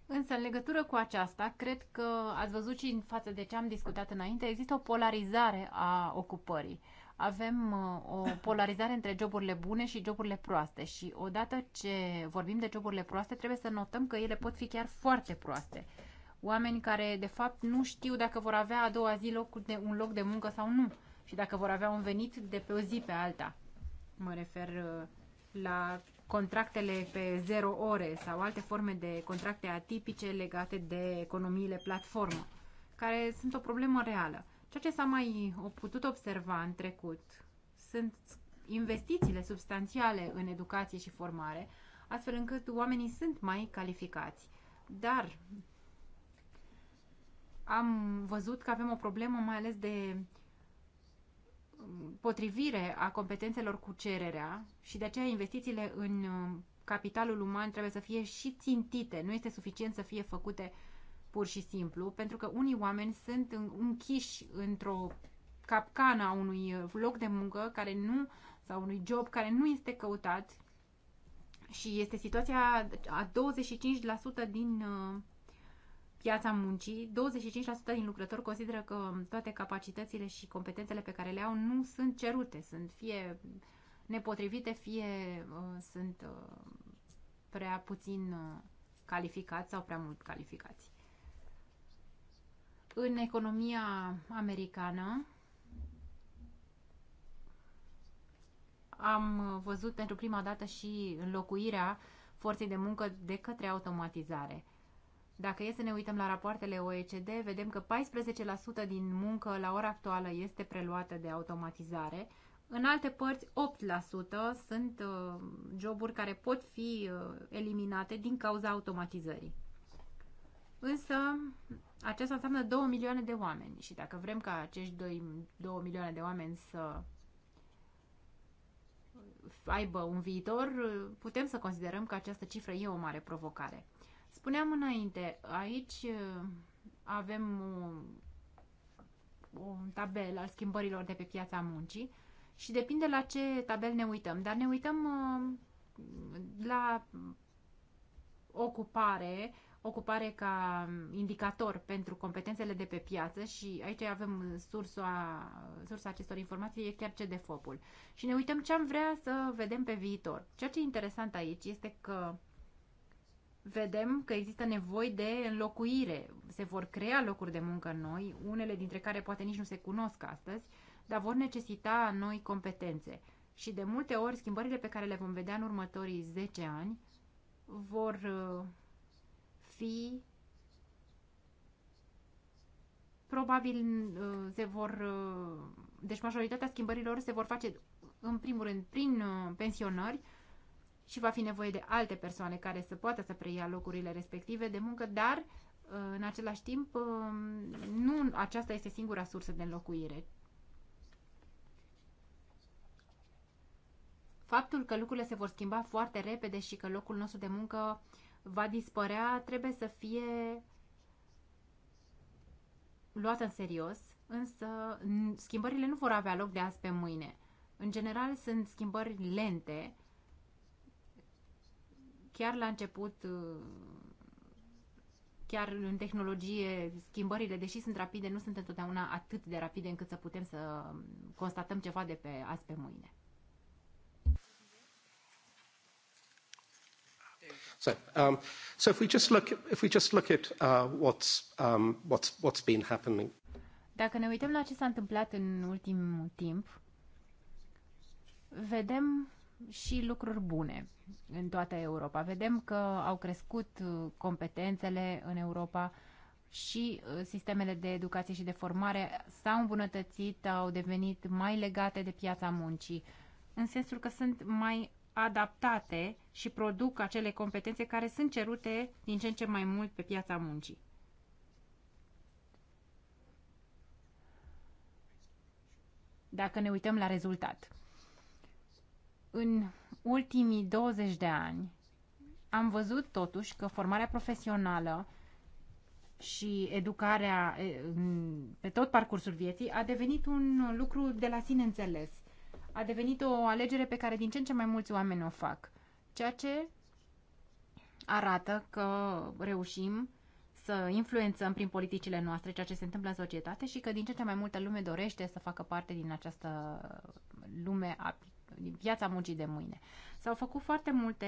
Însă, în legătură cu aceasta, cred că ați văzut și în față de ce am discutat înainte, există o polarizare a ocupării. Avem uh, o polarizare între joburile bune și joburile proaste și odată ce vorbim de joburile proaste, trebuie să notăm că ele pot fi chiar foarte proaste. Oameni care, de fapt, nu știu dacă vor avea a doua zi loc de, un loc de muncă sau nu și dacă vor avea un venit de pe o zi pe alta. Mă refer uh, la contractele pe zero ore sau alte forme de contracte atipice legate de economiile platformă, care sunt o problemă reală. Ceea ce s-a mai putut observa în trecut sunt investițiile substanțiale în educație și formare, astfel încât oamenii sunt mai calificați. Dar am văzut că avem o problemă mai ales de potrivire a competențelor cu cererea și de aceea investițiile în uh, capitalul uman trebuie să fie și țintite. Nu este suficient să fie făcute pur și simplu, pentru că unii oameni sunt închiși într-o a unui uh, loc de muncă care nu, sau unui job care nu este căutat și este situația a 25% din uh, piața muncii, 25% din lucrători consideră că toate capacitățile și competențele pe care le au nu sunt cerute, sunt fie nepotrivite, fie uh, sunt uh, prea puțin uh, calificați sau prea mult calificați. În economia americană am văzut pentru prima dată și înlocuirea forței de muncă de către automatizare – dacă e să ne uităm la rapoartele OECD, vedem că 14% din muncă la ora actuală este preluată de automatizare. În alte părți, 8% sunt uh, joburi care pot fi uh, eliminate din cauza automatizării. Însă, aceasta înseamnă 2 milioane de oameni și dacă vrem ca acești 2, 2 milioane de oameni să aibă un viitor, uh, putem să considerăm că această cifră e o mare provocare. Spuneam înainte, aici uh, avem un tabel al schimbărilor de pe piața muncii și depinde la ce tabel ne uităm, dar ne uităm uh, la ocupare, ocupare ca indicator pentru competențele de pe piață și aici avem sursa, sursa acestor informații, e chiar CDFOP-ul. Și ne uităm ce am vrea să vedem pe viitor. Ceea ce e interesant aici este că vedem că există nevoi de înlocuire. Se vor crea locuri de muncă noi, unele dintre care poate nici nu se cunosc astăzi, dar vor necesita noi competențe. Și de multe ori schimbările pe care le vom vedea în următorii 10 ani vor uh, fi probabil uh, se vor uh, deci majoritatea schimbărilor se vor face în primul rând prin pensionări, și va fi nevoie de alte persoane care să poată să preia locurile respective de muncă, dar uh, în același timp um, nu aceasta este singura sursă de înlocuire. Faptul că lucrurile se vor schimba foarte repede și că locul nostru de muncă va dispărea trebuie să fie luat în serios, însă schimbările nu vor avea loc de azi pe mâine. În general sunt schimbări lente, chiar la început, uh, chiar în tehnologie, schimbările, deși sunt rapide, nu sunt întotdeauna atât de rapide încât să putem să constatăm ceva de pe azi pe mâine. So, um, so if we just look, if we just look at uh, what's, um, what's, what's been happening. Dacă ne uităm la ce s-a întâmplat în ultimul timp, vedem și lucruri bune în toată Europa. Vedem că au crescut uh, competențele în Europa și uh, sistemele de educație și de formare s-au îmbunătățit, au devenit mai legate de piața muncii, în sensul că sunt mai adaptate și produc acele competențe care sunt cerute din ce în ce mai mult pe piața muncii. Dacă ne uităm la rezultat în ultimii 20 de ani am văzut totuși că formarea profesională și educarea pe tot parcursul vieții a devenit un lucru de la sine înțeles. A devenit o alegere pe care din ce în ce mai mulți oameni o fac, ceea ce arată că reușim să influențăm prin politicile noastre ceea ce se întâmplă în societate și că din ce în ce mai multă lume dorește să facă parte din această lume a viața muncii de mâine. S-au făcut foarte multe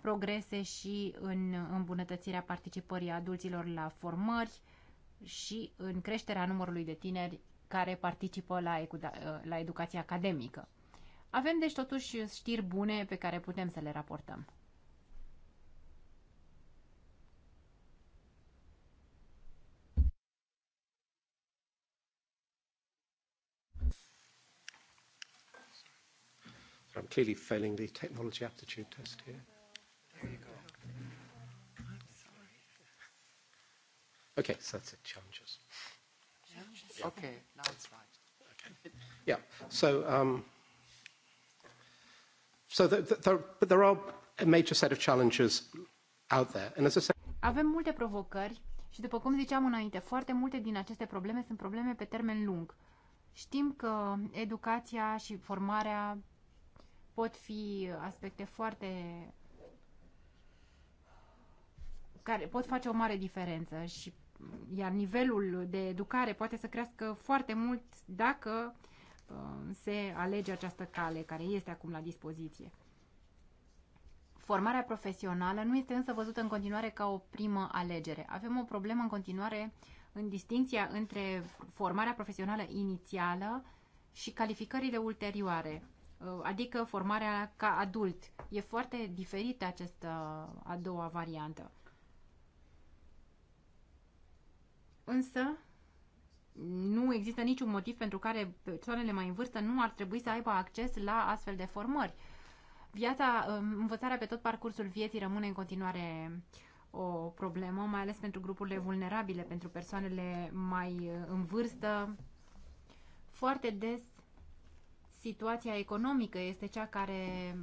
progrese și în îmbunătățirea participării adulților la formări și în creșterea numărului de tineri care participă la, la educația academică. Avem deci totuși știri bune pe care putem să le raportăm. I'm clearly failing the technology aptitude test here. Okay, so that's it, challenges. Challenges? Yeah. Okay, now it's right. Okay. Yeah, so, um, so the, the, the, but there are a major set of challenges out there. And as I said, avem multe provocări și după cum ziceam înainte, foarte multe din aceste probleme sunt probleme pe termen lung. Știm că educația și formarea pot fi aspecte foarte care pot face o mare diferență și iar nivelul de educare poate să crească foarte mult dacă uh, se alege această cale care este acum la dispoziție. Formarea profesională nu este însă văzută în continuare ca o primă alegere. Avem o problemă în continuare în distinția între formarea profesională inițială și calificările ulterioare. Uh, adică formarea ca adult. E foarte diferită această uh, a doua variantă. Însă, nu există niciun motiv pentru care persoanele mai în vârstă nu ar trebui să aibă acces la astfel de formări. Viața, um, învățarea pe tot parcursul vieții rămâne în continuare o problemă, mai ales pentru grupurile vulnerabile, pentru persoanele mai uh, în vârstă. Foarte des situația economică este cea care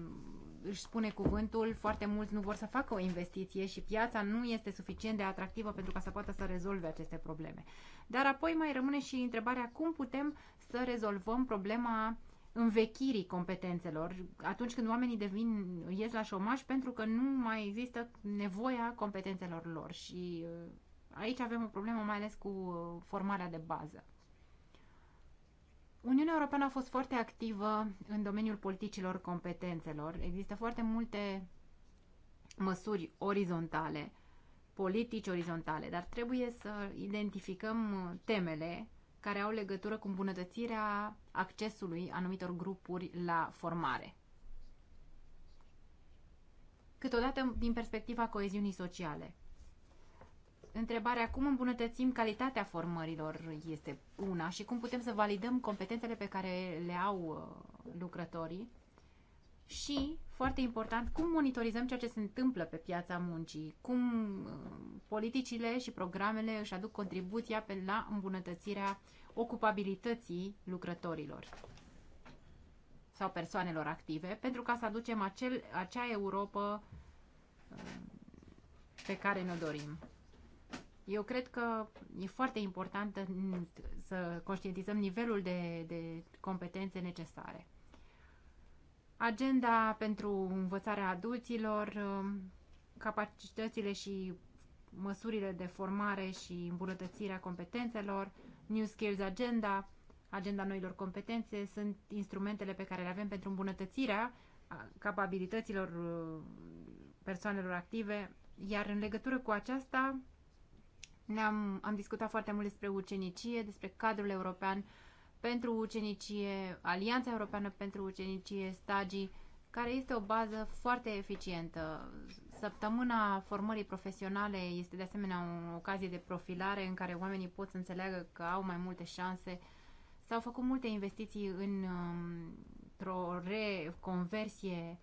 își spune cuvântul, foarte mulți nu vor să facă o investiție și piața nu este suficient de atractivă pentru ca să poată să rezolve aceste probleme. Dar apoi mai rămâne și întrebarea cum putem să rezolvăm problema învechirii competențelor atunci când oamenii devin, ies la șomaș pentru că nu mai există nevoia competențelor lor și uh, aici avem o problemă mai ales cu uh, formarea de bază. Uniunea Europeană a fost foarte activă în domeniul politicilor competențelor. Există foarte multe măsuri orizontale, politici orizontale, dar trebuie să identificăm temele care au legătură cu îmbunătățirea accesului anumitor grupuri la formare. Câteodată din perspectiva coeziunii sociale. Întrebarea cum îmbunătățim calitatea formărilor este una și cum putem să validăm competențele pe care le au uh, lucrătorii și, foarte important, cum monitorizăm ceea ce se întâmplă pe piața muncii, cum uh, politicile și programele își aduc contribuția pe la îmbunătățirea ocupabilității lucrătorilor sau persoanelor active, pentru ca să aducem acel, acea Europa uh, pe care ne-o dorim. Eu cred că e foarte important să conștientizăm nivelul de, de competențe necesare. Agenda pentru învățarea adulților, um, capacitățile și măsurile de formare și îmbunătățirea competențelor, New Skills Agenda, Agenda noilor competențe sunt instrumentele pe care le avem pentru îmbunătățirea capabilităților uh, persoanelor active, iar în legătură cu aceasta ne-am am discutat foarte mult despre ucenicie, despre cadrul european pentru ucenicie, Alianța Europeană pentru Ucenicie, stagii, care este o bază foarte eficientă. Săptămâna formării profesionale este de asemenea o ocazie de profilare în care oamenii pot să înțeleagă că au mai multe șanse. S-au făcut multe investiții în, um, într-o reconversie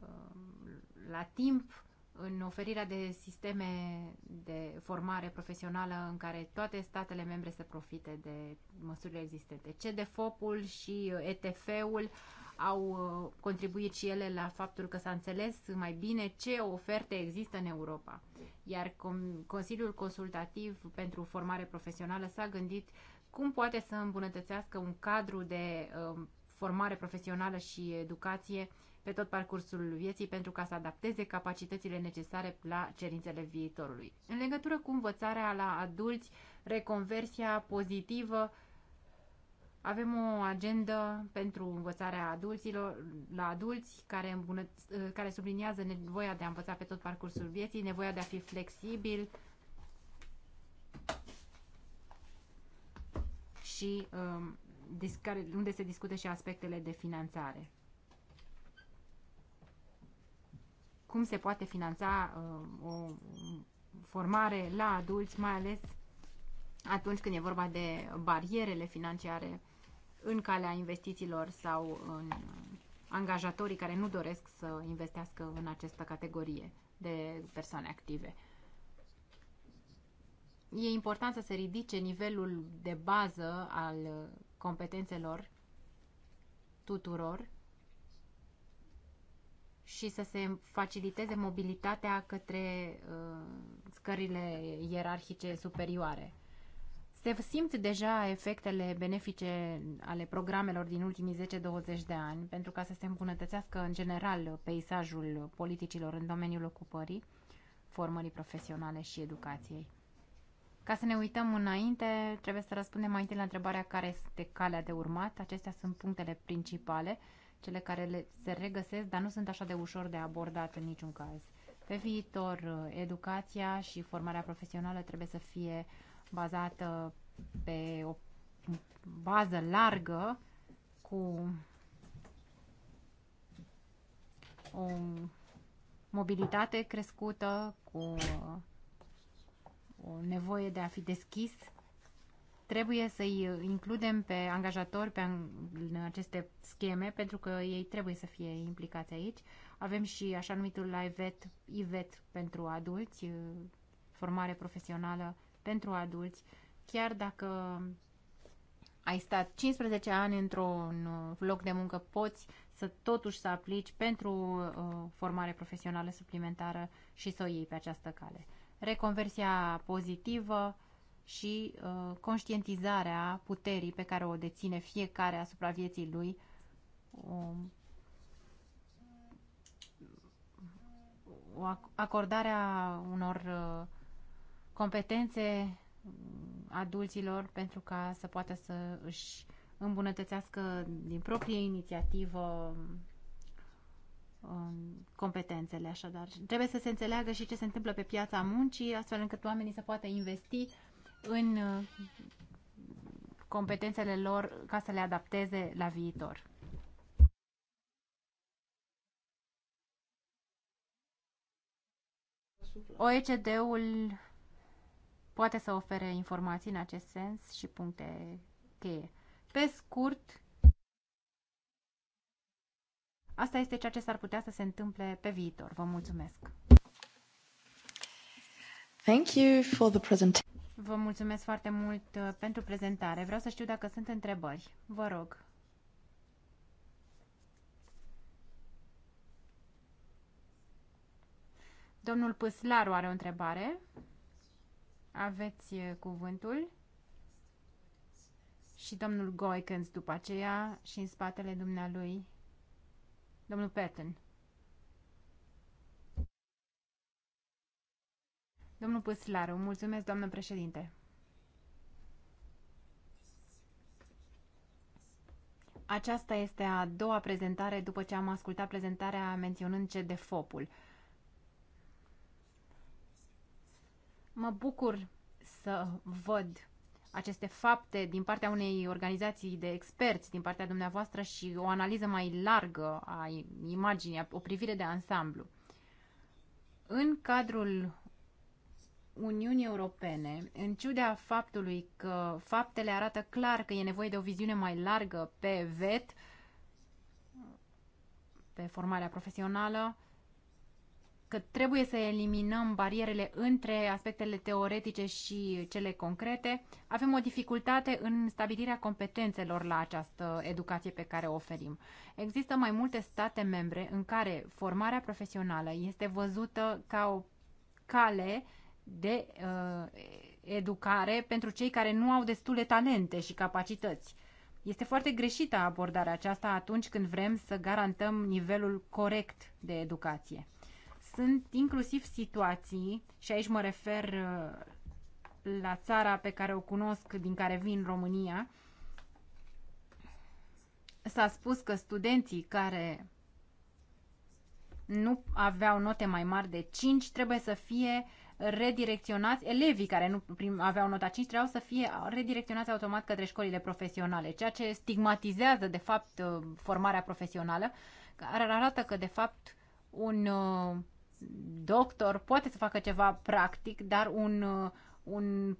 um, la timp în oferirea de sisteme de formare profesională în care toate statele membre să profite de măsurile existente. CDFOP-ul și uh, ETF-ul au uh, contribuit și ele la faptul că s-a înțeles mai bine ce oferte există în Europa. Iar Consiliul Consultativ pentru Formare Profesională s-a gândit cum poate să îmbunătățească un cadru de uh, formare profesională și educație uh, pe tot parcursul vieții pentru ca să adapteze capacitățile necesare la cerințele viitorului. În legătură cu învățarea la adulți, reconversia pozitivă, avem o agendă pentru învățarea adulților, la adulți, care, îmbună, ă, care subliniază nevoia de a învăța pe tot parcursul vieții, nevoia de a fi flexibil și um, unde se discută și aspectele de finanțare. cum se poate finanța uh, o formare la adulți, mai ales atunci când e vorba de barierele financiare în calea investițiilor sau în angajatorii care nu doresc să investească în această categorie de persoane active. E important să se ridice nivelul de bază al competențelor tuturor și să se faciliteze mobilitatea către uh, scările ierarhice superioare. Se simt deja efectele benefice ale programelor din ultimii 10-20 de ani pentru ca să se îmbunătățească în general peisajul politicilor în domeniul ocupării, formării profesionale și educației. Ca să ne uităm înainte, trebuie să răspundem mai întâi la întrebarea care este calea de urmat. Acestea sunt punctele principale cele care le, se regăsesc, dar nu sunt așa de ușor de abordat în niciun caz. Pe viitor, uh, educația și formarea profesională trebuie să fie bazată pe o bază largă cu o mobilitate crescută, cu uh, o nevoie de a fi deschis Trebuie să-i uh, includem pe angajatori pe, în aceste scheme, pentru că ei trebuie să fie implicați aici. Avem și așa numitul IVET, IVET pentru adulți, uh, formare profesională pentru adulți, chiar dacă ai stat 15 ani într-un uh, loc de muncă, poți să totuși să aplici pentru uh, formare profesională suplimentară și să o iei pe această cale. Reconversia pozitivă și uh, conștientizarea puterii pe care o deține fiecare asupra vieții lui um, acordarea unor uh, competențe mm, adulților pentru ca să poată să își îmbunătățească din proprie inițiativă um, um, competențele, așadar. Trebuie să se înțeleagă și ce se întâmplă pe piața muncii, astfel încât oamenii să poată investi în uh, competențele lor ca să le adapteze la viitor. OECD-ul poate să ofere informații în acest sens și puncte cheie. Pe scurt, asta este ceea ce s-ar putea să se întâmple pe viitor. Vă mulțumesc! Thank you for the presentation. Vă mulțumesc foarte mult uh, pentru prezentare. Vreau să știu dacă sunt întrebări. Vă rog. Domnul Păslaru are o întrebare. Aveți uh, cuvântul. Și domnul Goicens după aceea și în spatele dumnealui. Domnul Patton. Domnul Păslaru, mulțumesc, doamnă președinte. Aceasta este a doua prezentare după ce am ascultat prezentarea menționând ce de fopul. Mă bucur să văd aceste fapte din partea unei organizații de experți, din partea dumneavoastră și o analiză mai largă a imaginii, o privire de ansamblu. În cadrul Uniunii Europene, în ciuda faptului că faptele arată clar că e nevoie de o viziune mai largă pe VET, pe formarea profesională, că trebuie să eliminăm barierele între aspectele teoretice și cele concrete, avem o dificultate în stabilirea competențelor la această educație pe care o oferim. Există mai multe state membre în care formarea profesională este văzută ca o cale de uh, educare pentru cei care nu au destule talente și capacități. Este foarte greșită abordarea aceasta atunci când vrem să garantăm nivelul corect de educație. Sunt inclusiv situații, și aici mă refer uh, la țara pe care o cunosc, din care vin România, s-a spus că studenții care nu aveau note mai mari de 5 trebuie să fie redirecționați, elevii care nu prim, aveau nota 5 trebuiau să fie redirecționați automat către școlile profesionale, ceea ce stigmatizează, de fapt, uh, formarea profesională, care arată că, de fapt, un uh, doctor poate să facă ceva practic, dar un, uh, un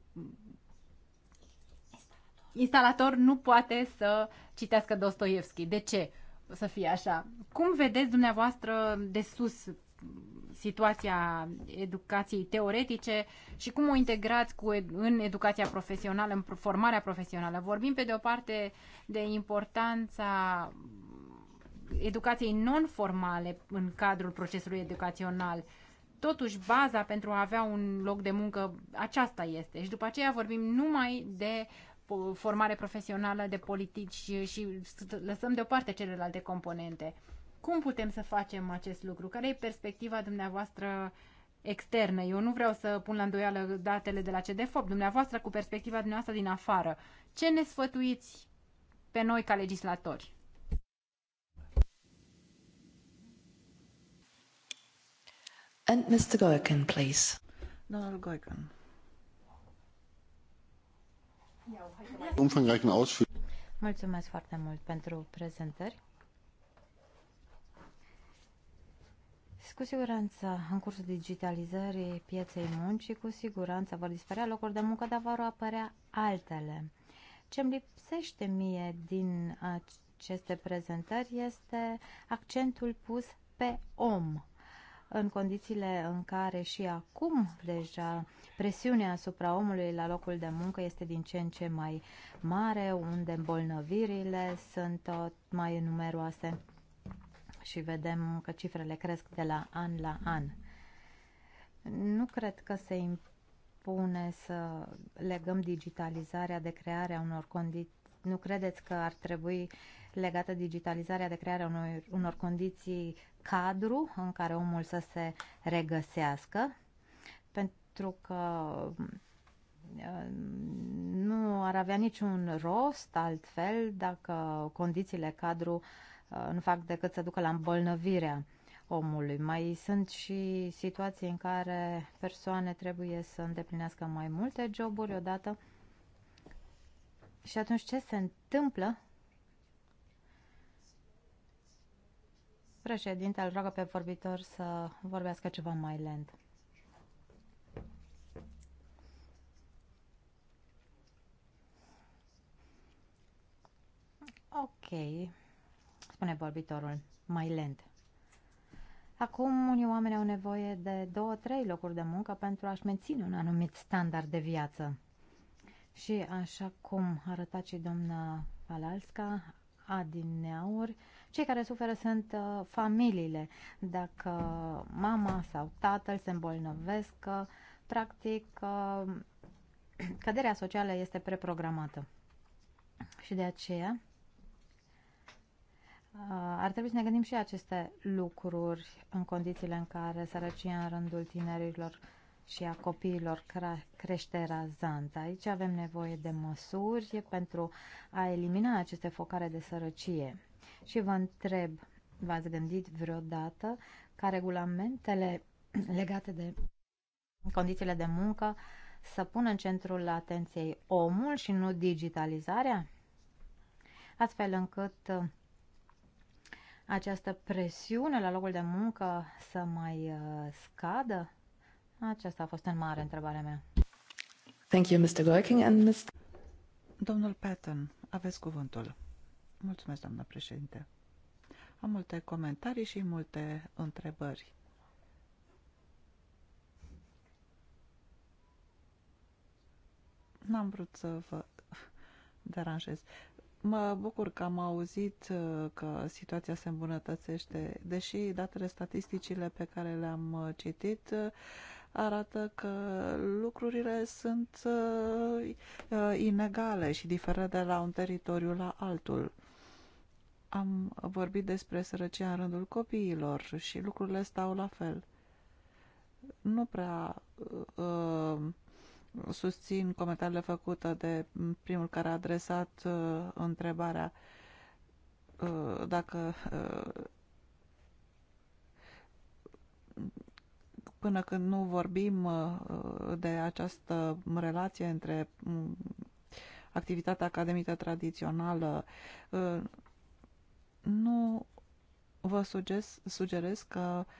instalator nu poate să citească Dostoevski. De ce să fie așa? Cum vedeți dumneavoastră de sus situația educației teoretice și cum o integrați cu ed- în educația profesională, în formarea profesională. Vorbim pe de o parte de importanța educației non-formale în cadrul procesului educațional. Totuși, baza pentru a avea un loc de muncă, aceasta este. Și după aceea vorbim numai de formare profesională, de politici și lăsăm deoparte celelalte componente. Cum putem să facem acest lucru? Care e perspectiva dumneavoastră externă? Eu nu vreau să pun la îndoială datele de la CDFOP, dumneavoastră cu perspectiva dumneavoastră din afară. Ce ne sfătuiți pe noi ca legislatori? And Mr. Goiken, please. Donald Goiken. Mulțumesc foarte mult pentru prezentări. Cu siguranță, în cursul digitalizării pieței muncii, cu siguranță vor dispărea locuri de muncă, dar vor apărea altele. Ce îmi lipsește mie din aceste prezentări este accentul pus pe om în condițiile în care și acum deja presiunea asupra omului la locul de muncă este din ce în ce mai mare, unde îmbolnăvirile sunt tot mai numeroase și vedem că cifrele cresc de la an la an. Nu cred că se impune să legăm digitalizarea de crearea unor condiții. Nu credeți că ar trebui legată digitalizarea de crearea unor, unor condiții cadru în care omul să se regăsească? Pentru că uh, nu ar avea niciun rost altfel dacă condițiile cadru uh, Uh, nu fac decât să ducă la îmbolnăvirea omului. Mai sunt și situații în care persoane trebuie să îndeplinească mai multe joburi odată. Și atunci ce se întâmplă? Președinte, îl roagă pe vorbitor să vorbească ceva mai lent. Ok spune vorbitorul, mai lent. Acum unii oameni au nevoie de două, trei locuri de muncă pentru a-și menține un anumit standard de viață. Și așa cum arăta și doamna Falalska, adineauri, cei care suferă sunt uh, familiile. Dacă mama sau tatăl se îmbolnăvesc, uh, practic uh, căderea socială este preprogramată. Și de aceea Uh, ar trebui să ne gândim și aceste lucruri în condițiile în care sărăcia în rândul tinerilor și a copiilor crește razant. Aici avem nevoie de măsuri pentru a elimina aceste focare de sărăcie. Și vă întreb, v-ați gândit vreodată ca regulamentele legate de condițiile de muncă să pună în centrul atenției omul și nu digitalizarea? Astfel încât uh, această presiune la locul de muncă să mai uh, scadă? Aceasta a fost în mare întrebarea mea. Thank you, Mr. Goiking and Mr. Domnul Patton, aveți cuvântul. Mulțumesc, doamnă președinte. Am multe comentarii și multe întrebări. N-am vrut să vă deranjez. Mă bucur că am auzit uh, că situația se îmbunătățește, deși datele statisticile pe care le-am uh, citit uh, arată că lucrurile sunt inegale și diferă de la un teritoriu la altul. Am vorbit despre sărăcia în rândul copiilor și lucrurile stau la fel. Nu prea uh, susțin comentariile făcute de primul care a adresat uh, întrebarea uh, dacă uh, până când nu vorbim uh, de această relație între uh, activitatea academică tradițională, uh, nu vă sugerez, sugerez că uh,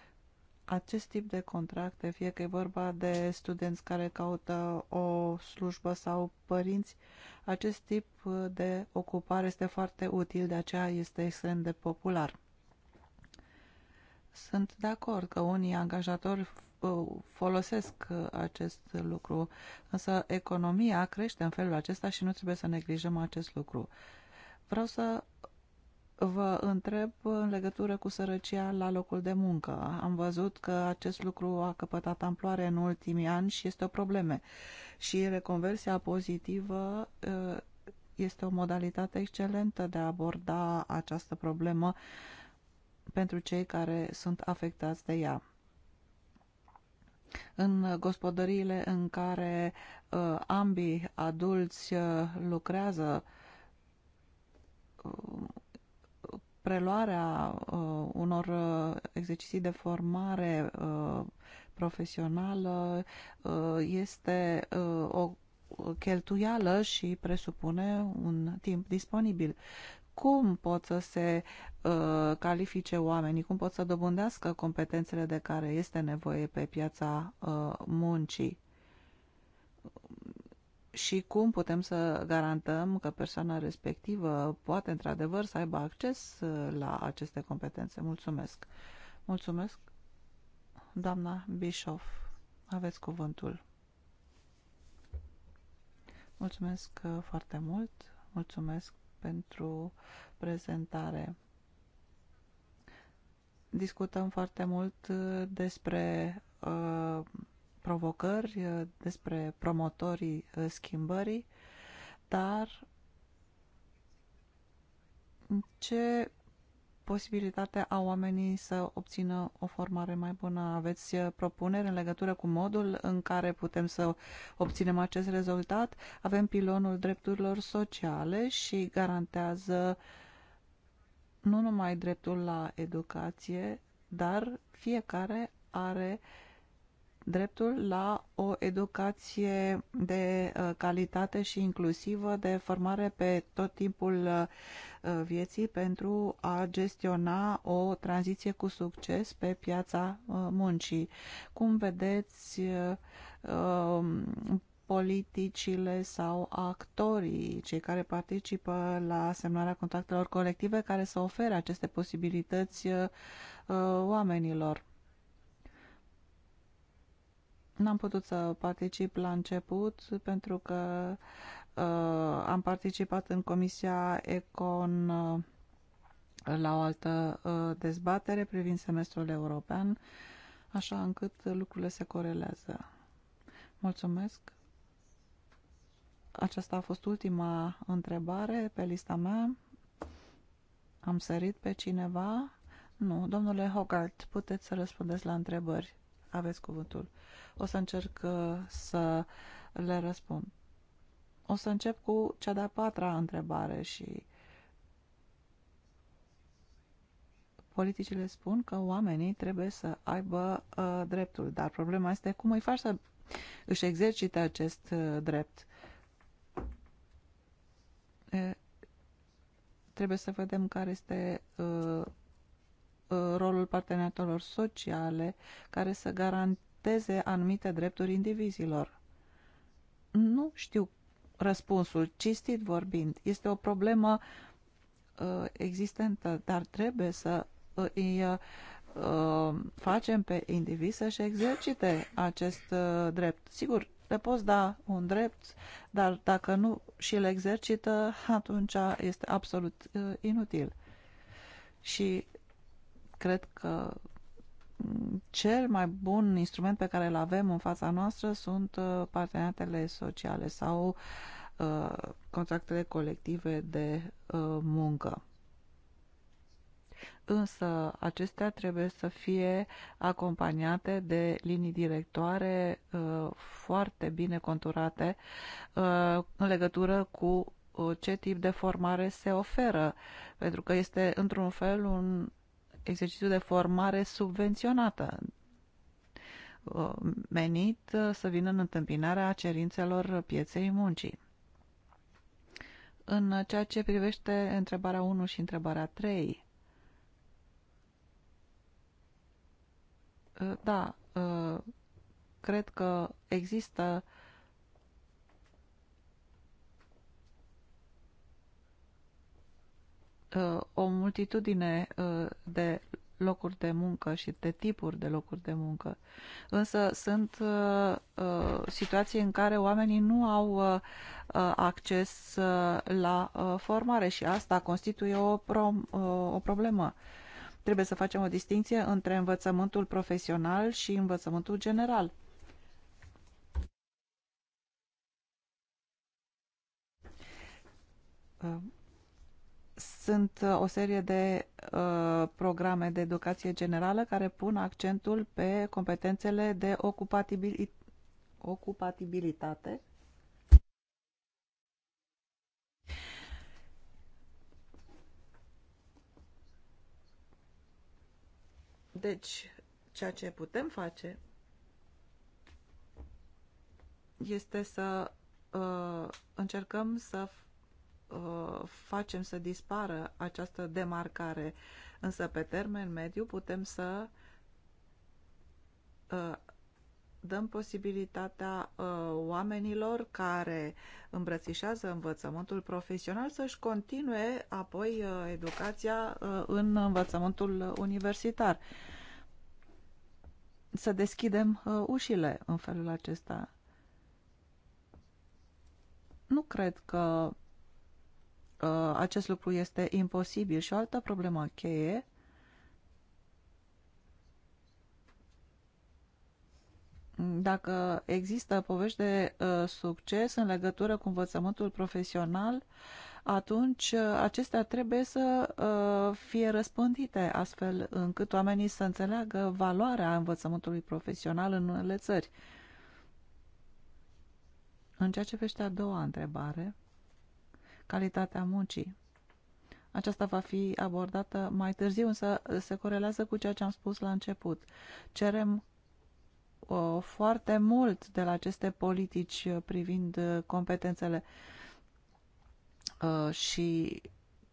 acest tip de contracte, fie că e vorba de studenți care caută o slujbă sau părinți, acest tip de ocupare este foarte util, de aceea este extrem de popular. Sunt de acord că unii angajatori uh, folosesc uh, acest lucru, însă economia crește în felul acesta și nu trebuie să neglijăm acest lucru. Vreau să vă întreb în legătură cu sărăcia la locul de muncă. Am văzut că acest lucru a căpătat amploare în ultimii ani și este o problemă. Și reconversia pozitivă ă, este o modalitate excelentă de a aborda această problemă pentru cei care sunt afectați de ea. În gospodăriile în care ă, ambii adulți ă, lucrează, preluarea uh, unor uh, exerciții de formare uh, profesională uh, este uh, o cheltuială și presupune un timp disponibil. Cum pot să se uh, califice oamenii, cum pot să dobândească competențele de care este nevoie pe piața uh, muncii? și cum putem să garantăm că persoana respectivă poate într-adevăr să aibă acces uh, la aceste competențe. Mulțumesc! Mulțumesc! Doamna Bischoff, aveți cuvântul. Mulțumesc uh, foarte mult, mulțumesc pentru prezentare. Discutăm foarte mult uh, despre uh, provocări, uh, despre promotorii uh, schimbării, dar ce posibilitate au oamenii să obțină o formare mai bună? Aveți uh, propuneri în legătură cu modul în care putem să obținem acest rezultat? Avem pilonul drepturilor sociale și garantează nu numai dreptul la educație, dar fiecare are uh, dreptul la o educație de uh, calitate și inclusivă, de formare pe tot timpul uh, uh, vieții pentru a gestiona o tranziție cu succes pe piața muncii. Cum vedeți um, politicile sau actorii, cei care participă la semnarea contractelor colective care să ofere aceste posibilități oamenilor? N-am putut să particip la început pentru că uh, am participat în Comisia Econ uh, la o altă uh, dezbatere privind semestrul european, așa încât lucrurile se corelează. Mulțumesc! Aceasta a fost ultima întrebare pe lista mea. Am sărit pe cineva? Nu. Domnule Hogarth, puteți să răspundeți la întrebări. Aveți cuvântul. O să încerc uh, să le răspund. O să încep cu cea de-a patra întrebare și politicile spun că oamenii trebuie să aibă uh, dreptul, dar problema este cum îi faci să își exercite acest uh, drept. E, trebuie să vedem care este uh, Uh, rolul partenerilor sociale care să garanteze anumite drepturi indivizilor? Nu știu răspunsul, cistit vorbind. Este o problemă uh, existentă, dar trebuie să uh, îi uh, facem pe indivizi să-și exercite acest uh, drept. Sigur, le poți da un drept, dar dacă nu și îl exercită, atunci este absolut uh, inutil. Și cred că mm, cel mai bun instrument pe care îl avem în fața noastră sunt uh, parteneriatele sociale sau uh, contractele colective de uh, muncă. Însă acestea trebuie să fie acompaniate de linii directoare foarte bine conturate în legătură cu ce tip de formare se oferă, pentru că este într-un fel un exercițiu de formare subvenționată uh, menit uh, să vină în întâmpinarea cerințelor pieței muncii. În ceea ce privește întrebarea 1 și întrebarea 3, uh, da, cred că există Uh, o multitudine uh, de locuri de muncă și de tipuri de locuri de muncă. Însă sunt uh, uh situații în care oamenii nu au uh, acces uh, la uh, formare și asta constituie o, pro, uh, o problemă. Trebuie să facem o distinție între învățământul profesional și învățământul general. Uh sunt uh, o serie de uh, programe de educație generală care pun accentul pe competențele de ocupatibil ocupatibilitate. Deci, ceea ce putem face este să uh, încercăm să Uh, facem să dispară această demarcare, însă pe termen mediu putem să uh, dăm posibilitatea uh, oamenilor care îmbrățișează învățământul profesional să-și continue apoi educația în învățământul universitar. Să deschidem ușile în felul acesta. Nu cred că Uh, acest lucru este imposibil. Și o altă problemă cheie dacă există povești de uh, succes în legătură cu învățământul profesional, atunci uh, acestea trebuie să uh, fie răspândite astfel încât oamenii să înțeleagă valoarea învățământului profesional în unele țări. În ceea ce vește a doua întrebare, calitatea muncii. Aceasta va fi abordată mai târziu, însă se corelează cu ceea ce am spus la început. Cerem o, uh, foarte mult de la aceste politici privind competențele uh, și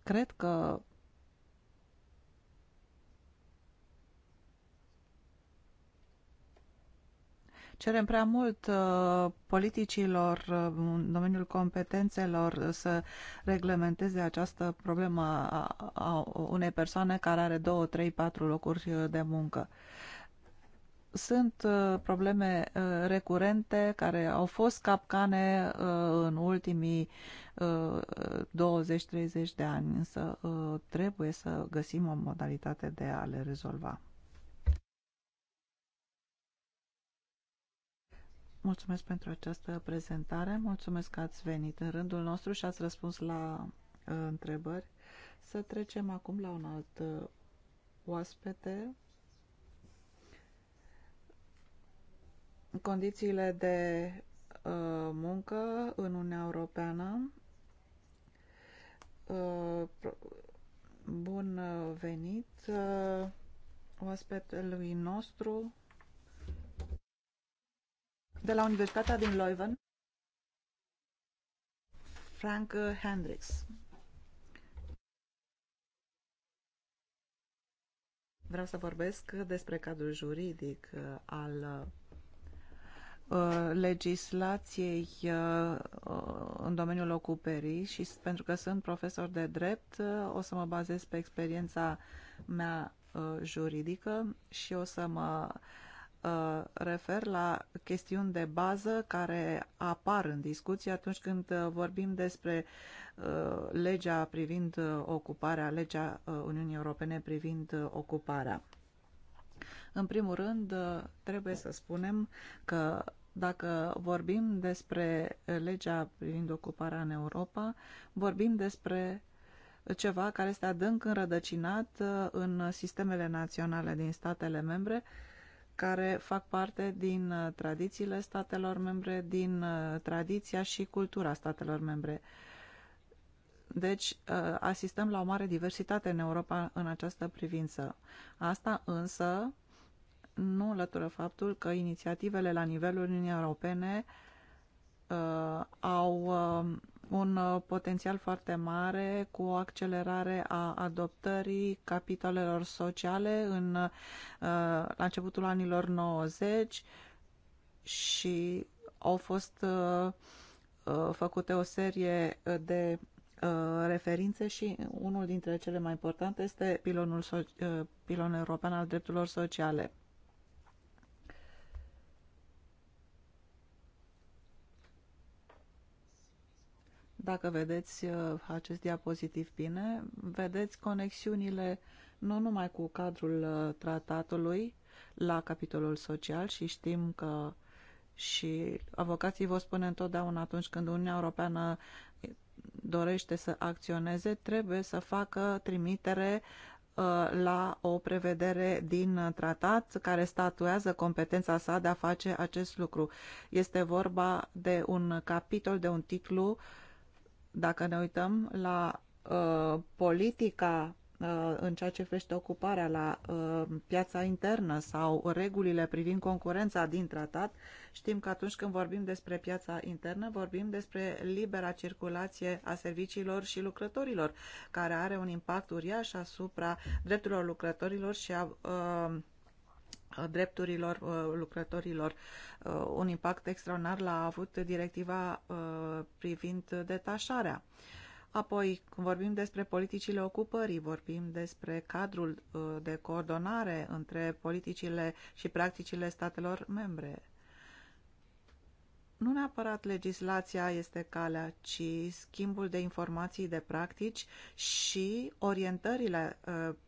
cred că Cerem prea mult uh, politicilor uh, în domeniul competențelor uh, să reglementeze această problemă a unei persoane care are două, trei, patru locuri de muncă sunt probleme recurente care au fost capcane în ultimii 20-30 de ani, însă trebuie să găsim o modalitate de a le rezolva. Mulțumesc pentru această prezentare, mulțumesc că ați venit în rândul nostru și ați răspuns la uh, întrebări. Să trecem acum la un alt uh, oaspete. Condițiile de uh, muncă în Uniunea Europeană. Uh, bun uh, venit uh, oaspetelui nostru, de la Universitatea din Leuven, Frank Hendricks. Vreau să vorbesc despre cadrul juridic uh, al uh, legislației uh, în domeniul ocupării și pentru că sunt profesor de drept, o să mă bazez pe experiența mea juridică și o să mă uh, Uh, refer la chestiuni de bază care apar în discuție atunci când uh, vorbim despre uh, legea privind ocuparea, legea Uniunii Europene privind ocuparea. În primul rând, trebuie să spunem că dacă vorbim despre legea privind ocuparea în Europa, vorbim despre ceva care este adânc înrădăcinat în sistemele naționale din statele membre, care fac parte din uh, tradițiile statelor membre, din uh, tradiția și cultura statelor membre. Deci uh, asistăm la o mare diversitate în Europa în această privință. Asta însă nu înlătură faptul că inițiativele la nivelul Uniunii Europene uh, au uh, un uh, potențial foarte mare cu o accelerare a adoptării capitolelor sociale în, uh, la începutul anilor 90 și au fost uh, făcute o serie de referințe și unul dintre cele mai importante este pilonul, pilonul european al drepturilor sociale. Dacă vedeți uh, acest diapozitiv bine, vedeți conexiunile nu numai cu cadrul uh, tratatului la capitolul social și știm că și avocații vă spun întotdeauna atunci când Uniunea Europeană dorește să acționeze, trebuie să facă trimitere uh, la o prevedere din tratat care statuează competența sa de a face acest lucru. Este vorba de un capitol, de un titlu uh, dacă ne uităm la uh, politica uh, în ceea ce privește ocuparea la uh, piața internă sau regulile privind concurența din tratat, știm că atunci când vorbim despre piața internă, vorbim despre libera circulație a serviciilor și lucrătorilor, care are un impact uriaș asupra drepturilor lucrătorilor și a uh, drepturilor uh, lucrătorilor. Uh, un impact extraordinar l-a avut directiva uh, privind detașarea. Apoi, când vorbim despre politicile ocupării, vorbim despre cadrul de coordonare între politicile și practicile statelor membre. Nu neapărat legislația este calea, ci schimbul de informații, de practici și orientările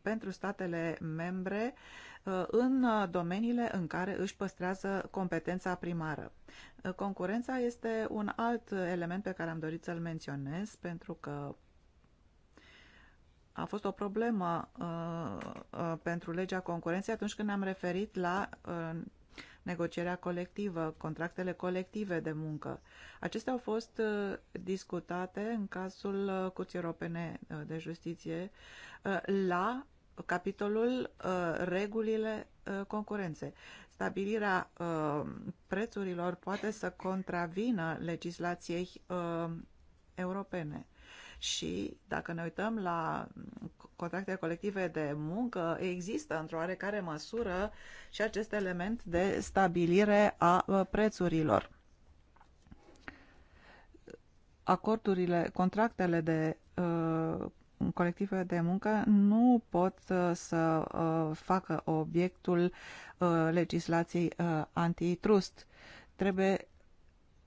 pentru statele membre uh, Uh, în uh, domeniile în care își păstrează competența primară. Uh, concurența este un alt element pe care am dorit să-l menționez pentru că a fost o problemă uh, uh, pentru legea concurenței atunci când am referit la uh, negocierea colectivă, contractele colective de muncă. Acestea au fost discutate în cazul Curții Europene de Justiție la capitolul uh, regulile uh, concurenței Stabilirea uh, prețurilor poate să contravină legislației europene. Și dacă ne uităm la contracte colective de muncă, există într-o oarecare măsură și acest element de stabilire a prețurilor. Acordurile, contractele de uh, colective de muncă nu pot uh, să uh, facă obiectul uh, legislației antitrust. Trebuie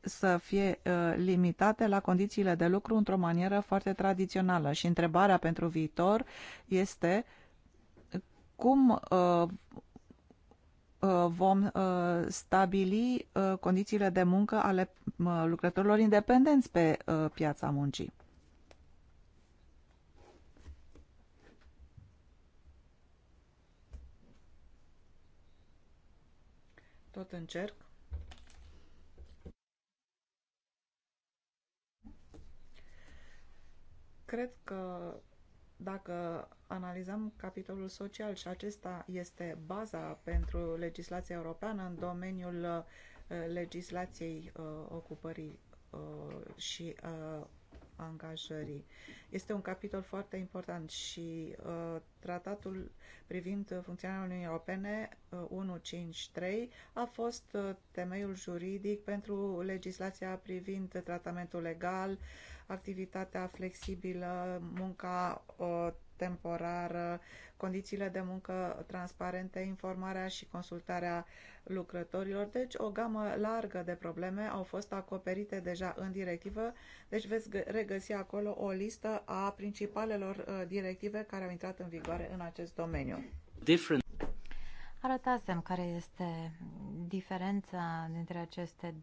să fie limitate la condițiile de lucru într-o manieră foarte tradițională și întrebarea pentru viitor este cum vom stabili condițiile de muncă ale lucrătorilor independenți pe piața muncii. tot încerc. Cred că dacă analizăm capitolul social și acesta este baza pentru legislația europeană în domeniul uh, legislației uh, ocupării uh, și angajării. Este un capitol foarte important și uh, tratatul privind funcționarea Uniunii Europene uh, 153 a fost uh, temeiul juridic pentru legislația privind tratamentul legal, activitatea flexibilă, munca uh, temporară, condițiile de muncă transparente, informarea și consultarea lucrătorilor. Deci o gamă largă de probleme au fost acoperite deja în directivă, deci veți regăsi acolo o listă a principalelor uh, directive care au intrat în vigoare în acest domeniu. Different. Arătasem care este diferența dintre aceste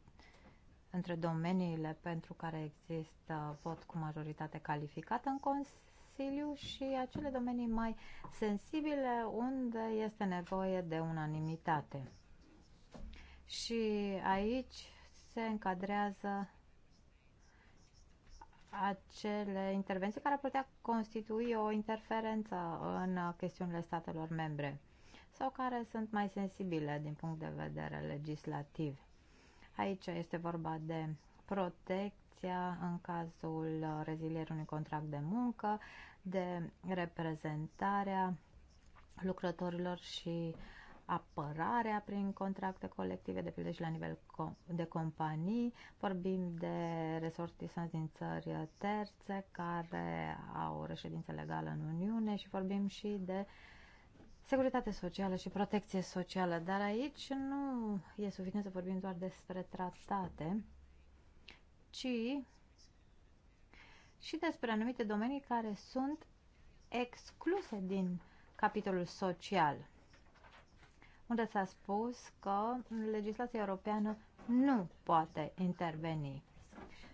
între domeniile pentru care există vot cu majoritate calificată în cons- Consiliu și acele domenii mai sensibile unde este nevoie de unanimitate. Și aici se încadrează acele intervenții care ar putea constitui o interferență în chestiunile statelor membre sau care sunt mai sensibile din punct de vedere legislativ. Aici este vorba de protect protecția în cazul rezilierii unui contract de muncă, de reprezentarea lucrătorilor și apărarea prin contracte colective, de pildă și la nivel de companii. Vorbim de resortisanți din țări terțe care au reședință legală în Uniune și vorbim și de securitate socială și protecție socială. Dar aici nu e suficient să vorbim doar despre tratate, ci și despre anumite domenii care sunt excluse din capitolul social, unde s-a spus că legislația europeană nu poate interveni.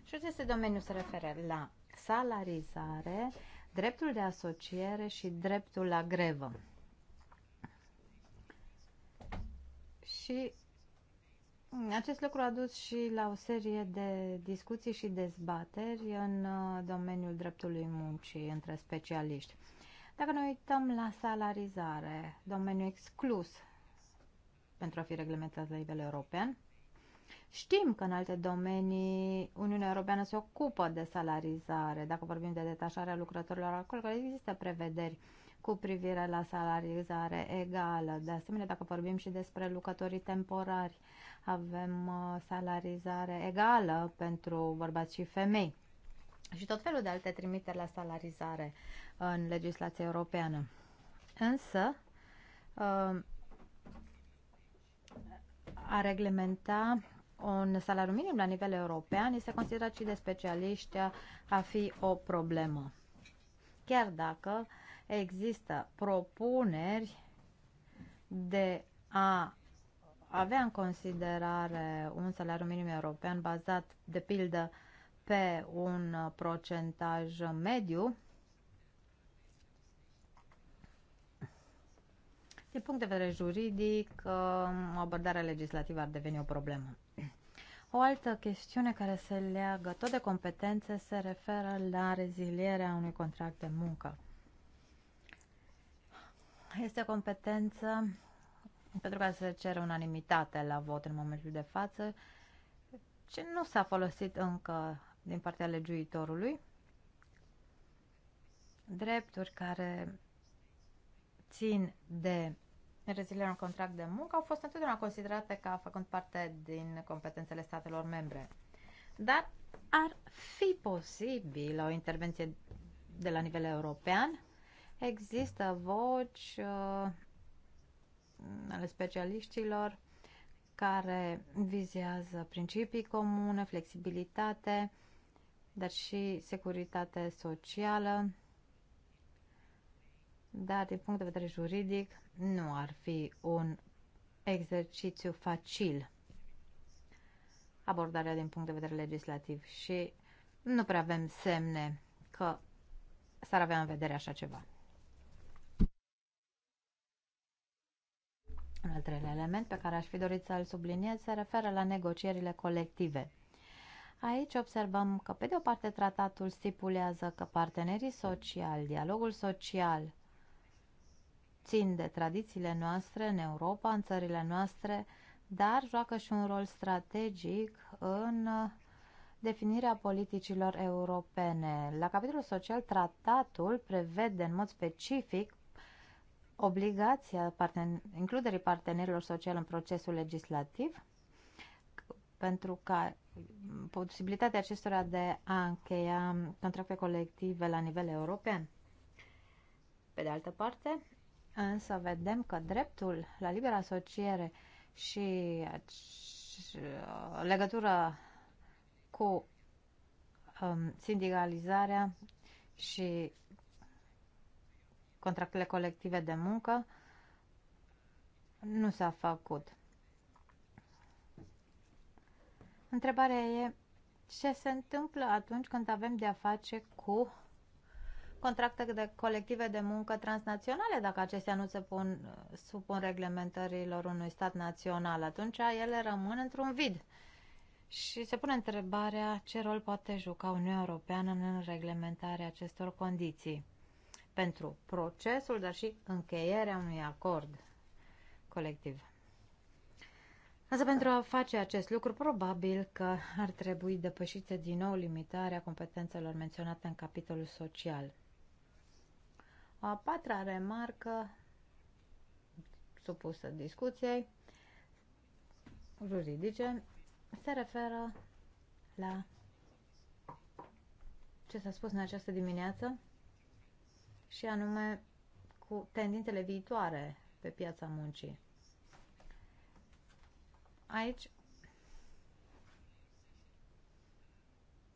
Și aceste domeniu se referă la salarizare, dreptul de asociere și dreptul la grevă. Și acest lucru a dus și la o serie de discuții și dezbateri în uh, domeniul dreptului muncii între specialiști. Dacă ne uităm la salarizare, domeniul exclus pentru a fi reglementat la nivel european, știm că în alte domenii Uniunea Europeană se ocupă de salarizare. Dacă vorbim de detașarea lucrătorilor acolo, există prevederi cu privire la salarizare egală. De asemenea, dacă vorbim și despre lucrătorii temporari, avem uh, salarizare egală pentru bărbați și femei și tot felul de alte trimiteri la salarizare în legislația europeană. Însă, uh, a reglementa un salariu minim la nivel european este considerat și de specialiști a fi o problemă. Chiar dacă există propuneri de a avea în considerare un salariu minim european bazat, de pildă, pe un uh, procentaj mediu, Din punct de vedere juridic, uh, abordarea legislativă ar deveni o problemă. O altă chestiune care se leagă tot de competențe se referă la rezilierea unui contract de muncă. Este o competență pentru că se cere unanimitate la vot în momentul de față, ce nu s-a folosit încă din partea legiuitorului, drepturi care țin de rezilierea un contract de muncă au fost întotdeauna considerate ca făcând parte din competențele statelor membre. Dar ar fi posibil o intervenție de la nivel european. Există voci uh, ale specialiștilor care vizează principii comune, flexibilitate, dar și securitate socială, dar din punct de vedere juridic nu ar fi un exercițiu facil abordarea din punct de vedere legislativ și nu prea avem semne că s-ar avea în vedere așa ceva. Un al treilea element pe care aș fi dorit să-l subliniez se referă la negocierile colective. Aici observăm că, pe de o parte, tratatul stipulează că partenerii sociali, dialogul social, țin de tradițiile noastre în Europa, în țările noastre, dar joacă și un rol strategic în definirea politicilor europene. La capitolul social, tratatul prevede în mod specific obligația parten- includerii partenerilor sociali în procesul legislativ pentru ca posibilitatea acestora de a încheia contracte colective la nivel european. Pe de altă parte, însă vedem că dreptul la liberă asociere și legătură cu um, sindicalizarea și contractele colective de muncă, nu s-a făcut. Întrebarea e ce se întâmplă atunci când avem de-a face cu contracte de colective de muncă transnaționale, dacă acestea nu se pun, supun reglementărilor unui stat național, atunci ele rămân într-un vid. Și se pune întrebarea ce rol poate juca Uniunea Europeană în reglementarea acestor condiții pentru procesul, dar și încheierea unui acord colectiv. Însă pentru a face acest lucru, probabil că ar trebui depășită din nou limitarea competențelor menționate în capitolul social. a patra remarcă supusă discuției juridice se referă la ce s-a spus în această dimineață și anume cu tendințele viitoare pe piața muncii. Aici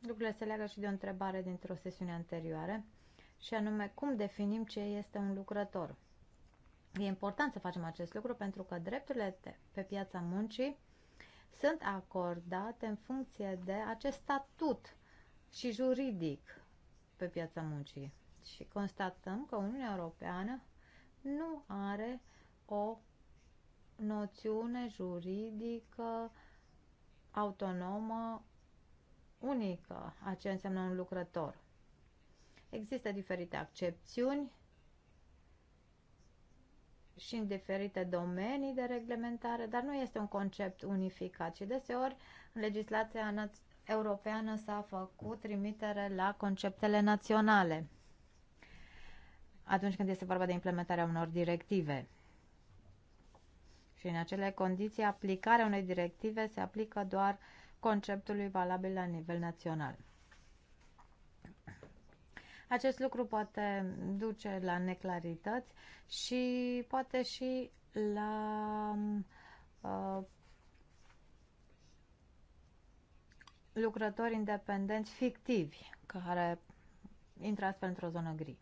lucrurile se leagă și de o întrebare dintr-o sesiune anterioară și anume cum definim ce este un lucrător. E important să facem acest lucru pentru că drepturile pe piața muncii sunt acordate în funcție de acest statut și juridic pe piața muncii și constatăm că Uniunea Europeană nu are o noțiune juridică autonomă unică a ce înseamnă un lucrător. Există diferite accepțiuni și în diferite domenii de reglementare, dar nu este un concept unificat și deseori în legislația europeană s-a făcut trimitere la conceptele naționale atunci când este vorba de implementarea unor directive. Și în acele condiții, aplicarea unei directive se aplică doar conceptului valabil la nivel național. Acest lucru poate duce la neclarități și poate și la uh, lucrători independenți fictivi care intră astfel într-o zonă gri.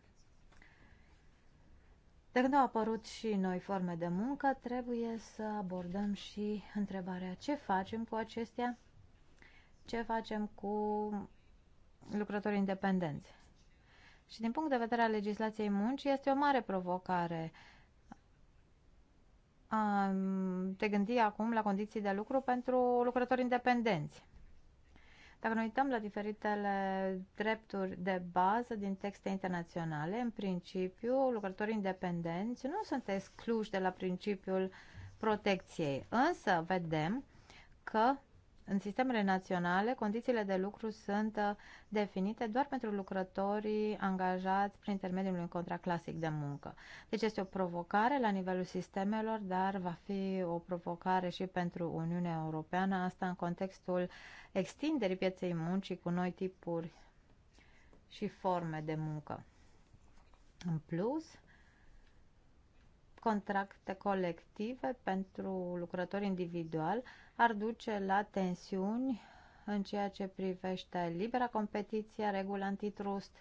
De când au apărut și noi forme de muncă, trebuie să abordăm și întrebarea ce facem cu acestea, ce facem cu lucrătorii independenți. Și din punct de vedere al legislației muncii, este o mare provocare a te gândi acum la condiții de lucru pentru lucrători independenți. Dacă ne uităm la diferitele drepturi de bază din texte internaționale, în principiu, lucrătorii independenți nu sunt excluși de la principiul protecției, însă vedem că în sistemele naționale, condițiile de lucru sunt uh, definite doar pentru lucrătorii angajați prin intermediul unui contract clasic de muncă. Deci este o provocare la nivelul sistemelor, dar va fi o provocare și pentru Uniunea Europeană, asta în contextul extinderii pieței muncii cu noi tipuri și forme de muncă. În plus, contracte colective pentru lucrători individuali ar duce la tensiuni în ceea ce privește libera competiție, regula antitrust.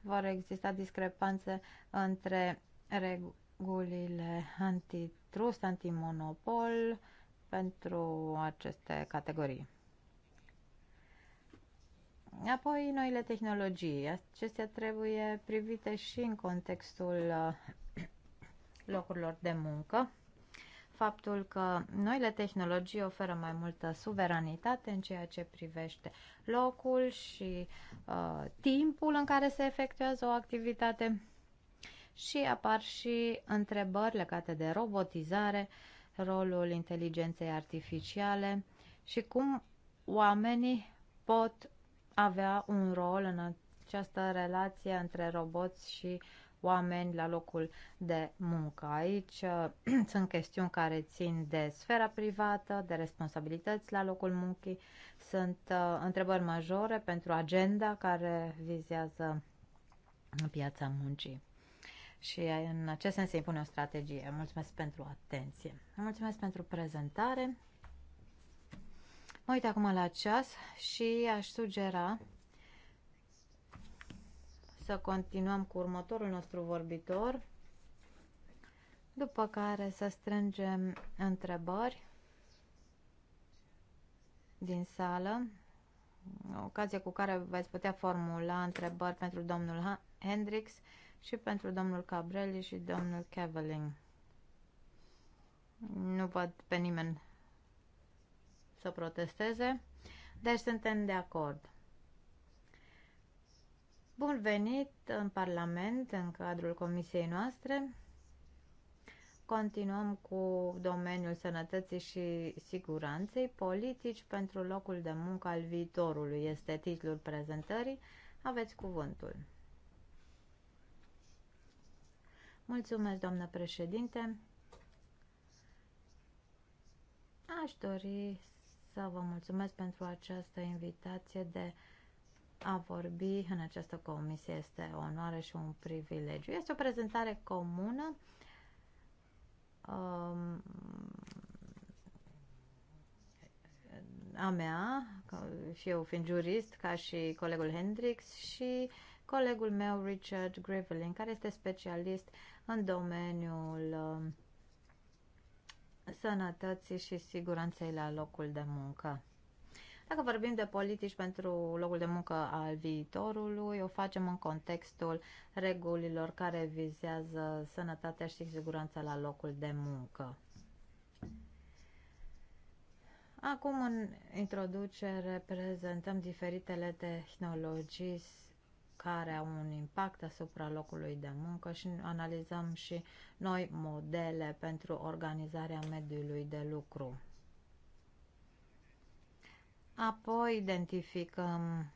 Vor exista discrepanțe între regulile antitrust, antimonopol pentru aceste categorii. Apoi, noile tehnologii. Acestea trebuie privite și în contextul uh, locurilor de muncă faptul că noile tehnologii oferă mai multă suveranitate în ceea ce privește locul și uh, timpul în care se efectuează o activitate și apar și întrebări legate de robotizare, rolul inteligenței artificiale și cum oamenii pot avea un rol în această relație între roboți și oameni la locul de muncă. Aici sunt chestiuni care țin de sfera privată, de responsabilități la locul muncii, sunt uh, întrebări majore pentru agenda care vizează piața muncii. Și în acest sens se impune o strategie. Mulțumesc pentru atenție. Mulțumesc pentru prezentare. Mă uit acum la ceas și aș sugera să continuăm cu următorul nostru vorbitor, după care să strângem întrebări din sală, ocazie cu care veți putea formula întrebări pentru domnul Hendrix și pentru domnul Cabrelli și domnul Keveling. Nu văd pe nimeni să protesteze, deci suntem de acord. Bun venit în Parlament, în cadrul comisiei noastre. Continuăm cu domeniul sănătății și siguranței, politici pentru locul de muncă al viitorului. Este titlul prezentării. Aveți cuvântul. Mulțumesc, doamnă președinte. Aș dori să vă mulțumesc pentru această invitație de a vorbi în această comisie este o onoare și un privilegiu. Este o prezentare comună um, a mea, și eu fiind jurist, ca și colegul Hendrix și colegul meu Richard Grevelin, care este specialist în domeniul um, sănătății și siguranței la locul de muncă. Dacă vorbim de politici pentru locul de muncă al viitorului, o facem în contextul regulilor care vizează sănătatea și siguranța la locul de muncă. Acum, în introducere, prezentăm diferitele tehnologii care au un impact asupra locului de muncă și analizăm și noi modele pentru organizarea mediului de lucru. Apoi identificăm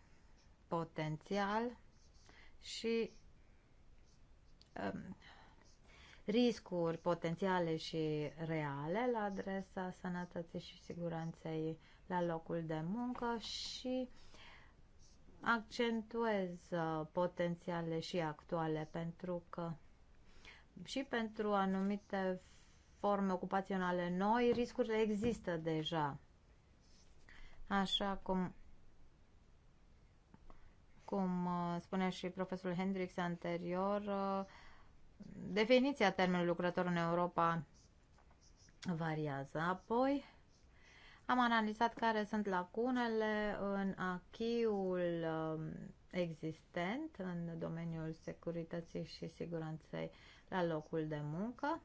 potențial și um, riscuri potențiale și reale la adresa sănătății și siguranței la locul de muncă și accentuez uh, potențiale și actuale pentru că și pentru anumite forme ocupaționale noi riscurile există deja așa cum cum uh, spunea și profesorul Hendrix anterior, uh, definiția termenului lucrător în Europa variază. Apoi am analizat care sunt lacunele în achiul um, existent în domeniul securității și siguranței la locul de muncă.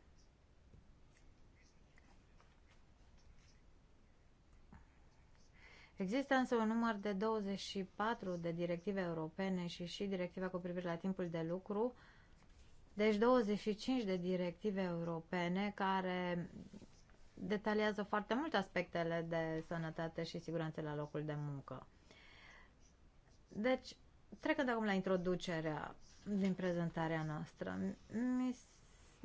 Există însă un număr de 24 de directive europene și și directiva cu privire la timpul de lucru, deci 25 de directive europene care detaliază foarte mult aspectele de sănătate și siguranță la locul de muncă. Deci, trecând acum la introducerea din prezentarea noastră, mi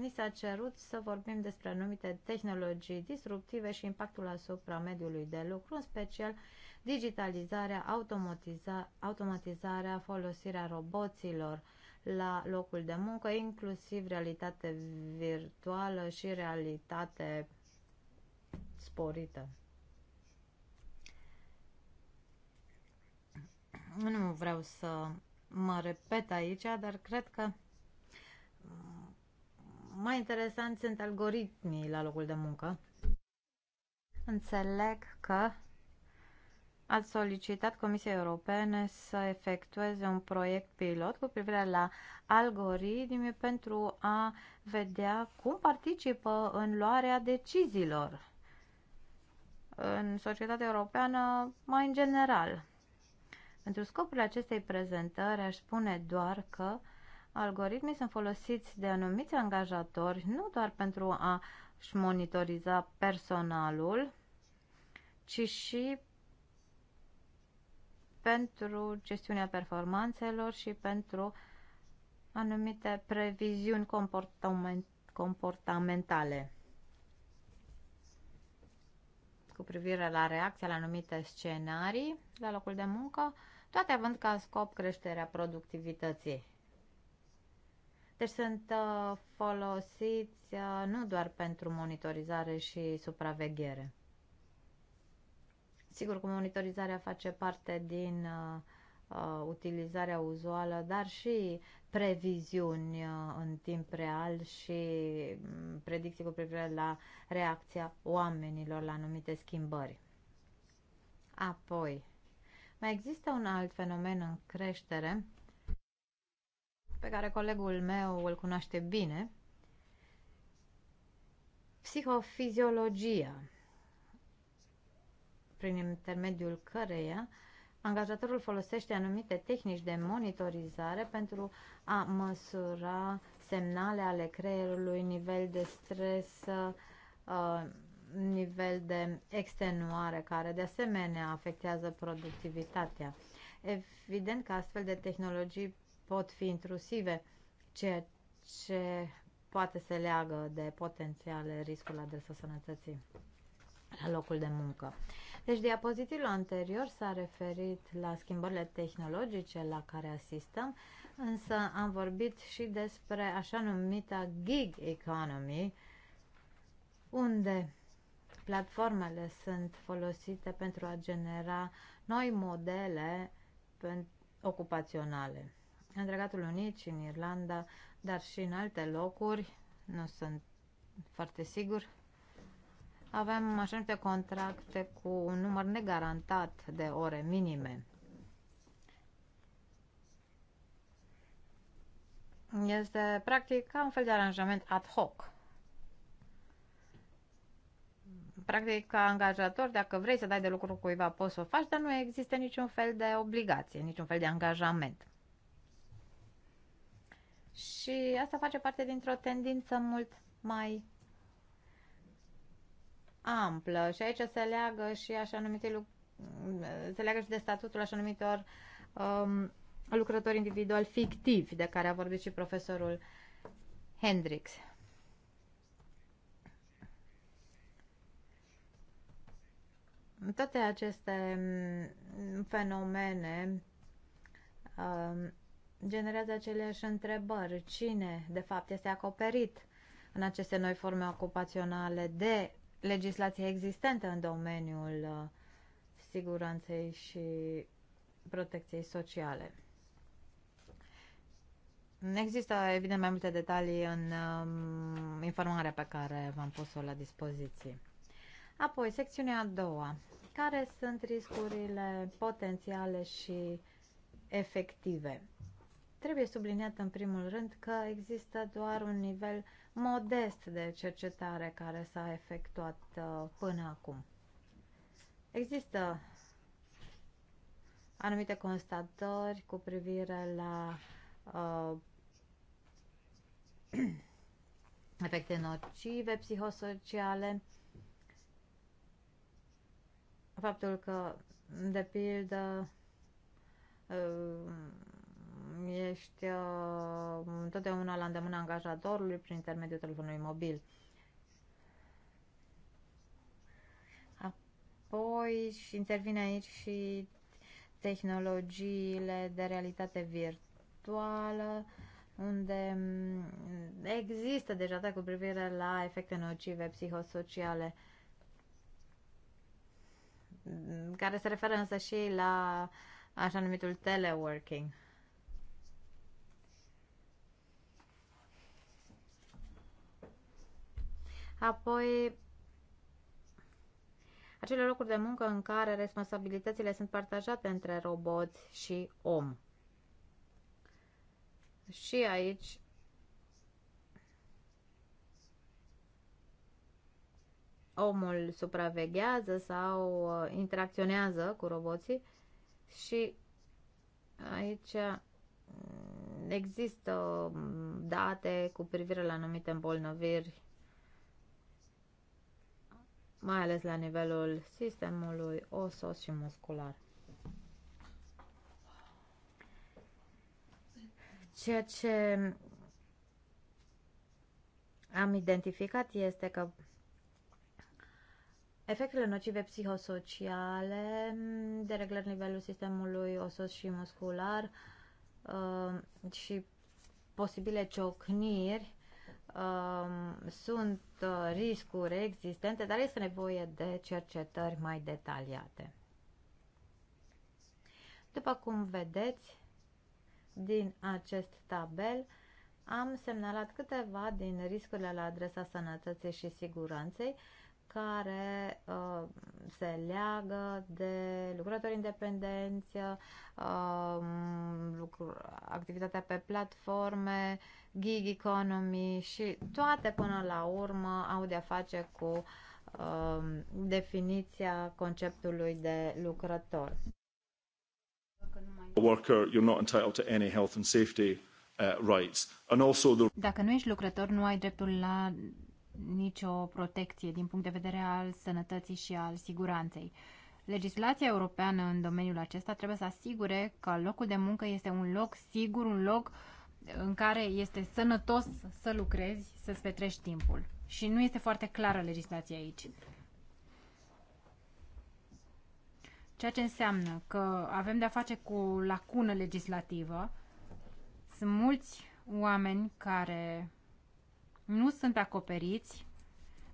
ni s-a cerut să vorbim despre anumite tehnologii disruptive și impactul asupra mediului de lucru, în special digitalizarea, automatiza, automatizarea, folosirea roboților la locul de muncă, inclusiv realitate virtuală și realitate sporită. Nu vreau să mă repet aici, dar cred că mai interesanți sunt algoritmii la locul de muncă. Înțeleg că ați solicitat Comisiei Europene să efectueze un proiect pilot cu privire la algoritmi pentru a vedea cum participă în luarea deciziilor în societatea europeană mai în general. Pentru scopul acestei prezentări aș spune doar că algoritmii sunt folosiți de anumiți angajatori nu doar pentru a și monitoriza personalul, ci și pentru gestiunea performanțelor și pentru anumite previziuni comportament, comportamentale cu privire la reacția la anumite scenarii la locul de muncă, toate având ca scop creșterea productivității. Deci sunt uh, folosiți uh, nu doar pentru monitorizare și supraveghere. Sigur că monitorizarea face parte din uh, uh utilizarea uzuală, dar și previziuni uh, în timp real și mm, predicții cu privire la reacția oamenilor la anumite schimbări. Apoi, mai există un alt fenomen în creștere pe care colegul meu îl cunoaște bine, psihofiziologia, prin intermediul căreia angajatorul folosește anumite tehnici de monitorizare pentru a măsura semnale ale creierului, nivel de stres, uh, nivel de extenuare, care de asemenea afectează productivitatea. Evident că astfel de tehnologii pot fi intrusive, ceea ce poate se leagă de potențiale riscuri la adresa sănătății la locul de muncă. Deci diapozitivul anterior s-a referit la schimbările tehnologice la care asistăm, însă am vorbit și despre așa numita gig economy, unde platformele sunt folosite pentru a genera noi modele ocupaționale în Regatul Unit și în Irlanda, dar și în alte locuri, nu sunt foarte sigur, avem așa niște contracte cu un număr negarantat de ore minime. Este practic ca un fel de aranjament ad hoc. Practic, ca angajator, dacă vrei să dai de lucru cuiva, poți să o faci, dar nu există niciun fel de obligație, niciun fel de angajament. Și asta face parte dintr-o tendință mult mai amplă și aici se leagă și așa numite se leagă și de statutul așa numitor um, lucrători individuali fictivi de care a vorbit și profesorul Hendrix. Toate aceste um, fenomene um, generează aceleași întrebări. Cine, de fapt, este acoperit în aceste noi forme ocupaționale de legislație existentă în domeniul uh, siguranței și protecției sociale? Există, evident, mai multe detalii în um, informarea pe care v-am pus-o la dispoziție. Apoi, secțiunea a doua. Care sunt riscurile potențiale și efective? Trebuie subliniat în primul rând că există doar un nivel modest de cercetare care s-a efectuat uh, până acum. Există anumite constatări cu privire la uh, efecte nocive psihosociale, faptul că, de pildă, uh, ești uh, întotdeauna la îndemâna angajatorului prin intermediul telefonului mobil. Apoi și intervine aici și tehnologiile de realitate virtuală, unde mm, există deja date cu privire la efecte nocive psihosociale care se referă însă și la așa numitul teleworking. Apoi, acele locuri de muncă în care responsabilitățile sunt partajate între robot și om. Și aici omul supraveghează sau uh, interacționează cu roboții și aici mm, există mm, date cu privire la anumite îmbolnăviri mai ales la nivelul sistemului osos și muscular. Ceea ce am identificat este că efectele nocive psihosociale, dereglări nivelul sistemului osos și muscular uh, și posibile ciocniri um, sunt uh, riscuri existente, dar este nevoie de cercetări mai detaliate. După cum vedeți din acest tabel, am semnalat câteva din riscurile la adresa sănătății și siguranței, uh, care uh, se leagă de lucrători independenți, uh, um, lucru, activitatea pe platforme, gig economy și toate până la urmă au de-a face cu uh, definiția conceptului de lucrător. Worker, uh, Dacă nu ești lucrător, nu ai dreptul la nicio protecție din punct de vedere al sănătății și al siguranței. Legislația europeană în domeniul acesta trebuie să asigure că locul de muncă este un loc sigur, un loc în care este sănătos să lucrezi, să-ți petrești timpul. Și nu este foarte clară legislația aici. Ceea ce înseamnă că avem de-a face cu lacună legislativă. Sunt mulți oameni care nu sunt acoperiți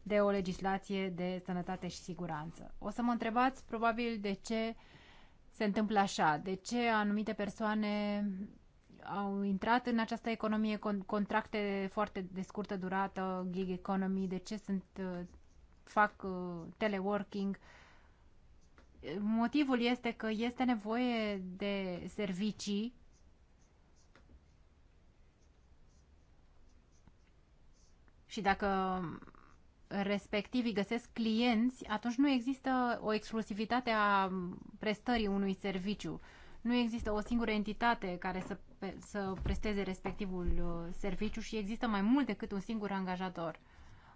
de o legislație de sănătate și siguranță. O să mă întrebați probabil de ce se întâmplă așa, de ce anumite persoane au intrat în această economie con contracte foarte de scurtă durată, gig economy, de ce sunt uh, fac uh, teleworking. Motivul este că este nevoie de servicii și dacă respectivii găsesc clienți, atunci nu există o exclusivitate a prestării unui serviciu. Nu există o singură entitate care să, să presteze respectivul uh, serviciu și există mai mult decât un singur angajator.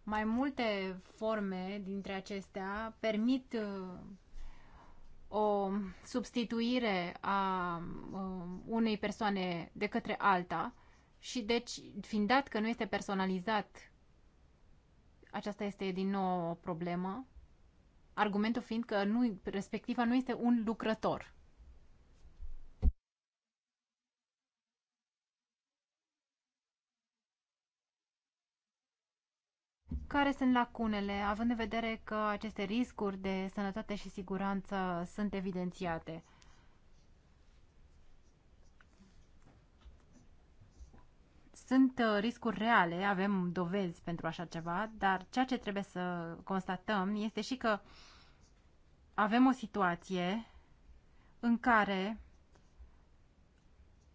Mai multe forme dintre acestea permit uh, o substituire a uh, unei persoane de către alta și deci, fiind dat că nu este personalizat aceasta este din nou o problemă, argumentul fiind că nu, respectiva nu este un lucrător. Care sunt lacunele, având în vedere că aceste riscuri de sănătate și siguranță sunt evidențiate? Sunt uh, riscuri reale, avem dovezi pentru așa ceva, dar ceea ce trebuie să constatăm este și că avem o situație în care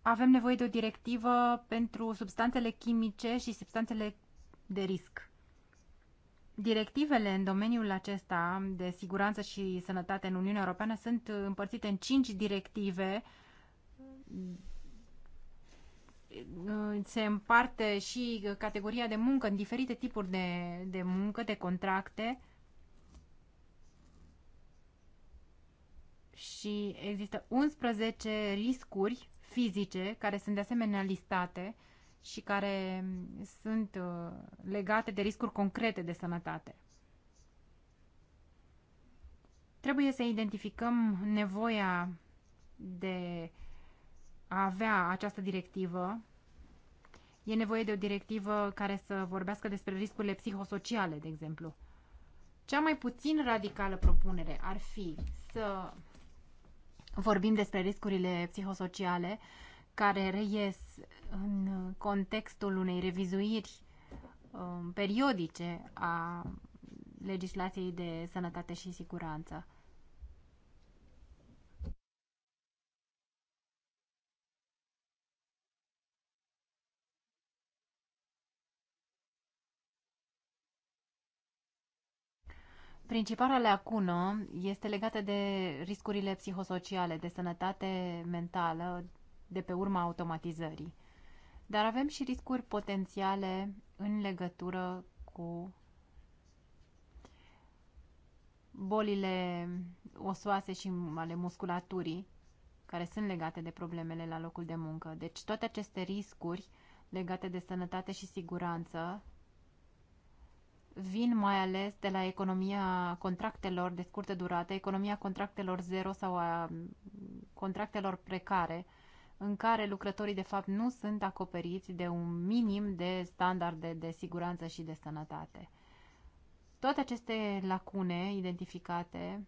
avem nevoie de o directivă pentru substanțele chimice și substanțele de risc. Directivele în domeniul acesta de siguranță și sănătate în Uniunea Europeană sunt împărțite în cinci directive Uh, se împarte și categoria de muncă în diferite tipuri de, de muncă, de contracte. Și există 11 riscuri fizice care sunt de asemenea listate și care sunt uh, legate de riscuri concrete de sănătate. Trebuie să identificăm nevoia de a avea această directivă, e nevoie de o directivă care să vorbească despre riscurile psihosociale, de exemplu. Cea mai puțin radicală propunere ar fi să vorbim despre riscurile psihosociale care reies în contextul unei revizuiri um, periodice a legislației de sănătate și siguranță. Principala lacună este legată de riscurile psihosociale, de sănătate mentală, de pe urma automatizării. Dar avem și riscuri potențiale în legătură cu bolile osoase și ale musculaturii, care sunt legate de problemele la locul de muncă. Deci toate aceste riscuri legate de sănătate și siguranță vin mai ales de la economia contractelor de scurtă durată, economia contractelor zero sau a contractelor precare, în care lucrătorii de fapt nu sunt acoperiți de un minim de standarde de siguranță și de sănătate. Toate aceste lacune identificate,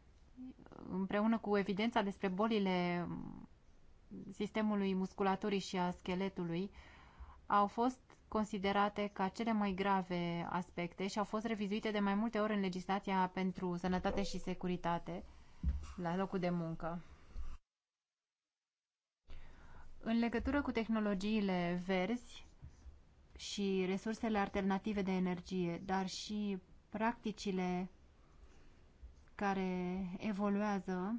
împreună cu evidența despre bolile sistemului musculatorii și a scheletului, au fost considerate ca cele mai grave aspecte și au fost revizuite de mai multe ori în legislația pentru sănătate și securitate la locul de muncă. În legătură cu tehnologiile verzi și resursele alternative de energie, dar și practicile care evoluează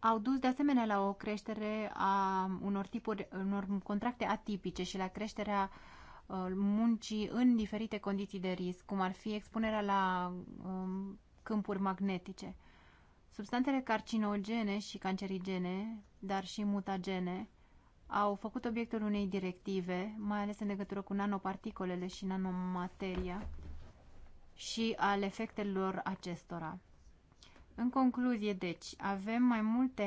au dus de asemenea la o creștere a unor tipuri, unor contracte atipice și la creșterea uh, muncii în diferite condiții de risc, cum ar fi expunerea la um, câmpuri magnetice. Substanțele carcinogene și cancerigene, dar și mutagene, au făcut obiectul unei directive, mai ales în legătură cu nanoparticolele și nanomateria și al efectelor acestora. În concluzie, deci, avem mai multe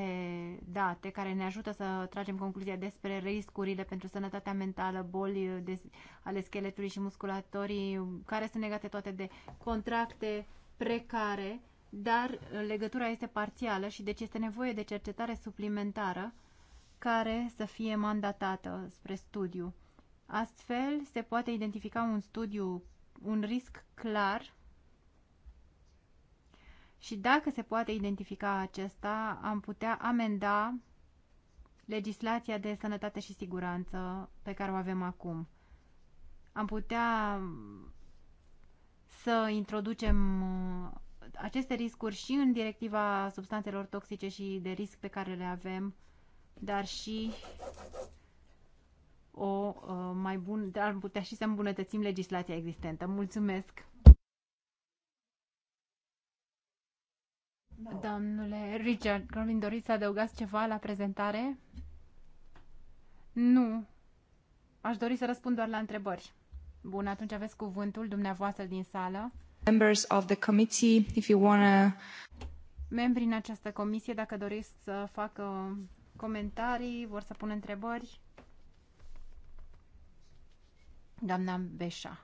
date care ne ajută să tragem concluzia despre riscurile pentru sănătatea mentală, boli ale scheletului și musculatorii, care sunt legate toate de contracte precare, dar legătura este parțială și deci este nevoie de cercetare suplimentară care să fie mandatată spre studiu. Astfel, se poate identifica un studiu, un risc clar și dacă se poate identifica acesta, am putea amenda legislația de sănătate și siguranță pe care o avem acum. Am putea să introducem uh, aceste riscuri și în directiva substanțelor toxice și de risc pe care le avem, dar și o uh, mai bun, dar am putea și să îmbunătățim legislația existentă. Mulțumesc! Domnule Richard, Colvin, doriți să adăugați ceva la prezentare? Nu. Aș dori să răspund doar la întrebări. Bun, atunci aveți cuvântul dumneavoastră din sală. Members of the committee, if you wanna... Membrii în această comisie, dacă doriți să facă comentarii, vor să pună întrebări. Doamna Beșa.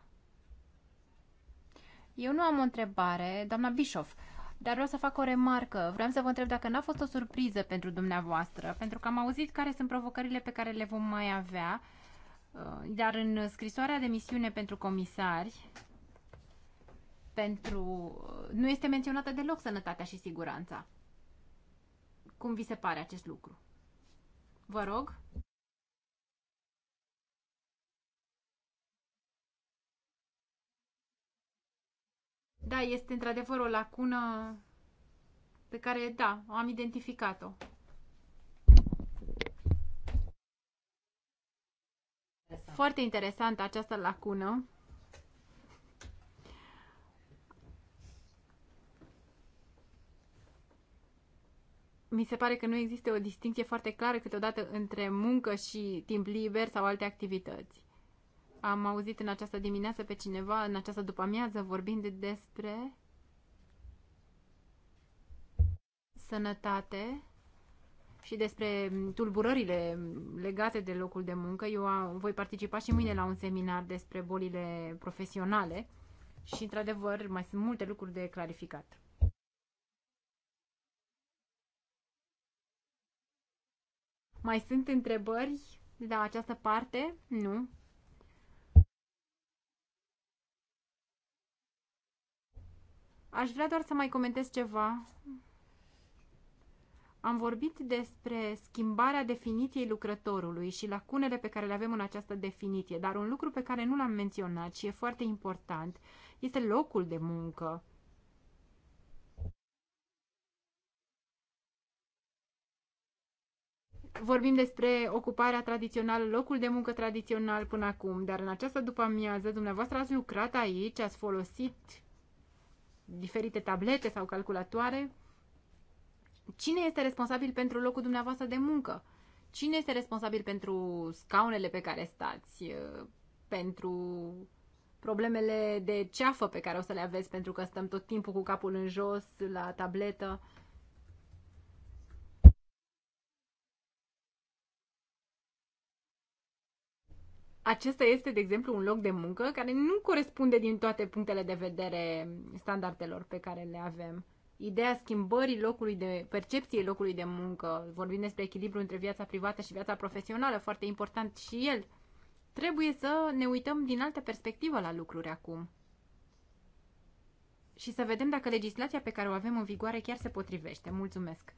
Eu nu am o întrebare, doamna Bischoff. Dar vreau să fac o remarcă. Vreau să vă întreb dacă n-a fost o surpriză pentru dumneavoastră, pentru că am auzit care sunt provocările pe care le vom mai avea, dar uh, în scrisoarea de misiune pentru comisari, pentru... Uh, nu este menționată deloc sănătatea și siguranța. Cum vi se pare acest lucru? Vă rog. Da, este într-adevăr o lacună pe care, da, am identificat-o. Foarte interesantă această lacună. mi se pare că nu există o distinție foarte clară câteodată între muncă și timp liber sau alte activități. Am auzit în această dimineață pe cineva, în această după-amiază, vorbind despre sănătate și despre tulburările legate de locul de muncă. Eu voi participa și mâine la un seminar despre bolile profesionale și, într-adevăr, mai sunt multe lucruri de clarificat. Mai sunt întrebări la această parte? Nu. Aș vrea doar să mai comentez ceva. Am vorbit despre schimbarea definiției lucrătorului și lacunele pe care le avem în această definiție, dar un lucru pe care nu l-am menționat și e foarte important este locul de muncă. Vorbim despre ocuparea tradițională, locul de muncă tradițional până acum, dar în această după amiază dumneavoastră ați lucrat aici, ați folosit diferite tablete sau calculatoare, cine este responsabil pentru locul dumneavoastră de muncă? Cine este responsabil pentru scaunele pe care stați? Eh, pentru problemele de ceafă pe care o să le aveți pentru că stăm tot timpul cu capul în jos la tabletă? acesta este, de exemplu, un loc de muncă care nu corespunde din toate punctele de vedere standardelor pe care le avem. Ideea schimbării locului de, percepției locului de muncă, vorbim despre echilibru între viața privată și viața profesională, foarte important și el. Trebuie să ne uităm din altă perspectivă la lucruri acum. Și să vedem dacă legislația pe care o avem în vigoare chiar se potrivește. Mulțumesc!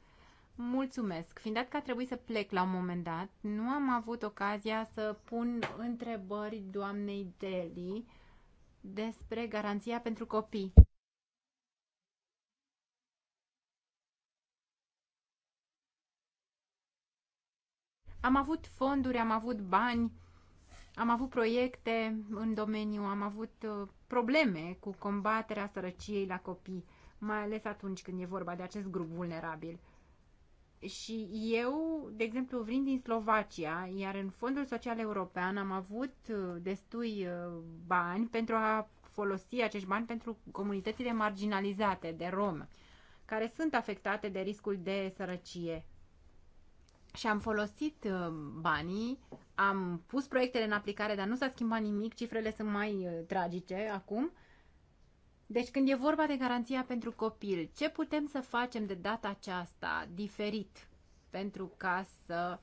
Mulțumesc. Fiind dat că a trebuit să plec la un moment dat, nu am avut ocazia să pun întrebări doamnei Deli despre garanția pentru copii. Am avut fonduri, am avut bani, am avut proiecte în domeniu, am avut uh, probleme cu combaterea sărăciei la copii, mai ales atunci când e vorba de acest grup vulnerabil. Și eu, de exemplu, vin din Slovacia, iar în Fondul Social European am avut uh, destui uh, bani pentru a folosi acești bani pentru comunitățile marginalizate de rom, care sunt afectate de riscul de sărăcie. Și am folosit uh, banii, am pus proiectele în aplicare, dar nu s-a schimbat nimic, cifrele sunt mai tragice acum deci când e vorba de garanția pentru copil, ce putem să facem de data aceasta diferit pentru ca să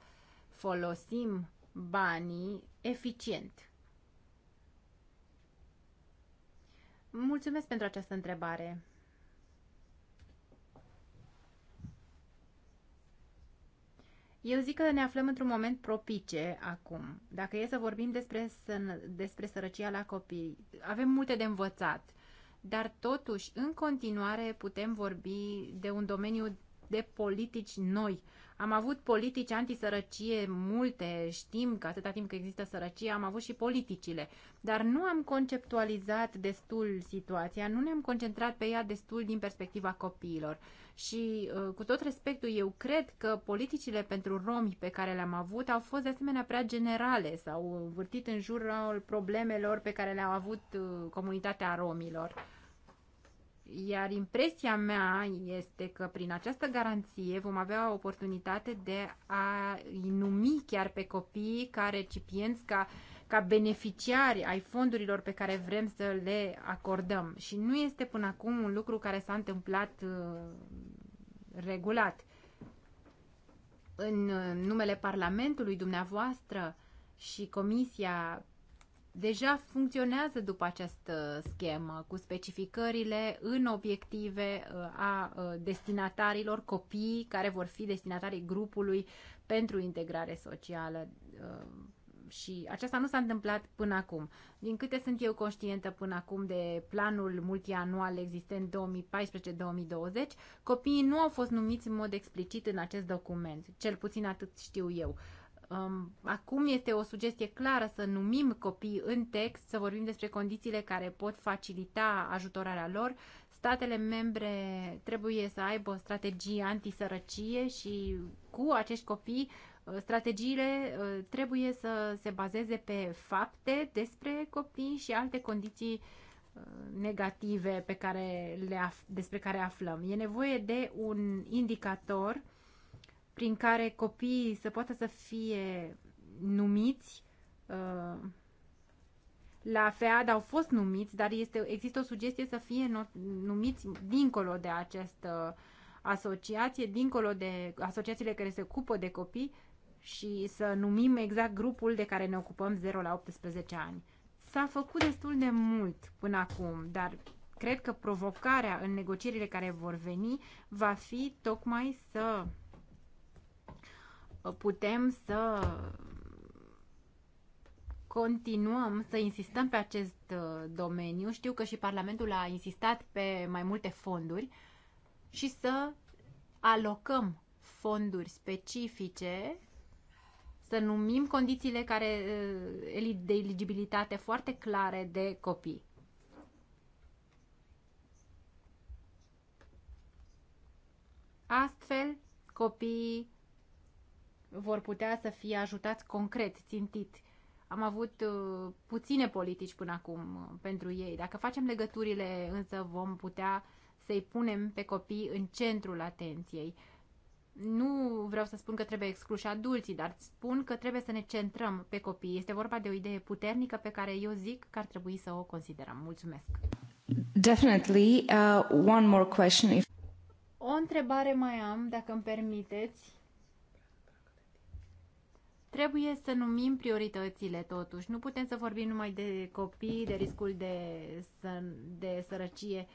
folosim banii eficient? Mulțumesc pentru această întrebare. Eu zic că ne aflăm într-un moment propice acum. Dacă e să vorbim despre, săn- despre sărăcia la copii, avem multe de învățat dar totuși, în continuare, putem vorbi de un domeniu de politici noi. Am avut politici antisărăcie multe, știm că atâta timp că există sărăcie am avut și politicile, dar nu am conceptualizat destul situația, nu ne-am concentrat pe ea destul din perspectiva copiilor. Și uh, cu tot respectul, eu cred că politicile pentru romi pe care le-am avut au fost de asemenea prea generale, s-au vârtit în jurul problemelor pe care le-au avut uh, comunitatea romilor iar impresia mea este că prin această garanție vom avea o oportunitate de a numi chiar pe copii ca recipienți, ca, ca beneficiari ai fondurilor pe care vrem să le acordăm. Și nu este până acum un lucru care s-a întâmplat uh, regulat. În uh, numele Parlamentului dumneavoastră și Comisia deja funcționează după această schemă cu specificările în obiective uh, a uh, destinatarilor, copiii care vor fi destinatarii grupului pentru integrare socială uh, și aceasta nu s-a întâmplat până acum. Din câte sunt eu conștientă până acum de planul multianual existent 2014-2020, copiii nu au fost numiți în mod explicit în acest document, cel puțin atât știu eu. Um, acum este o sugestie clară să numim copii în text, să vorbim despre condițiile care pot facilita ajutorarea lor. Statele membre trebuie să aibă o strategie antisărăcie și cu acești copii uh, strategiile uh, trebuie să se bazeze pe fapte despre copii și alte condiții uh, negative pe care le af- despre care aflăm. E nevoie de un indicator uh, prin care copiii să poată să fie numiți uh, la FEAD au fost numiți, dar este, există o sugestie să fie numiți dincolo de această asociație, dincolo de asociațiile care se ocupă de copii și să numim exact grupul de care ne ocupăm 0 la 18 ani. S-a făcut destul de mult până acum, dar cred că provocarea în negocierile care vor veni va fi tocmai să putem să continuăm să insistăm pe acest uh, domeniu. Știu că și Parlamentul a insistat pe mai multe fonduri și să alocăm fonduri specifice, să numim condițiile care, uh, de eligibilitate foarte clare de copii. Astfel, copiii vor putea să fie ajutați concret, țintit. Am avut uh, puține politici până acum uh, pentru ei. Dacă facem legăturile, însă vom putea să-i punem pe copii în centrul atenției. Nu vreau să spun că trebuie excluși adulții, dar spun că trebuie să ne centrăm pe copii. Este vorba de o idee puternică pe care eu zic că ar trebui să o considerăm. Mulțumesc! Definitely. Uh, one more question. If... O întrebare mai am, dacă îmi permiteți. Trebuie să numim prioritățile totuși. Nu putem să vorbim numai de copii, de riscul de, de sărăcie,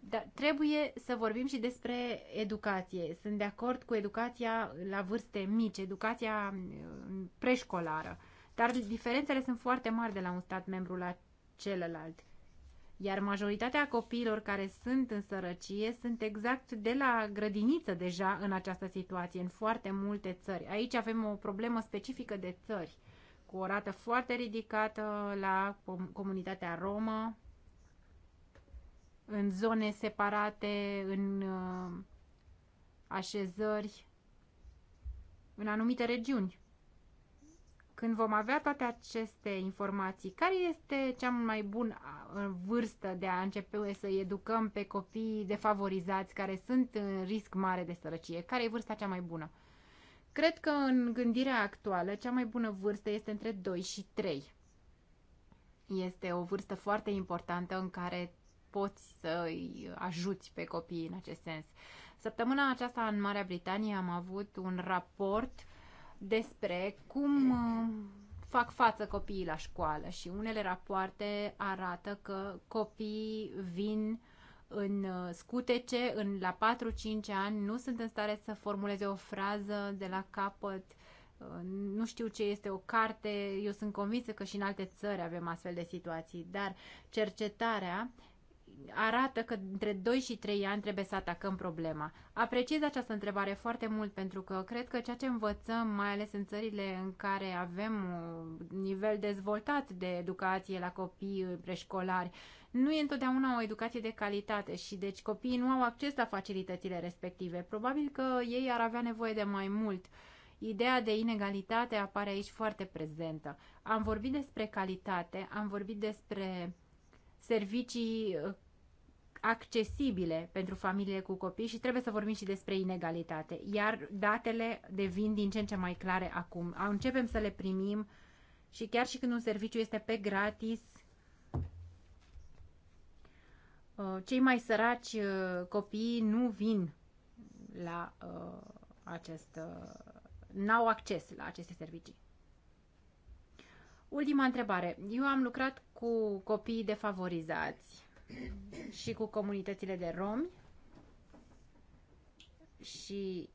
dar trebuie să vorbim și despre educație. Sunt de acord cu educația la vârste mici, educația uh, preșcolară. Dar diferențele sunt foarte mari de la un stat membru la celălalt. Iar majoritatea copiilor care sunt în sărăcie sunt exact de la grădiniță deja în această situație, în foarte multe țări. Aici avem o problemă specifică de țări, cu o rată foarte ridicată la comunitatea romă, în zone separate, în uh, așezări, în anumite regiuni. Când vom avea toate aceste informații, care este cea mai bună vârstă de a începe să educăm pe copiii defavorizați care sunt în risc mare de sărăcie? Care e vârsta cea mai bună? Cred că în gândirea actuală, cea mai bună vârstă este între 2 și 3. Este o vârstă foarte importantă în care poți să îi ajuți pe copii în acest sens. Săptămâna aceasta în Marea Britanie am avut un raport despre cum uh, fac față copiii la școală și unele rapoarte arată că copiii vin în uh, scutece, în, la 4-5 ani, nu sunt în stare să formuleze o frază de la capăt, uh, nu știu ce este o carte, eu sunt convinsă că și în alte țări avem astfel de situații, dar cercetarea arată că între 2 și 3 ani trebuie să atacăm problema. Apreciez această întrebare foarte mult pentru că cred că ceea ce învățăm, mai ales în țările în care avem un nivel dezvoltat de educație la copii preșcolari, nu e întotdeauna o educație de calitate și deci copiii nu au acces la facilitățile respective. Probabil că ei ar avea nevoie de mai mult. Ideea de inegalitate apare aici foarte prezentă. Am vorbit despre calitate, am vorbit despre servicii accesibile pentru familiile cu copii și trebuie să vorbim și despre inegalitate. Iar datele devin din ce în ce mai clare acum. Începem să le primim și chiar și când un serviciu este pe gratis, uh, cei mai săraci uh, copii nu vin la uh, acest, n-au acces la aceste servicii. Ultima întrebare. Eu am lucrat cu copii defavorizați și cu comunitățile de romi și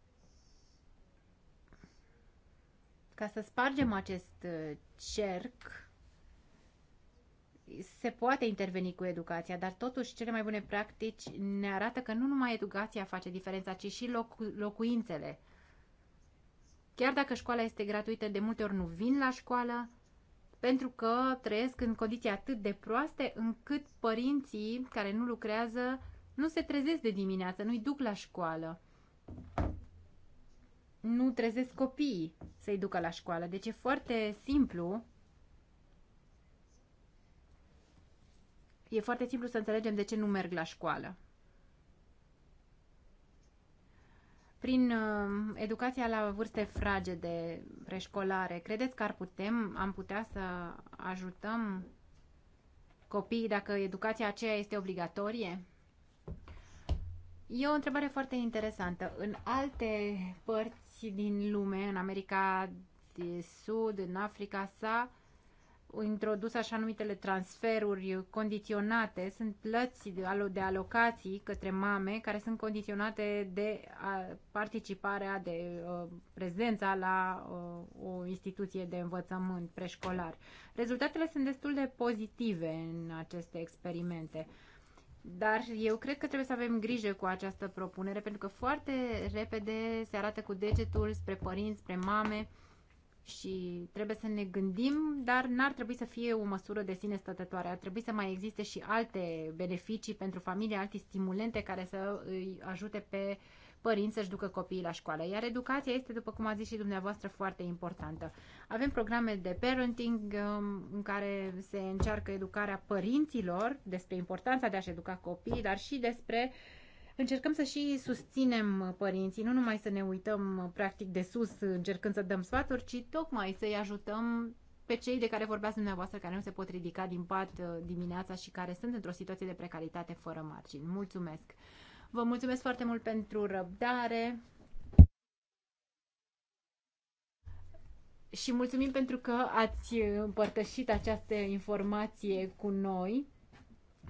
ca să spargem acest uh, cerc se poate interveni cu educația, dar totuși cele mai bune practici ne arată că nu numai educația face diferența, ci și locu- locuințele. Chiar dacă școala este gratuită, de multe ori nu vin la școală, pentru că trăiesc în condiții atât de proaste încât părinții care nu lucrează nu se trezesc de dimineață, nu-i duc la școală. Nu trezesc copiii să-i ducă la școală. Deci e foarte simplu. E foarte simplu să înțelegem de ce nu merg la școală. prin uh, educația la vârste fragede, preșcolare, credeți că ar putem, am putea să ajutăm copiii dacă educația aceea este obligatorie? E o întrebare foarte interesantă. În alte părți din lume, în America de Sud, în Africa, s-a introdus așa numitele transferuri condiționate, sunt plăți de alocații către mame care sunt condiționate de participarea, de uh, prezența la uh, o instituție de învățământ preșcolar. Rezultatele sunt destul de pozitive în aceste experimente. Dar eu cred că trebuie să avem grijă cu această propunere, pentru că foarte repede se arată cu degetul spre părinți, spre mame, și trebuie să ne gândim, dar n-ar trebui să fie o măsură de sine stătătoare. Ar trebui să mai existe și alte beneficii pentru familie, alte stimulente care să îi ajute pe părinți să-și ducă copiii la școală. Iar educația este, după cum a zis și dumneavoastră, foarte importantă. Avem programe de parenting um, în care se încearcă educarea părinților despre importanța de a-și educa copiii, dar și despre uh, încercăm să și susținem părinții, nu numai să ne uităm practic de sus încercând să dăm sfaturi, ci tocmai să-i ajutăm pe cei de care vorbeați dumneavoastră care nu se pot ridica din pat uh, dimineața și care sunt într-o situație de precaritate fără margini. Mulțumesc! Vă mulțumesc foarte mult pentru răbdare și mulțumim pentru că ați împărtășit această informație cu noi.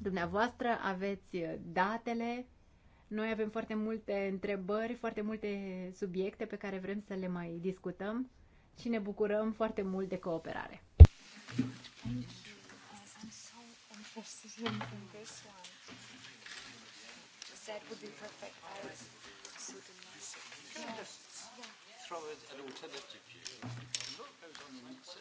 Dumneavoastră aveți datele noi avem foarte multe întrebări, foarte multe subiecte pe care vrem să le mai discutăm și ne bucurăm foarte mult de cooperare. That would be alternative view. Look, goes on the next